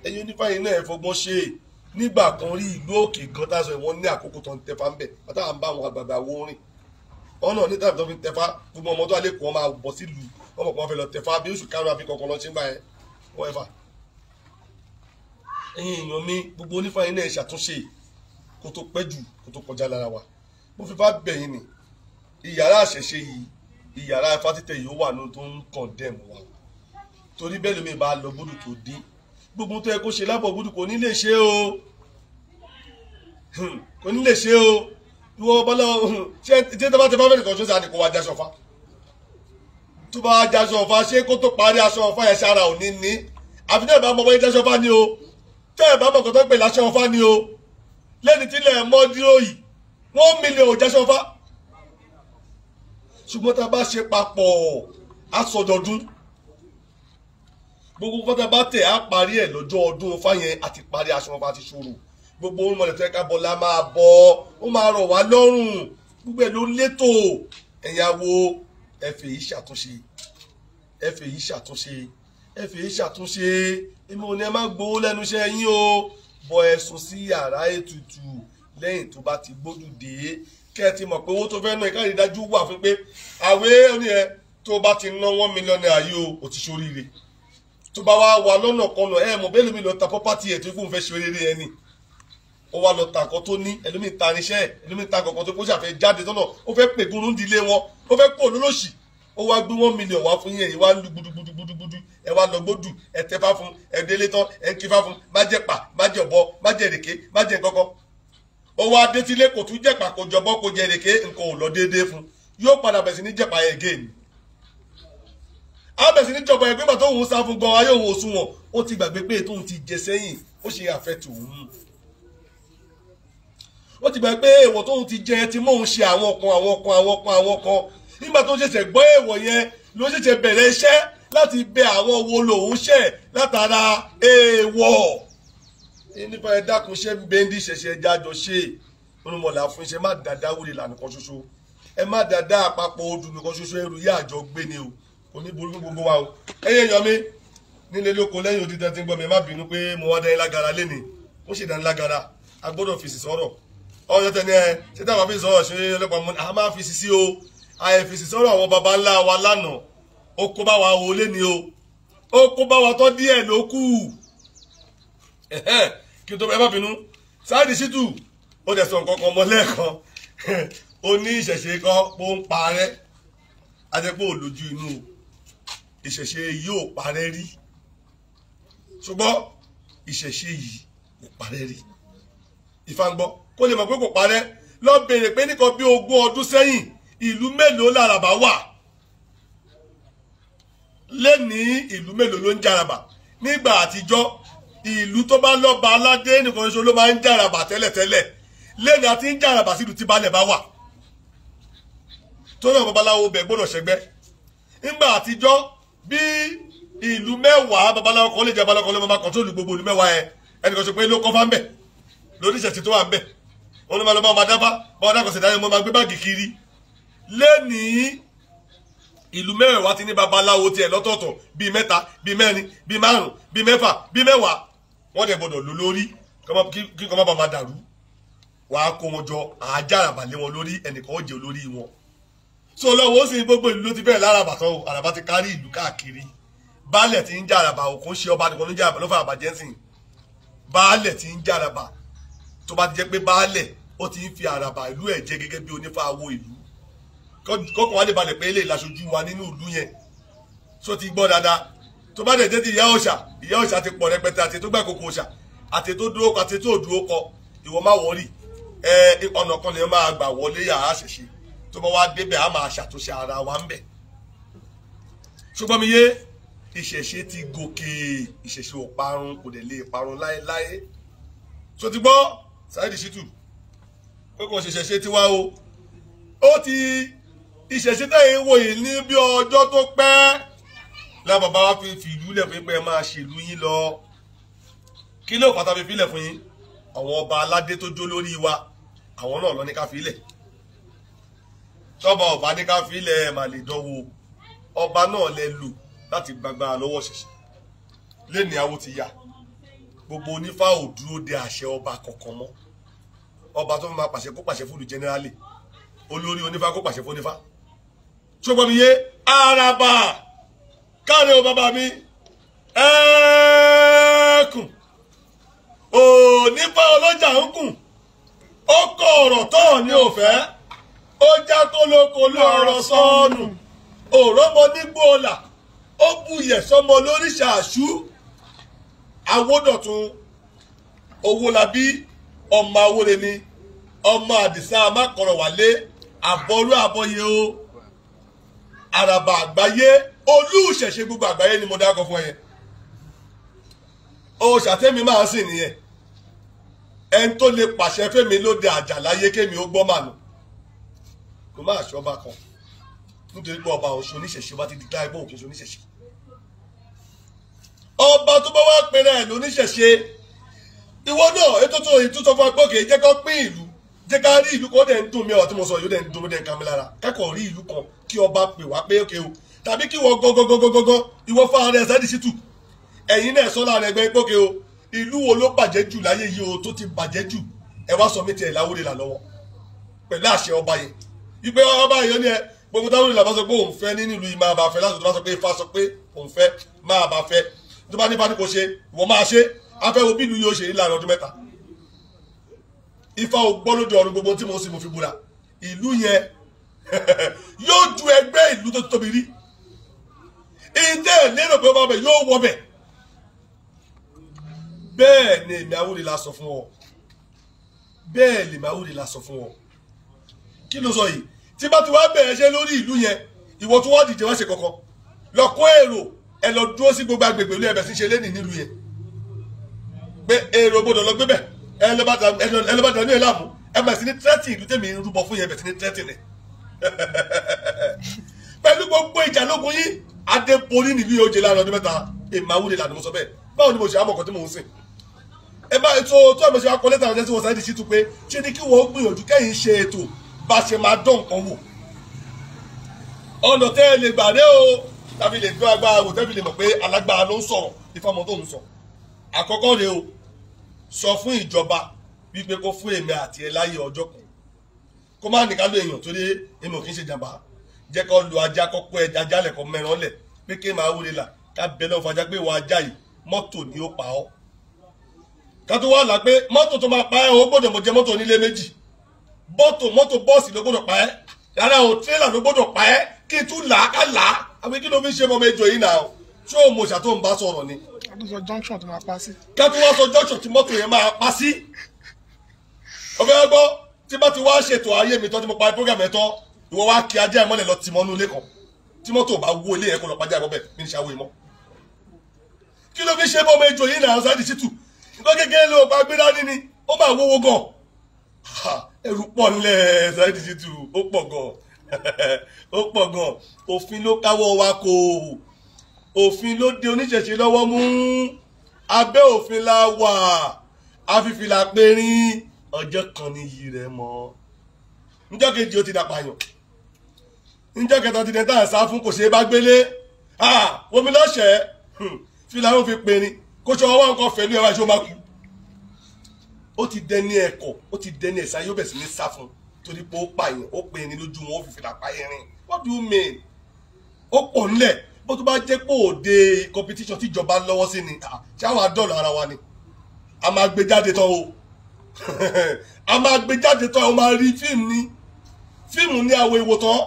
ẹ̀yin onífàyè náà ẹ̀ fọgbọ́n ṣe é nígbà kan rí ìlú òkè kan tá a sọ yìí wọ́n ní àkókò tó ń tẹ̀fá ń bẹ̀ pátá à ń bá àwọn àgbààgbà wo rìn ọ̀nà ní tàbí tó fi tẹ̀fá gbogbo ọmọ tó alẹ́ kó wọn máa bọ̀ sílùú wọn mọ̀ pé wọ́n lọ tẹ̀fá bí oṣù karùn-ún àfi kankan lọ ṣe ń yẹn wọ́n ẹ̀fà. ẹ̀yin èèyàn mi gbogbo onífàyín náà ṣàtúnṣe kó tó pẹ́ jù kó tó kọjá lára wa mo fi fá bẹ̀yìn ni ìyàrá àṣẹ̀ṣe yìí ìyàrá ifá títẹ̀ yìí ó wà ní tó ń kàn dẹ̀mù wa torí bẹ́ẹ̀ lómi bá lọ bódù tó dín gbogbo tó yẹ kó ṣe lábọ̀ gbúdù kò ní lè ṣe o hmm, kò ní lè ṣe o ìwọ bọ́láwọ́ hmm, ṣé tí tó bá ti bá fẹ́ nìkan tó sá ni kò wá jẹ́ sọ́fà tó bá jẹ́ sọ́fà ṣé kó tó parí aṣọ ọ̀fà yẹn sára ò ní ní àfi tẹ́ ẹ̀ bá mọ̀ bọ́ yẹn jẹ́ sọ́fà ni o tẹ́ ẹ̀ bá mọ̀ kọ́tọ́ pè láṣọ ọ̀fà ni o lẹ́ni tí ilẹ̀ mọ́ dúró yìí one million ò jẹ́ sọ́fà ṣùgbọ́n tá a bá ṣe papọ̀ àsọdọ̀dún gbogbo pátá bá tẹ̀ á parí ẹ̀ lọ́jọ́ ọdún fáyẹn àti parí aṣọ wọn bá ti ṣòro gbogbo ohun mọ̀lẹ́tọ́ ẹ̀ka bọ́lá máa bọ́ ó máa rọ̀ wá lọ́rùn gbogbo ẹ̀ ló létò ẹ̀yàwó ẹ̀fẹ̀ yìí ṣàtúnṣe ẹ̀fẹ̀ yìí ṣàtúnṣe ẹ̀fẹ̀ yìí ṣàtúnṣe èmi ò ní ẹ má gbowó lẹ́nu iṣẹ́ yín o bọ ẹ̀sùn sí yàrá ètùtù lẹ́yìn tó bá ti gbójú dé kẹ́ ẹ ti mọ̀ pé owó tó fẹ́ náà ìkárìdájú wà fún pé àwé oníyẹn tó bá ti ná one million naira yìí o ò ti ṣoríire tó bá wá wà lọ́nà kọnà ẹ mọ̀ bẹ́ẹ̀ lómi lọ ta property ẹ̀ tó kún fẹ́ ṣe rere ẹni ó wá lọ ta nǹkan tó ní ẹlòmí ta irinṣẹ́ ẹlòmí ta nǹkan tó kó ṣàfẹ́ jáde tọ́nà ó fẹ́ pègùn ń dilé wọn ó fẹ́ pò lólòṣì ó wá gbé one million wá fún yín ẹ̀yìn wá lu gbudugbudu ẹ wá lọ gbódù ẹ tẹfá fún ẹ délé tán ẹ ń kífá fún má jẹ pa má jẹ ọbọ má jẹ èrèké má jẹ kọkọ ó wá dé sílé kò tún jẹpa kò jọbọ kò jẹ èrèké nǹkan ò lọ déédéé fún yóò padà bẹ̀ sí ní jẹpa yẹn again abẹ̀sí níjọba ẹgbẹ́ bàtọ́ òun sá fún gan ayé òun òṣùwọ̀n ó ti gbàgbé pé ètò òun ti jẹ sẹ́yìn ó ṣe àfẹ́tì òun mú ó ti gbàgbé èèwọ̀ tóun ti jẹ ti mọ́ òun ṣe àwọn kan àwọn kan àwọn kan àwọn kan nígbà tó ń ṣẹ̀ṣẹ̀ gbọ́ èèwọ̀ yẹn ló ṣẹ̀ṣẹ̀ bẹ̀rẹ̀ iṣẹ́ láti bẹ àwọn wo lòun ṣẹ̀ látara èèwọ̀ nípa ẹ dákun ṣe ń bẹ́ndì ṣẹ̀ṣẹ̀ jájọ ṣe olùmọ̀lá fún iṣẹ́ má dáadáa wúlò ìlànà kan ṣoṣo ẹ má dáadáa àpapọ̀ odùnú kan ṣoṣo ẹrù yá gbé ni o kò fún gbogbo wa o ẹyẹ yan mi nílé lóko lẹ́yìn odi tẹ́tí gbọ́ mi má bínú pé mo wá dání lágara léni ó sì dání lágara a gbọ́dọ̀ fèsì sọ̀rọ̀ ọ̀yọ́ tẹ̀lé ẹ ṣé táwọn fi sọ̀rọ̀ ṣe ọlọ́pàá mọ́ a máa fèsì sí o àìfèsì sọ̀rọ̀ àwọn baba ńlá wa lánàá ó kó bá wa o léni o ó kó bá wa tọ́ díẹ̀ ló kù kí n tó ẹ má bínú Sáàdì Ṣítù ó dẹ̀ sọ nǹkan kan mọ́ lẹ́ẹ̀kan (laughs) ó ní ìṣẹ̀ṣe kan pó ń parẹ́ àti pé inú o ìṣẹ̀ṣe yìí ò parẹ́ rí ṣùgbọ́n ìṣẹ̀ṣe yìí kò parẹ́ rí Ifá ń gbọ́ kó lè mọ̀ pé kò parẹ́ lọ bèrè pé nìkan bí ogún ọdún sẹ́yìn ìlú mélòó làràbà wà lẹ́nìí ìlú mélòó ló ń jàràbà nígbà àtijọ́ ìlú tó bá lọ́ba aládé nìkan ṣoṣo ló máa ń jàràbà tẹ́lẹ̀tẹ́lẹ̀ lẹ́nìí àti ń jàràbà sílùú tí balẹ̀ bá wà tó náà babaláwo bẹ̀ gbọ́dọ̀ ṣẹgbẹ́ nígbà àtijọ́ bí ìlú mẹ́wàá babaláwo kan lè jẹ́ babaláwo kan ló máa kọ́ńtólù gbogbo ìlú mẹ́wàá yẹn ẹnìkan sọ pé ló kọ́fà ń bẹ̀ lóníṣẹ̀sì tó wà ń bẹ̀ olùmọ̀lọ́mọ́ ọmọ adáfá bá ọdá kọ̀sẹ̀ dáyọ̀ mọ́ máa gbé báàgì kiri lẹ́nìí ìlú mẹ́wàá ti ní babaláwo tiẹ̀ lọ́tọ̀ọ̀tọ̀ bíi mẹ́ta bíi mẹ́rin bíi márùn bíi mẹ́fà bíi mẹ́wàá wọ́n dẹ̀ gbọ́dọ̀ lò lórí kí kọ́ má máa dàrú wàá kó wọn jọ àájà àbàlẹ́ wọn lórí ẹnìkan ó jẹ́ olórí wọn so lọ́wọ́ ó sì ní gbogbo ìlú ló ti bẹ̀rẹ̀ lárabà tán o àràbà ti kárí ìlú káàkiri baálẹ̀ ti ń jà àràbà òkun ṣe ọba nìkan ló ń jà àràbà ló fà àbàjẹ́ sìn baálẹ̀ ti ń jà àràbà tó bá ti jẹ́ pé baálẹ̀ ó ti ń fi àràbà ìlú ẹ̀ jẹ gẹ́gẹ́ bí onífàwọ̀ ìlú kọ́kọ́ wá lè balẹ̀ pé eléyìí laṣojú wa nínú ìlú yẹn so ti gbọ́ dáadáa tó bá dẹ̀ jẹ́ ti ìyá òòṣà ìyá òòṣà ti pọ̀ rẹpẹtẹ àti tó gbà kókó òòṣà tó bá wá débẹ̀ á máa ṣàtúnṣe ara wa ń bẹ̀ ṣùgbọ́n mi yé ìṣẹ̀ṣe ti gòkè ìṣẹ̀ṣe ò parun kò dẹ̀ lè parun láéláé tó ti gbọ́ Saheed Shittu pé kò ṣẹ̀ṣẹ̀ṣe tiwa o ó ti ìṣẹ̀ṣe tẹ̀yìn wòye ní bí ọjọ́ tó pẹ́ la bàbá wa fi fìlú lẹ̀ fún pé ẹ máa ṣèlú yín lọ kí ló pàtàkì fílẹ̀ fún yín àwọn ọba aládé tó jó lórí wa àwọn náà lọ ní ká fílẹ̀ tọ́ba ọba ní ká fi ilẹ̀ mà lè dánwò ọba náà lè lò láti gbàgbà lọ́wọ́ ṣẹ̀ṣẹ̀ lẹ́ni àwo ti yá gbogbo onífá ò dúró de àṣẹ ọba kankan mọ́ ọba tó fi máa pàṣẹ kó pàṣẹ fún olú jẹnẹrálì olórí onífá kó pàṣẹ fún onífá ṣùgbọ́n mi yé araba káàrin o bàbá mi ẹ̀ẹ́kùn onífá ọlọ́jà ń kùn ó kọ ọ̀rọ̀ tọ́ ní òfẹ́ ó já kólókó lọ́rọ̀ sọ́ọ̀nù òrọ́mọ nígbó ọ̀la ó buyẹ̀ sọmọ lóríṣà àṣú àwòdọ̀tún owólabí ọmọ awóremi ọmọ àdìsá amákọ̀rọ̀wálé àbọ̀rú àbọ̀yẹ o àràbà àgbáyé olúṣẹ̀ṣe gbogbo àgbáyé ni mo dákọ fún ẹ o ṣàtẹ́mi máa ń sìn nìyẹn ẹni tó lè pàṣẹ fẹ́mi lóde àjà láyé kémi ó gbọ́ mànù kò láàṣọ ọba kan nítorí pé ọba ọ̀ṣun oníṣẹ̀ṣe bá ti di táìbọ̀ òkè ṣe oníṣẹ̀ṣe ọba tó bá wá pèrè ẹ̀ lóníṣẹ̀ṣe ìwọ náà ètò tó ìtútọ fún agbókè jẹ́ kó pín ìlú jẹ́ ká rí ìlú kan dẹ̀ ń dùn mí ọ̀rọ̀ tí mo sọ yóò dẹ̀ ń dùn mí dẹ̀ ń kàmí lára kẹ́kọ̀ọ́ rí ìlú kan kí ọba pè wá pé òkè o tàbí kí wọ́n gọ́gọ́gọ́gọ́gọ́ ìwọ fún ara ẹ̀ sẹ́dí sítù ẹ̀yin náà sọ lára ẹgbẹ́ gbókè o ìlú wo ló bàjẹ́ jù láyé yìí o tó ti bàjẹ́ jù ẹ wá sọ mí tiẹ̀ láwúrẹ́ là lọ́wọ́ pẹ̀lú àṣẹ ọba yẹn ìgbé ọba yìí ó ní ẹ gbogbo táwọn olùlà bá sọ pé òun fẹ́ nínú ìlú yìí máa bá fẹ́ láti tó bá sọ pé ifá sọ pé òun fẹ́ máa bá fẹ́ tó bá nípa ní kò ṣe wọ́n máa ṣe afẹ́ wo bí ìlú yóò ṣe ní láàrin ọdún mẹ́ta ifá ò gbọ́ lóde ọ̀run gbogbo tí mo sì mo fi búra ìlú yẹn (laughs) yóò ju ẹgbẹ́ ìlú tó tóbi rí ìdẹ́ lérò pé ọba bẹ̀ yóò wọ bẹ̀ bẹ́ẹ̀ ni èmi Awúrìlà la sọ fún ọ bẹ́ẹ̀ lèmi Awúrìlà la sọ fún ọ kí ló sọ yìí tí bá ti wá bẹ̀rẹ̀ ṣe lórí ìlú yẹn ìwọ tó wá dìde wá ṣe kọ̀kọ́ lọ kó èrò ẹ lọ dúró sí gbogbo agbègbè ìlú ẹ̀bẹ̀ sí ṣe lẹ́nìí nílùú yẹn pé èrò gbọdọ̀ lọ gbé bẹ̀ ẹ lọ bá dànù ẹ láàmú ẹ bẹ̀ sí ní tẹ́tì ìlú tẹ̀mí ń rúbọ fún yẹn bẹ̀ sí ní tẹ́tì rẹ̀ (laughs) pẹ̀lú gbogbo ìjà lógun yìí adébólí nílùú yóò jẹ láàrin ọdún mẹ́ta ìmáwúlẹ̀ làdùn sọ bẹ́ẹ̀ báwo ni mo ṣe àmọ̀kọ́ tí mò ń sìn ẹ bá ètò tó àmọ̀ ṣe wá kọ́ lẹ́tà ọ̀jẹ́ tí wọ́n sáré ti ṣí tu pé ṣé ni kí wọ́n gbìyànjú kẹ́yìn ṣe ètò bá ṣe máa dán nǹkan wò ọ̀nà tẹ́ ẹ lè gbà dé o tàbí lè gbé agbára wò tẹ́bí lè mọ̀ pé alágbára ló ń sọ̀rọ̀ ìfọmọ tó ń sọ àkọ́kọ́ rèé o sọ fún ìjọba wípé kó fún èmi àti ẹ láyé ọjọ́ kan kó má nìkan ló èèyàn torí èmi ò kí ń ṣe jàmbá jẹ́ kó lu ajá kó kó ẹja jálẹ̀ mẹ́ràn lẹ̀ pé kí máa wúre là ká bẹ lọ́wọ́ fàájà pé ìwà ajá yìí mọ́tò ni ó pa ọ́ ká tó wà lá mọ́tò tó máa pa ẹ́ o gbọ́dọ̀ mọ̀ jẹ́ mọ́tò onílé méjì bọ́tò mọ́tò bọ́ọ̀sì ló gbọ́dọ̀ pa ẹ́ rárá o tírélà ló gbọ́dọ̀ pa ẹ́ kí n tún là á ká là á àbí kí ló fi ṣe ọmọ ẹjọ́ yìí náà ṣé o mọ̀ṣà tó ń bá sọ̀rọ̀ ni. àbúrò junction tó máa pa sí. ká tó wá sọ junction tí mọ́tò yẹn máa pa sí. ọ̀gá gbọ́ tí bá ti wá ṣètò ayé mi tán tí mo parí program ẹ̀ tán ìwọ wá kí ajá ìmọ́lẹ̀ lọ tìmọ́ nú ilé kan tí mọ́tò bá wó ilé yẹn kó lọ pàjá ìbọ́bẹ̀ mi ní ṣàwó ẹrù pọ̀ nílẹ̀ Saheed Shittu ó pọ̀ gan (laughs) ó pọ̀ gan òfin ló káwọ́ wa kò òfin ló di oníṣẹ̀ṣe lọ́wọ́ mú abẹ́ òfin la wà afífìlà pérín ọjọ́ kan níyì rẹ̀ mọ́ níjọ́ kejì ó ti dàpọ̀ àyàn níjọ́ kẹta ti dẹ́ta àṣà fún kò ṣeé bá gbélé omi lọ́sẹ̀ẹ́ fìlà ó fi pérín kó ṣe ọwọ́ nǹkan fẹ̀lú ẹ̀wá ìṣó máa kú ó ti dẹni ẹ̀kọ́ ó ti dẹni ẹ̀sà yóò bẹ̀ sí ní sá fún torí pé ó pààyàn ó pè é ní lójú wọn ó fi fìlà pààyàn what do you mean ó pọ̀ nílẹ̀ bó tó bá jẹ́ pé òde competition tíjọba lọ́wọ́ sí ni ṣé àwọn adọ́ọ̀lù ara wa ni a máa gbé jáde tán o (laughs) a máa gbé jáde tán o máa rí fíìmù ni fíìmù ní àwọn èèwò tán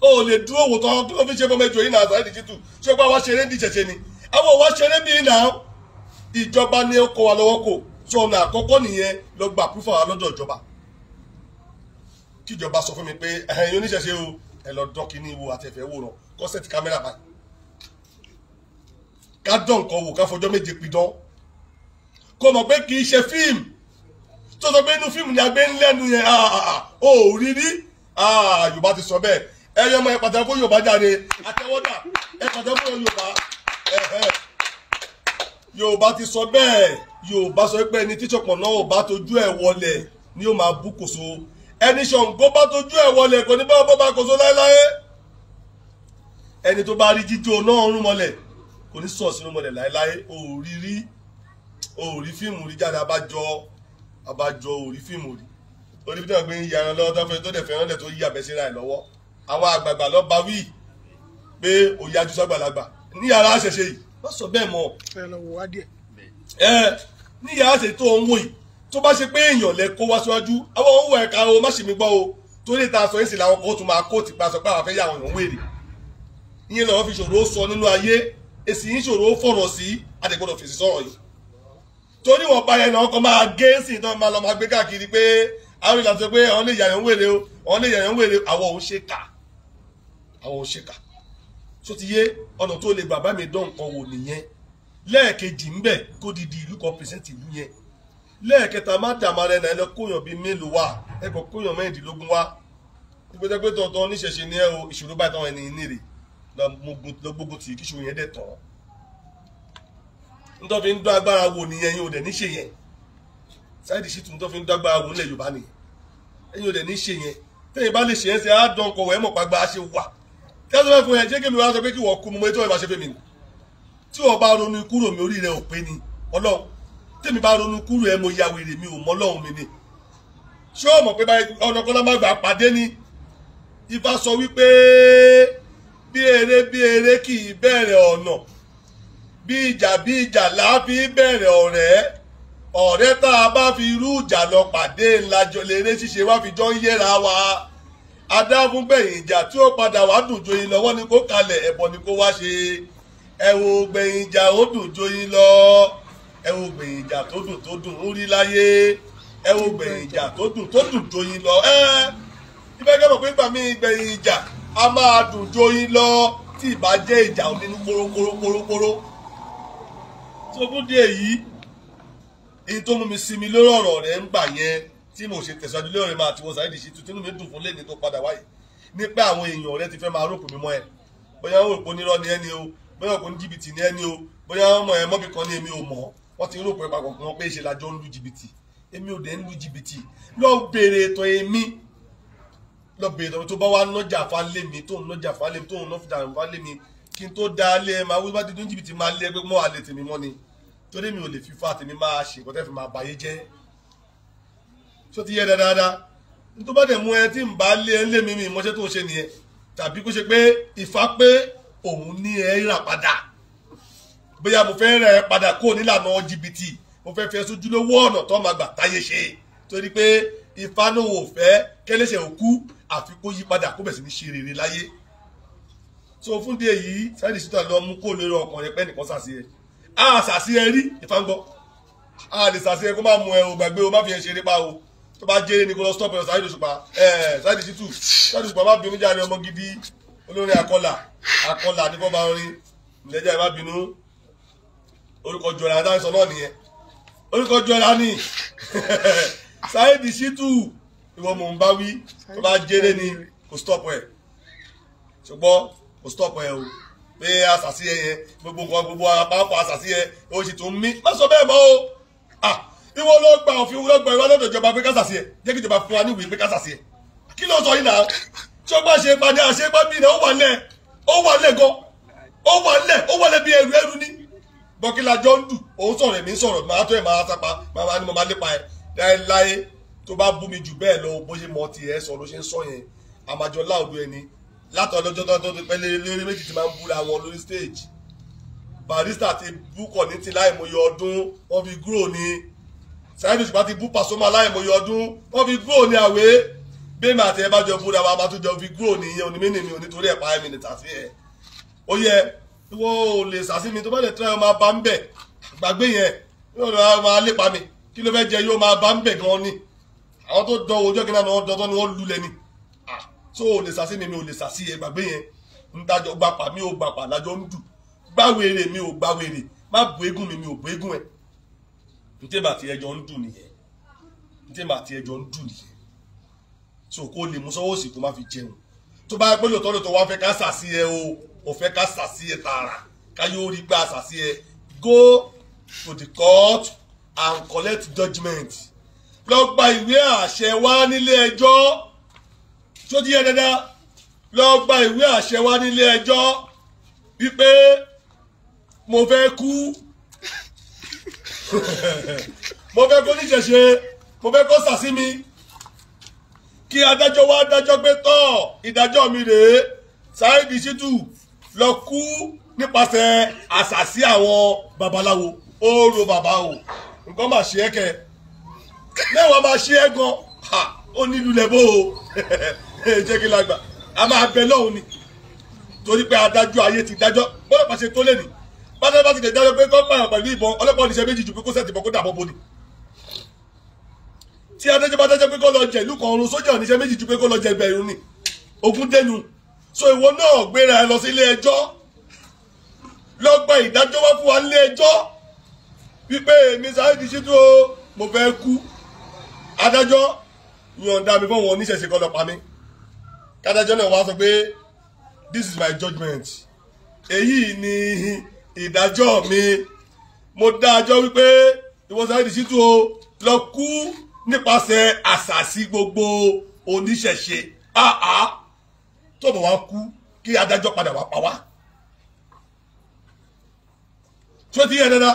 o lè dúró wò tán kí ló fi ṣe bọ́ mẹ́jọ yìí náà àtàrí ìdíjìtù ṣé pé àwa ṣeré ní ìṣẹ̀ṣẹ̀ ni àwọn òwa ṣeré bíi náà ìjọba ni ó kọ wa lọ́wọ́ kò tí ọ̀nà àkọ́kọ́ nìyẹn lọ gba àpúfà wa lọ́dọ̀ ìjọba kíjọba sọ fún mi pé ẹ̀yin oníṣẹ̀ṣe o ẹ lọ dọ́kì ní ìwo àtẹ̀fẹ́ wò náà kọ́sẹ̀tì kámẹ́rà báyìí ká dán nǹkan wò ká fọjọ́ méje pidán kó mọ̀ pé kì í ṣe fíìmù tó sọ pé inú fíìmù ni agbé ń lẹ́nu yẹn ó ah, ah, ah, rí rí yorùbá ti sọ bẹ́ẹ̀ ẹ yọ ọmọ ẹ pàtàkì fún yorùbá jáde àtẹwọ́dà ẹ pàtàkì fún yorùbá yorùbá ti sọ bẹ́ẹ̀ yorùbá sọ pé ẹni tíṣọpọ̀ náà ò bá tójú ẹ̀ wọlẹ̀ ni ó máa bú kòso ẹni ṣọ̀ǹgó bá tójú ẹ̀ wọlé kò ní báwọn bọ́ba kòso láéláé ẹni tó bá rí jíjó náà rún mọ́lẹ̀ kò ní sọ̀ sínú mọ́lẹ̀ láéláé òòrí rí òòrí fíìmù rí jáde abájọ abájọ òòrí fíìmù rí orí fíìmù gbé ń ya ẹran lọ́wọ́ tó dẹ̀ fẹ́ràn lẹ̀ tó yí abẹ́ síra ẹ̀ lọ́wọ́ àwọn àgbààgbà lọ́ bá wí pé òye ajú sàgbàlagbà ní yàrá àṣẹṣe yìí wọ́n sọ bẹ́ẹ̀ mọ́ ẹ níyà á ṣètò ohun wòyí tó bá ṣe pé èèyàn lẹ kó wá síwájú àwọn ohun ẹ̀ka o má ṣe mi gbọ́ o torí ìta sọ èsì làwọn kan tún máa kó tìpa sọ pé àwọn afẹ́ yà àwọn èèyàn wèrè ìyẹn làwọn fi ṣòro sọ nínú ayé èsì yìí ṣòro fọ̀rọ̀ sí àtẹ̀gbọ́dọ̀ fèsì sọ̀rọ̀ yìí torí wọn bá yẹn náà kọ́ máa gé sí ìtàn máa lọ máa gbé káàkiri pé àwọn ìlànà pé àwọn lè yàyàn wèrè o àwọn lè yàyàn wèrè àwọn ò ṣe kà àwọn ò ṣe kà tó ti yé ọ̀nà tó lè bàbá mi dán nǹkan wò nìyẹn lẹ́ẹ̀kejì ń bẹ̀ kó didi ìlú kan pèsèntì ìlú yẹn lẹ́ẹ̀kẹta má dàmà rẹ̀ náà ẹ lọ kóyàn bíi mélòó wa ẹ kọ kóyàn mẹ́rìndínlógún wa gbogbo pé tọ̀tọ̀ oníṣẹ̀ṣe ni ẹ o ìṣòro báyìí táwọn ẹni ní rè lọ gbógun tì í kí ìṣòro yẹn dẹ̀ tán ń ń dún agbára wo nìyẹn yín o dẹ̀ níṣe yẹn sáyidì sí tún tó fi ń dágbà wò nílẹ̀ yorùbá nìyẹn ẹ̀yin ò dẹ̀ ní ṣe yẹn tẹ̀yin bá lè ṣe yẹn ṣe á dán ọkọ̀ wẹ̀ mọ̀ pàgbà á ṣe wà kí á sọ fún yẹn ṣé kí mi wá sọ pé kí wọ́n kú mo mọ ètò ìbáṣepẹ̀ mi nù tí wọ́n bá ronú kúrò mi orí rẹ̀ ò pé ni ọlọ́run tèmi bá ronú kúrò ẹ mo ya wèrè mi ò mọ ọlọ́run mi ni ṣé o mọ̀ pé ọ̀nà kan lọ́mọ ìgbà pàdé ni Ifá sọ wípé bí eré bí eré kì í bẹ̀rẹ̀ ọ̀nà bí ìjà bí ìjà là á fi bẹ̀rẹ̀ ọ̀rẹ́ ọ̀rẹ́ tá a bá fi irú ìjà lọ pàdé ńlájọ lèrè ṣíṣe wá fi jọ ń yẹra wa adáfúngbẹ̀yìn ìjà tí ó padà wá dùn joyin lọ́wọ́ ni kó kalẹ̀ ẹbọ ni kó wá ṣe ẹ̀wọ̀n ògbẹ̀yìn ìjà ó dùn joyin lọ ẹ̀wọ̀n ògbẹ̀yìn ìjà tó dùn tó dùn ó rí láyé ẹ̀wọ̀n ògbẹ̀yìn ìjà tó dùn tó dùn joyin lọ ẹ ibẹ̀ gbọ́dọ̀ pé gbàmí ìgbẹ̀yìn ìjà a máa dùn joyin lọ tí ìbá jẹ́ ìjà onínú kórókóró kórókóró tó fún díẹ̀ yìí èyí tó mú mi sinmi lórí ọ̀rọ̀ rẹ̀ ń gbà yẹn tí mo ṣe tẹ̀síwájú lórí rẹ̀ máa ti wọ́n sáré tuntun mi dùn fún lẹ́ni tó padà wáyé nípa àwọn èèyàn rẹ ti fẹ́ máa rògbòmí mọ́ ẹ bóyá ó rò pé onírọ́ ni ẹni o bóyá ògùn jìbìtì ní ẹni o bóyá ọmọ ẹ mọ́bì kan ní èmi ò mọ̀ wọ́n ti rò pé papọ̀ kan pé ṣe lájọ́ ń lu jìbìtì èmi ò dẹ̀ ń lu jìbìtì lọ bèrè ètò èmi lọ bèrè ètò tó bá wà nọ́jà falẹ̀ mi tó ń nọ́jà falẹ̀ mi tó ń nọ́fìdà falẹ̀ mi kí n tó da alẹ́ ẹ máa wí bá dídún jìbìtì máa lé ẹgbẹ́ mọ́ àlè tèmi mọ́ ni torí mi ò lè fífa tèmi máa ṣe nǹkan fi máa bàyé jẹ́ ṣó ti yẹ dáadáa n tó bá dẹ̀ mú ẹ tí ń bá lé ẹ lé mi mi ìmọ̀ṣẹ́ tó ń ṣe nìyẹn tàbí kó ṣe pé ìfá pé òun ní ẹ rà padà bóyá mo fẹ́ rẹ̀ padà kúrò nílànà jìbìtì mo fẹ́ fẹ́ sójúlówó ọ̀nà tó máa gbà táyé ṣe torí pé ìfanówó fẹ́ kẹ́lẹ́sẹ̀ òkú àfi kó yí padà kó bẹ̀ sí ní ṣe rere láyé so fún díẹ̀ yìí sáyẹ́dì sítà lọ mú kó lórí ọkàn rẹ pẹ́ nìkan sàṣì ẹ á sàṣì ẹ rí ìfangbọ́ á lè sàṣì ẹ kó má mu ẹ o gbàgbé o má fi ẹ ṣeré pa o tó bá jẹ́rẹ́ ni kó lọ stop ẹ sáyẹ́dì Òṣùpá ẹ sáyẹ́dì sítù sáyẹ́dì Òṣùpá má bínú jáde ọmọ gidi olórin àkọlà akọ́lá adébọ́bá orin ìlẹ́jà ìbá bínú orúkọ jọra adáyẹsọ náà nìyẹn orúkọ jọra ni Saheed (laughs) Shittu ìwọ mò ń bá wí tó bá jẹ́rẹ́ ni kò stop ẹ̀ ṣùgbọ́n kò stop ẹ̀ o pé àṣàṣì ẹ̀ yẹn gbogbo nǹkan gbogbo àpapọ̀ àṣàṣì ẹ̀ o sì tún mí má sọ bẹ́ẹ̀ mọ́ o ah ìwọ ló gba òfin wúlọ́ gba ìwọ lọ́dọ̀ ìjọba pé kásàṣì ẹ̀ jẹ́ kí ìjọba fún wa níwèé pé kásàṣì ẹ̀ kí ló sọ yìí náà tí ó ṣe padà àṣegbọ́n bí náà wà lẹ́ẹ̀ ó wà lẹ̀ gan ó wà lẹ̀ ó wà lẹ̀ bí ẹrù ẹrù ní bọ́kílà jọ ń dù òun sọ̀rọ̀ èmi ń sọ̀rọ̀ màá tó ẹ̀ màá sápa màá ní mo máa lépa ẹ̀ láéláé tó bá bú mi jù bẹ́ẹ̀ lọ bó ṣe mọ tiẹ̀ sọ ló ṣe ń sọ yẹn àmàjọ láòdù ẹni látọ̀lọ́jọ́ tó tó pẹ́ lérí méjì ti máa ń búra wọn lórí stage barista ti bú kọ̀ ní ti láìmọye ọdún wọ́n fi gúrò ní sáyẹ́dùsì bá ti bú Pasuma láìmọye ọdún wọ́n fi gúrò ní àwẹ́ bẹ́ẹ̀ mi àti ẹ bá jọ fúnra wa máa tún jọ fi kúrò nìyẹn onímínì mi onítorí ẹ̀ pa ẹ̀ mi nìta sí ẹ̀ ó yẹ wọ́n ò lè sàsími tó bá lè tẹ́ ọ máa bá ń bẹ̀ gbàgbé yẹn yóò lọ máa lépa mi kí ló fẹ́ jẹ yóò máa bá ń bẹ̀ gan ni àwọn tó dán ojú ọ̀gá náà dán tán ni wọ́n lulẹ̀ ni tó ò lè sàsími mi ò lè sàsí ẹ gbàgbé yẹn ń dájọ gbapà mi ò gbapà lájọ ń dù gbáwèrè mi ò gbáwèrè má bu eégún mi mi ò bu eégún ẹ ntẹ́ bàtí ẹjọ́ ń dù nìyẹn ntẹ́ bàtí ẹjọ́ ń dù nìyẹn so kó lè mú sọ́wọ́ kó má fi jẹun tó bá gbé lòtọ́ lòtọ́ wá fẹ́ ká sàsí ẹ o ò fẹ́ ká sàsí ẹ tààrà ká yóò rí pé sàsí ẹ go to the court and collect judgement lọ gba ìwé àṣẹ wá nílé ẹjọ́ tó di yẹn dandan lọ gba ìwé àṣẹ wá nílé ẹjọ́ wípé mo fẹ́ kú (laughs) mo fẹ́ kó níṣẹ̀ṣe mo fẹ́ kó sàsí mi kí adájọ́ wá dájọ́ pé tọ́ ìdájọ́ mi rèé Saheed Shittu lọ kú nípasẹ̀ àṣàsí àwọn babaláwo oorun bàbá o nǹkan máa ṣe é kẹ mẹ́wàá máa ṣe é gan ó nílùú lẹ́bó o (laughs) jẹ́ kí n lágbà a máa bẹ lọ́hùn ni torí pé adájọ́ ayé ti dájọ́ bọ́lá pàṣẹ tó lè ní pátápátá ti lè dájọ́ pé kọ́ pààyàn pẹ̀lú ìbọn ọlọ́pàá oníṣẹ́ méjì ju pé kó sẹ́ẹ̀tì bọ́ kó dàbọ̀ bọ́ ni tí adájọ́ bá dájọ́ pé kó lọ jẹ̀lú kan ọ̀run sójà oníṣẹ́ méjì ju pé kó lọ jẹ ìbẹ̀rù ni ogun dẹnu so ìwọ náà gbéra ẹ lọ sí ilé ẹjọ́ lọ gba ìdájọ́ wá fún wa nílé ẹjọ́ wípé èmi Saheed Shittu o mo fẹ́ kú adájọ́ yọ̀ǹda mi fún wọn oníṣẹ̀ṣe kọ́ lọ pa mí kádájọ́ náà wá sọ pé this is my judgement èyí ni ìdájọ́ mi mo dájọ́ wípé ìwọ Saheed Shittu o lọ kú nípasẹ̀ àṣàṣì gbogbo oníṣẹ̀ṣe àá tó bọ̀ wá kú kí adájọ́ padà wá pa wá tó ti yẹ dandan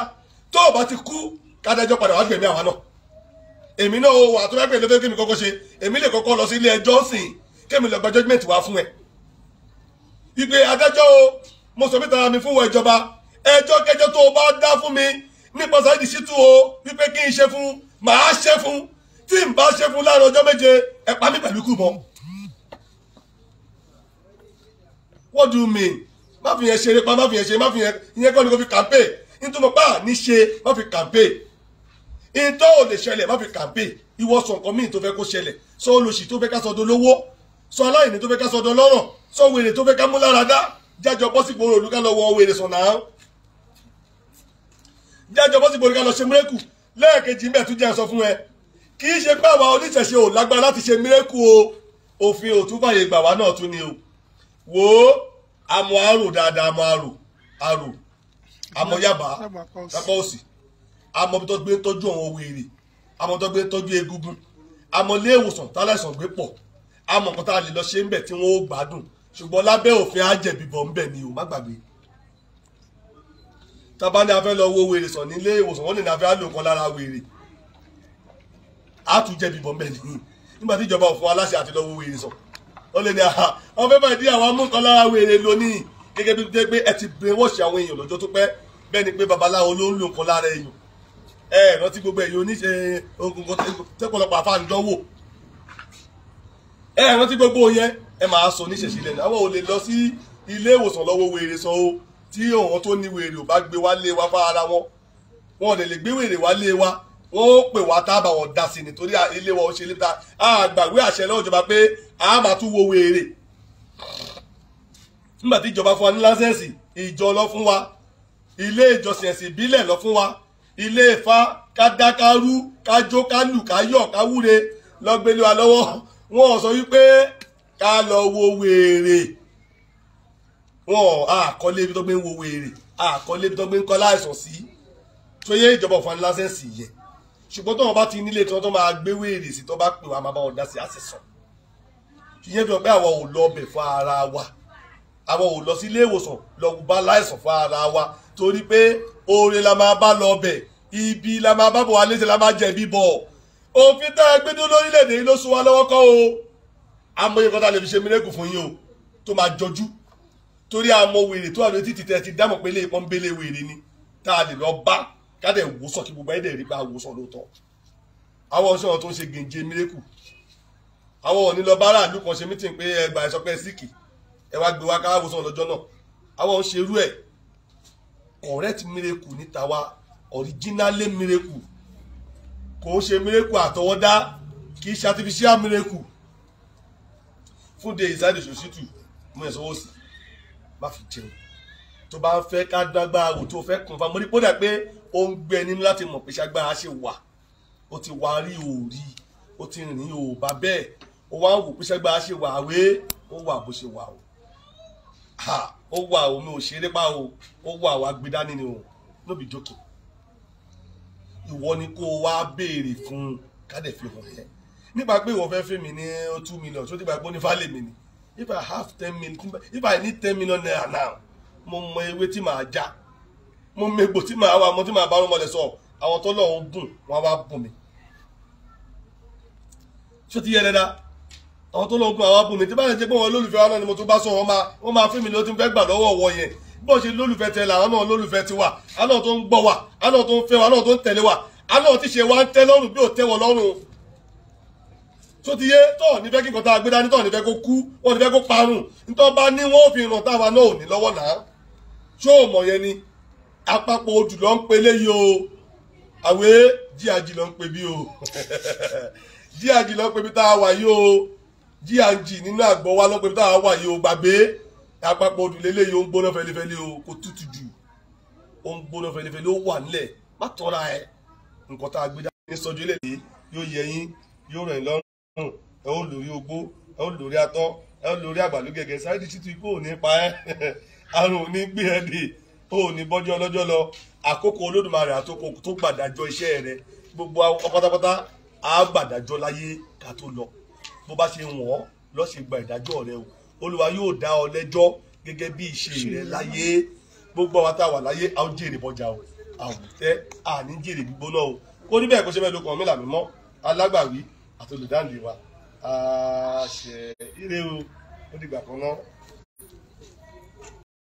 tó o bá ti kú kí adájọ́ padà wá gbẹ̀mí àwa náà èmi náà wà tó bá pè lọ́fẹ́ kí mi kọ́kọ́ ṣe èmi lè kọ́kọ́ lọ sí ilé ẹjọ́ sìn kí mi lọ gba judgement wá fún ẹ ìgbé adájọ́ o mo sọ mẹ́ta mi fún wọ ìjọba ẹjọ́ kẹjọ́ tó o bá dá fún mi nípasẹ̀ àdìsítù o wípé kí n ṣe fún màá ṣe fún tí n bá ṣe fún láàrin ọjọ́ méje ẹ pa mí pẹ̀lú ikú mọ́. what do you mean má fi yẹn ṣeré pa má fi yẹn ṣe má fi yẹn ìyẹn kọ́ ni kò fi kàmpé nítorí pa ní ṣe má fi kàmpé ìtọ́ ò lè ṣẹlẹ̀ má fi kàmpé ìwọ sọ nǹkan míì tó fẹ́ kó ṣẹlẹ̀ sọ olùsì tó fẹ́ ká sọ dolówó sọ aláìní tó fẹ́ ká sọ dọlọ́rọ̀ sọ wèrè tó fẹ́ ká mú lára dá jájọ bọ́sìgbò olùkà lọ wọ wèrè sọ̀nà án jájọ bọ́sìgbò olùkà lọ ṣe múlẹ́kù lẹ́ẹ̀kejì ń bẹ̀ tún jẹ́ sọ fún ẹ kì í ṣe pé àwa oníṣẹ̀ṣe ò lágbára láti ṣe mírẹ́kù o òfin òtún fàyè gbà wá náà tún ni o wò ó àmọ́ àrò dáadáa àmọ́ àrò àrò àmọ́ yàbá lápá òsì àmọ́ bí tó gbé tọ́jú àwọn wèrè àmọ́ tó gbé tọ́jú egungun àmọ́ ilé ìwòsàn tálẹ̀sàn gbé pọ̀ àmọ́ nǹkan lè lọ ṣe ń bẹ̀ tí wọ́n ó gbádùn ṣùgbọ́n lábẹ́ òfin àjẹbìbọ̀ ń bẹ̀ ni o má gbàgbé tábà ní a fẹ́ lọ wo wèrè sàn nílé ìwòsàn wọ́n ní ní a lára wèrè a tún jẹ̀bi bọ̀ mbẹ́ nìyí nígbà tí ìjọba òfin aláṣẹ àti lọ́wọ́ wèrè sọ ó lè ní àhà wọn fẹ́ máa dí àwọn amúkan lára wèrè lónìí gẹ́gẹ́ bí jẹ́ pé ẹ ti brainwash àwọn èèyàn lọ́jọ́ tó pẹ́ bẹ́ẹ̀ ni pé babaláwo ló ń lò nǹkan lára èèyàn ẹ rántí gbogbo èèyàn oníṣe oògùn kan tẹ́pọ̀lọpọ̀ àfáàndánwò ẹ rántí gbogbo yẹn ẹ máa sọ níṣẹ̀ṣẹ̀ lẹ́nu àwọn ò lè lọ sí ilé ìwòsàn lọ́wọ́ wèrè sọ o tí òun tó ní wèrè ò bá gbé wá lé wa fára wọn wọn ò lè lè gbé wèrè wá lé wa ó pè wá tábà wọ̀ dá sí nítorí ilé wa ó ṣe lépa àgbàwé àṣẹ lọ́wọ́ ìjọba pé a máa tún wo wèrè nígbà tí ìjọba fún wa ní lásẹ̀sì ìjọ lọ fún wa ilé ìjọsìn ẹ̀sìn ìbílẹ̀ lọ fún wa ilé Ifá kádákárú kájó kálù káyọ̀ káwúre lọ́gbélé wa lọ́wọ́ wọn sọ wípé ká lọ wo wèrè wọn àkọlé ibi tó gbé ń wo wèrè àkọlé ibi tó gbé ń kọ́ láìsàn sí tó yẹ ìjọba òfin lásẹ̀sì yẹn ṣùgbọ́n tó wọn bá ti nílé tí wọ́n tó máa gbé wèrè sí tó bá pè wá máa bá wọn dá sí àṣìṣàn ìyẹn fi hàn pé àwa ò lọ ọbẹ̀ fún ara wa àwa ò lọ sí ilé ìwòsàn lọ láìsàn fún ara wa torí pé oore la máa bá lọ ọbẹ̀ ibi la máa bá bọ̀ wá léṣe la máa jẹ̀bi bọ̀ òfin tá a gbé dúró lórílẹ̀‐èdè yìí ló sún wa lọ́wọ́ kọ́ o amóye kan a lè fi ṣe mírèkù fún yín o tó máa jọjú torí àmọ́ wèrè tó wà lórí títì tẹ́ ti dámọ̀ pé ilé ìpọ́nbélé wèrè ni tá a lè lọ bá kádẹ wòsàn kí gbogbo ẹdẹ rí bá wòsàn lóòótọ́ àwọn ọsàn tó ń ṣe gèje mírèkù àwọn òní lọ bá aráàlú kan ṣe mítìn pé ẹgbà ẹ sọ pé síkì ẹ wá gbé wá ká wòsàn lọ́jọ́ náà àwọn ń ṣe irú ẹ correct mírèkù níta wa originally mírèkù kò ń ṣe mírèkù àtọwọ́dá kì í ṣe artificial mírèkù fún de ìsáde ṣòṣìtù mú ẹ̀ sọ́wọ́ sí má fi jẹun tó bá fẹ́ ká dágbára wò tó fẹ́ kùn fún amórí kódà pé ó ń gbé ẹni láti mọ̀ pé ṣagbára ṣe wà ó ti wá rí òòrí ó ti rìn òòbá bẹ́ẹ̀ ó wá ń wò pé ṣagbára ṣe wà wé ó wà bó ṣe wà o ó wà o ò ṣe nípa o ó wà o agbedani ni o no be joking ìwọ ni kó o wá béèrè fún kádẹ fi hàn yẹn nípa pé ìwọ fẹ́ fún mi ní two million tó ti gbàgbọ́ ní fálẹ̀ mi ni if i have ten million if i need ten million naira now mo mọ ewé tí màá já. Ja mo megbò tí màá wà mo tí màá bá rúmọlẹ̀ sọ àwọn tó lọ́wọ́ gùn wọn wá bùn mi ṣó ti yẹ dáadáa àwọn tó lọ́wọ́ tí bá wọn lólùfẹ́ náà ni mo tún bá sọ wọn máa wọn máa fún mi ló ti fẹ́ gbà lọ́wọ́ wọ yẹn bó ṣe lólùfẹ́ tẹ làwọn náà lólùfẹ́ ti wà àná tó ń gbọ́ wà àná tó ń fẹ́ wà àná tó ń tẹ̀lé wà àná ṣe wá ń tẹ́ lọ́rùn a gbé dání tọ́ ní fẹ́ kó àpapọ̀ odù ló ń pe léyìí o àwé gíàjì ló ń pe bí o gíàjì (laughs) ló ń pe bí tá a wà yìí o gíàjì nínú àgbọ̀ wa ló ń pe bí tá a wà yìí o gbàgbé àpapọ̀ odù léléyìí o ń gbóná fẹlifẹli o kò tútù jù o ń gbóná fẹlifẹli o wà nílẹ̀ má tọ́ra ẹ̀ nǹkan tá a gbé dáa ní sọ́jú ilé yìí yóò yẹ yín yóò rìn lọ́rùn ẹ ó lórí ogbó ẹ ó lórí atọ́ ẹ ó lórí àgbàlú gẹ̀gẹ̀ sáyẹ́dì títí ikú ò ní pa ẹ́ (laughs) àrùn ò ní gbé ẹ dè ó ní bọ́jọ́ ọlọ́jọ́ lọ àkókò olódùmarè àtòkò tó gbàdájọ́ iṣẹ́ rẹ gbogbo pátápátá á gbàdájọ́ láyé ká tó lọ bó bá ṣe wọ̀n ọ́ lọ́sẹ̀ gba ìdájọ́ rẹ o olúwa yóò dá ọ lẹ́jọ́ gẹ́gẹ́ bí ìṣe rẹ láyé gbogbo àwọn táwa láyé àwọn jèrè bọjà o àwọn tẹ àní jèrè gbígbóná o kó níbẹ̀ kó ṣe bẹ́ẹ̀ lókun ọ̀mìnà mímọ́ alágbàwí àtolùdáǹdè wa àṣẹ ire o ó dìgbà kan náà.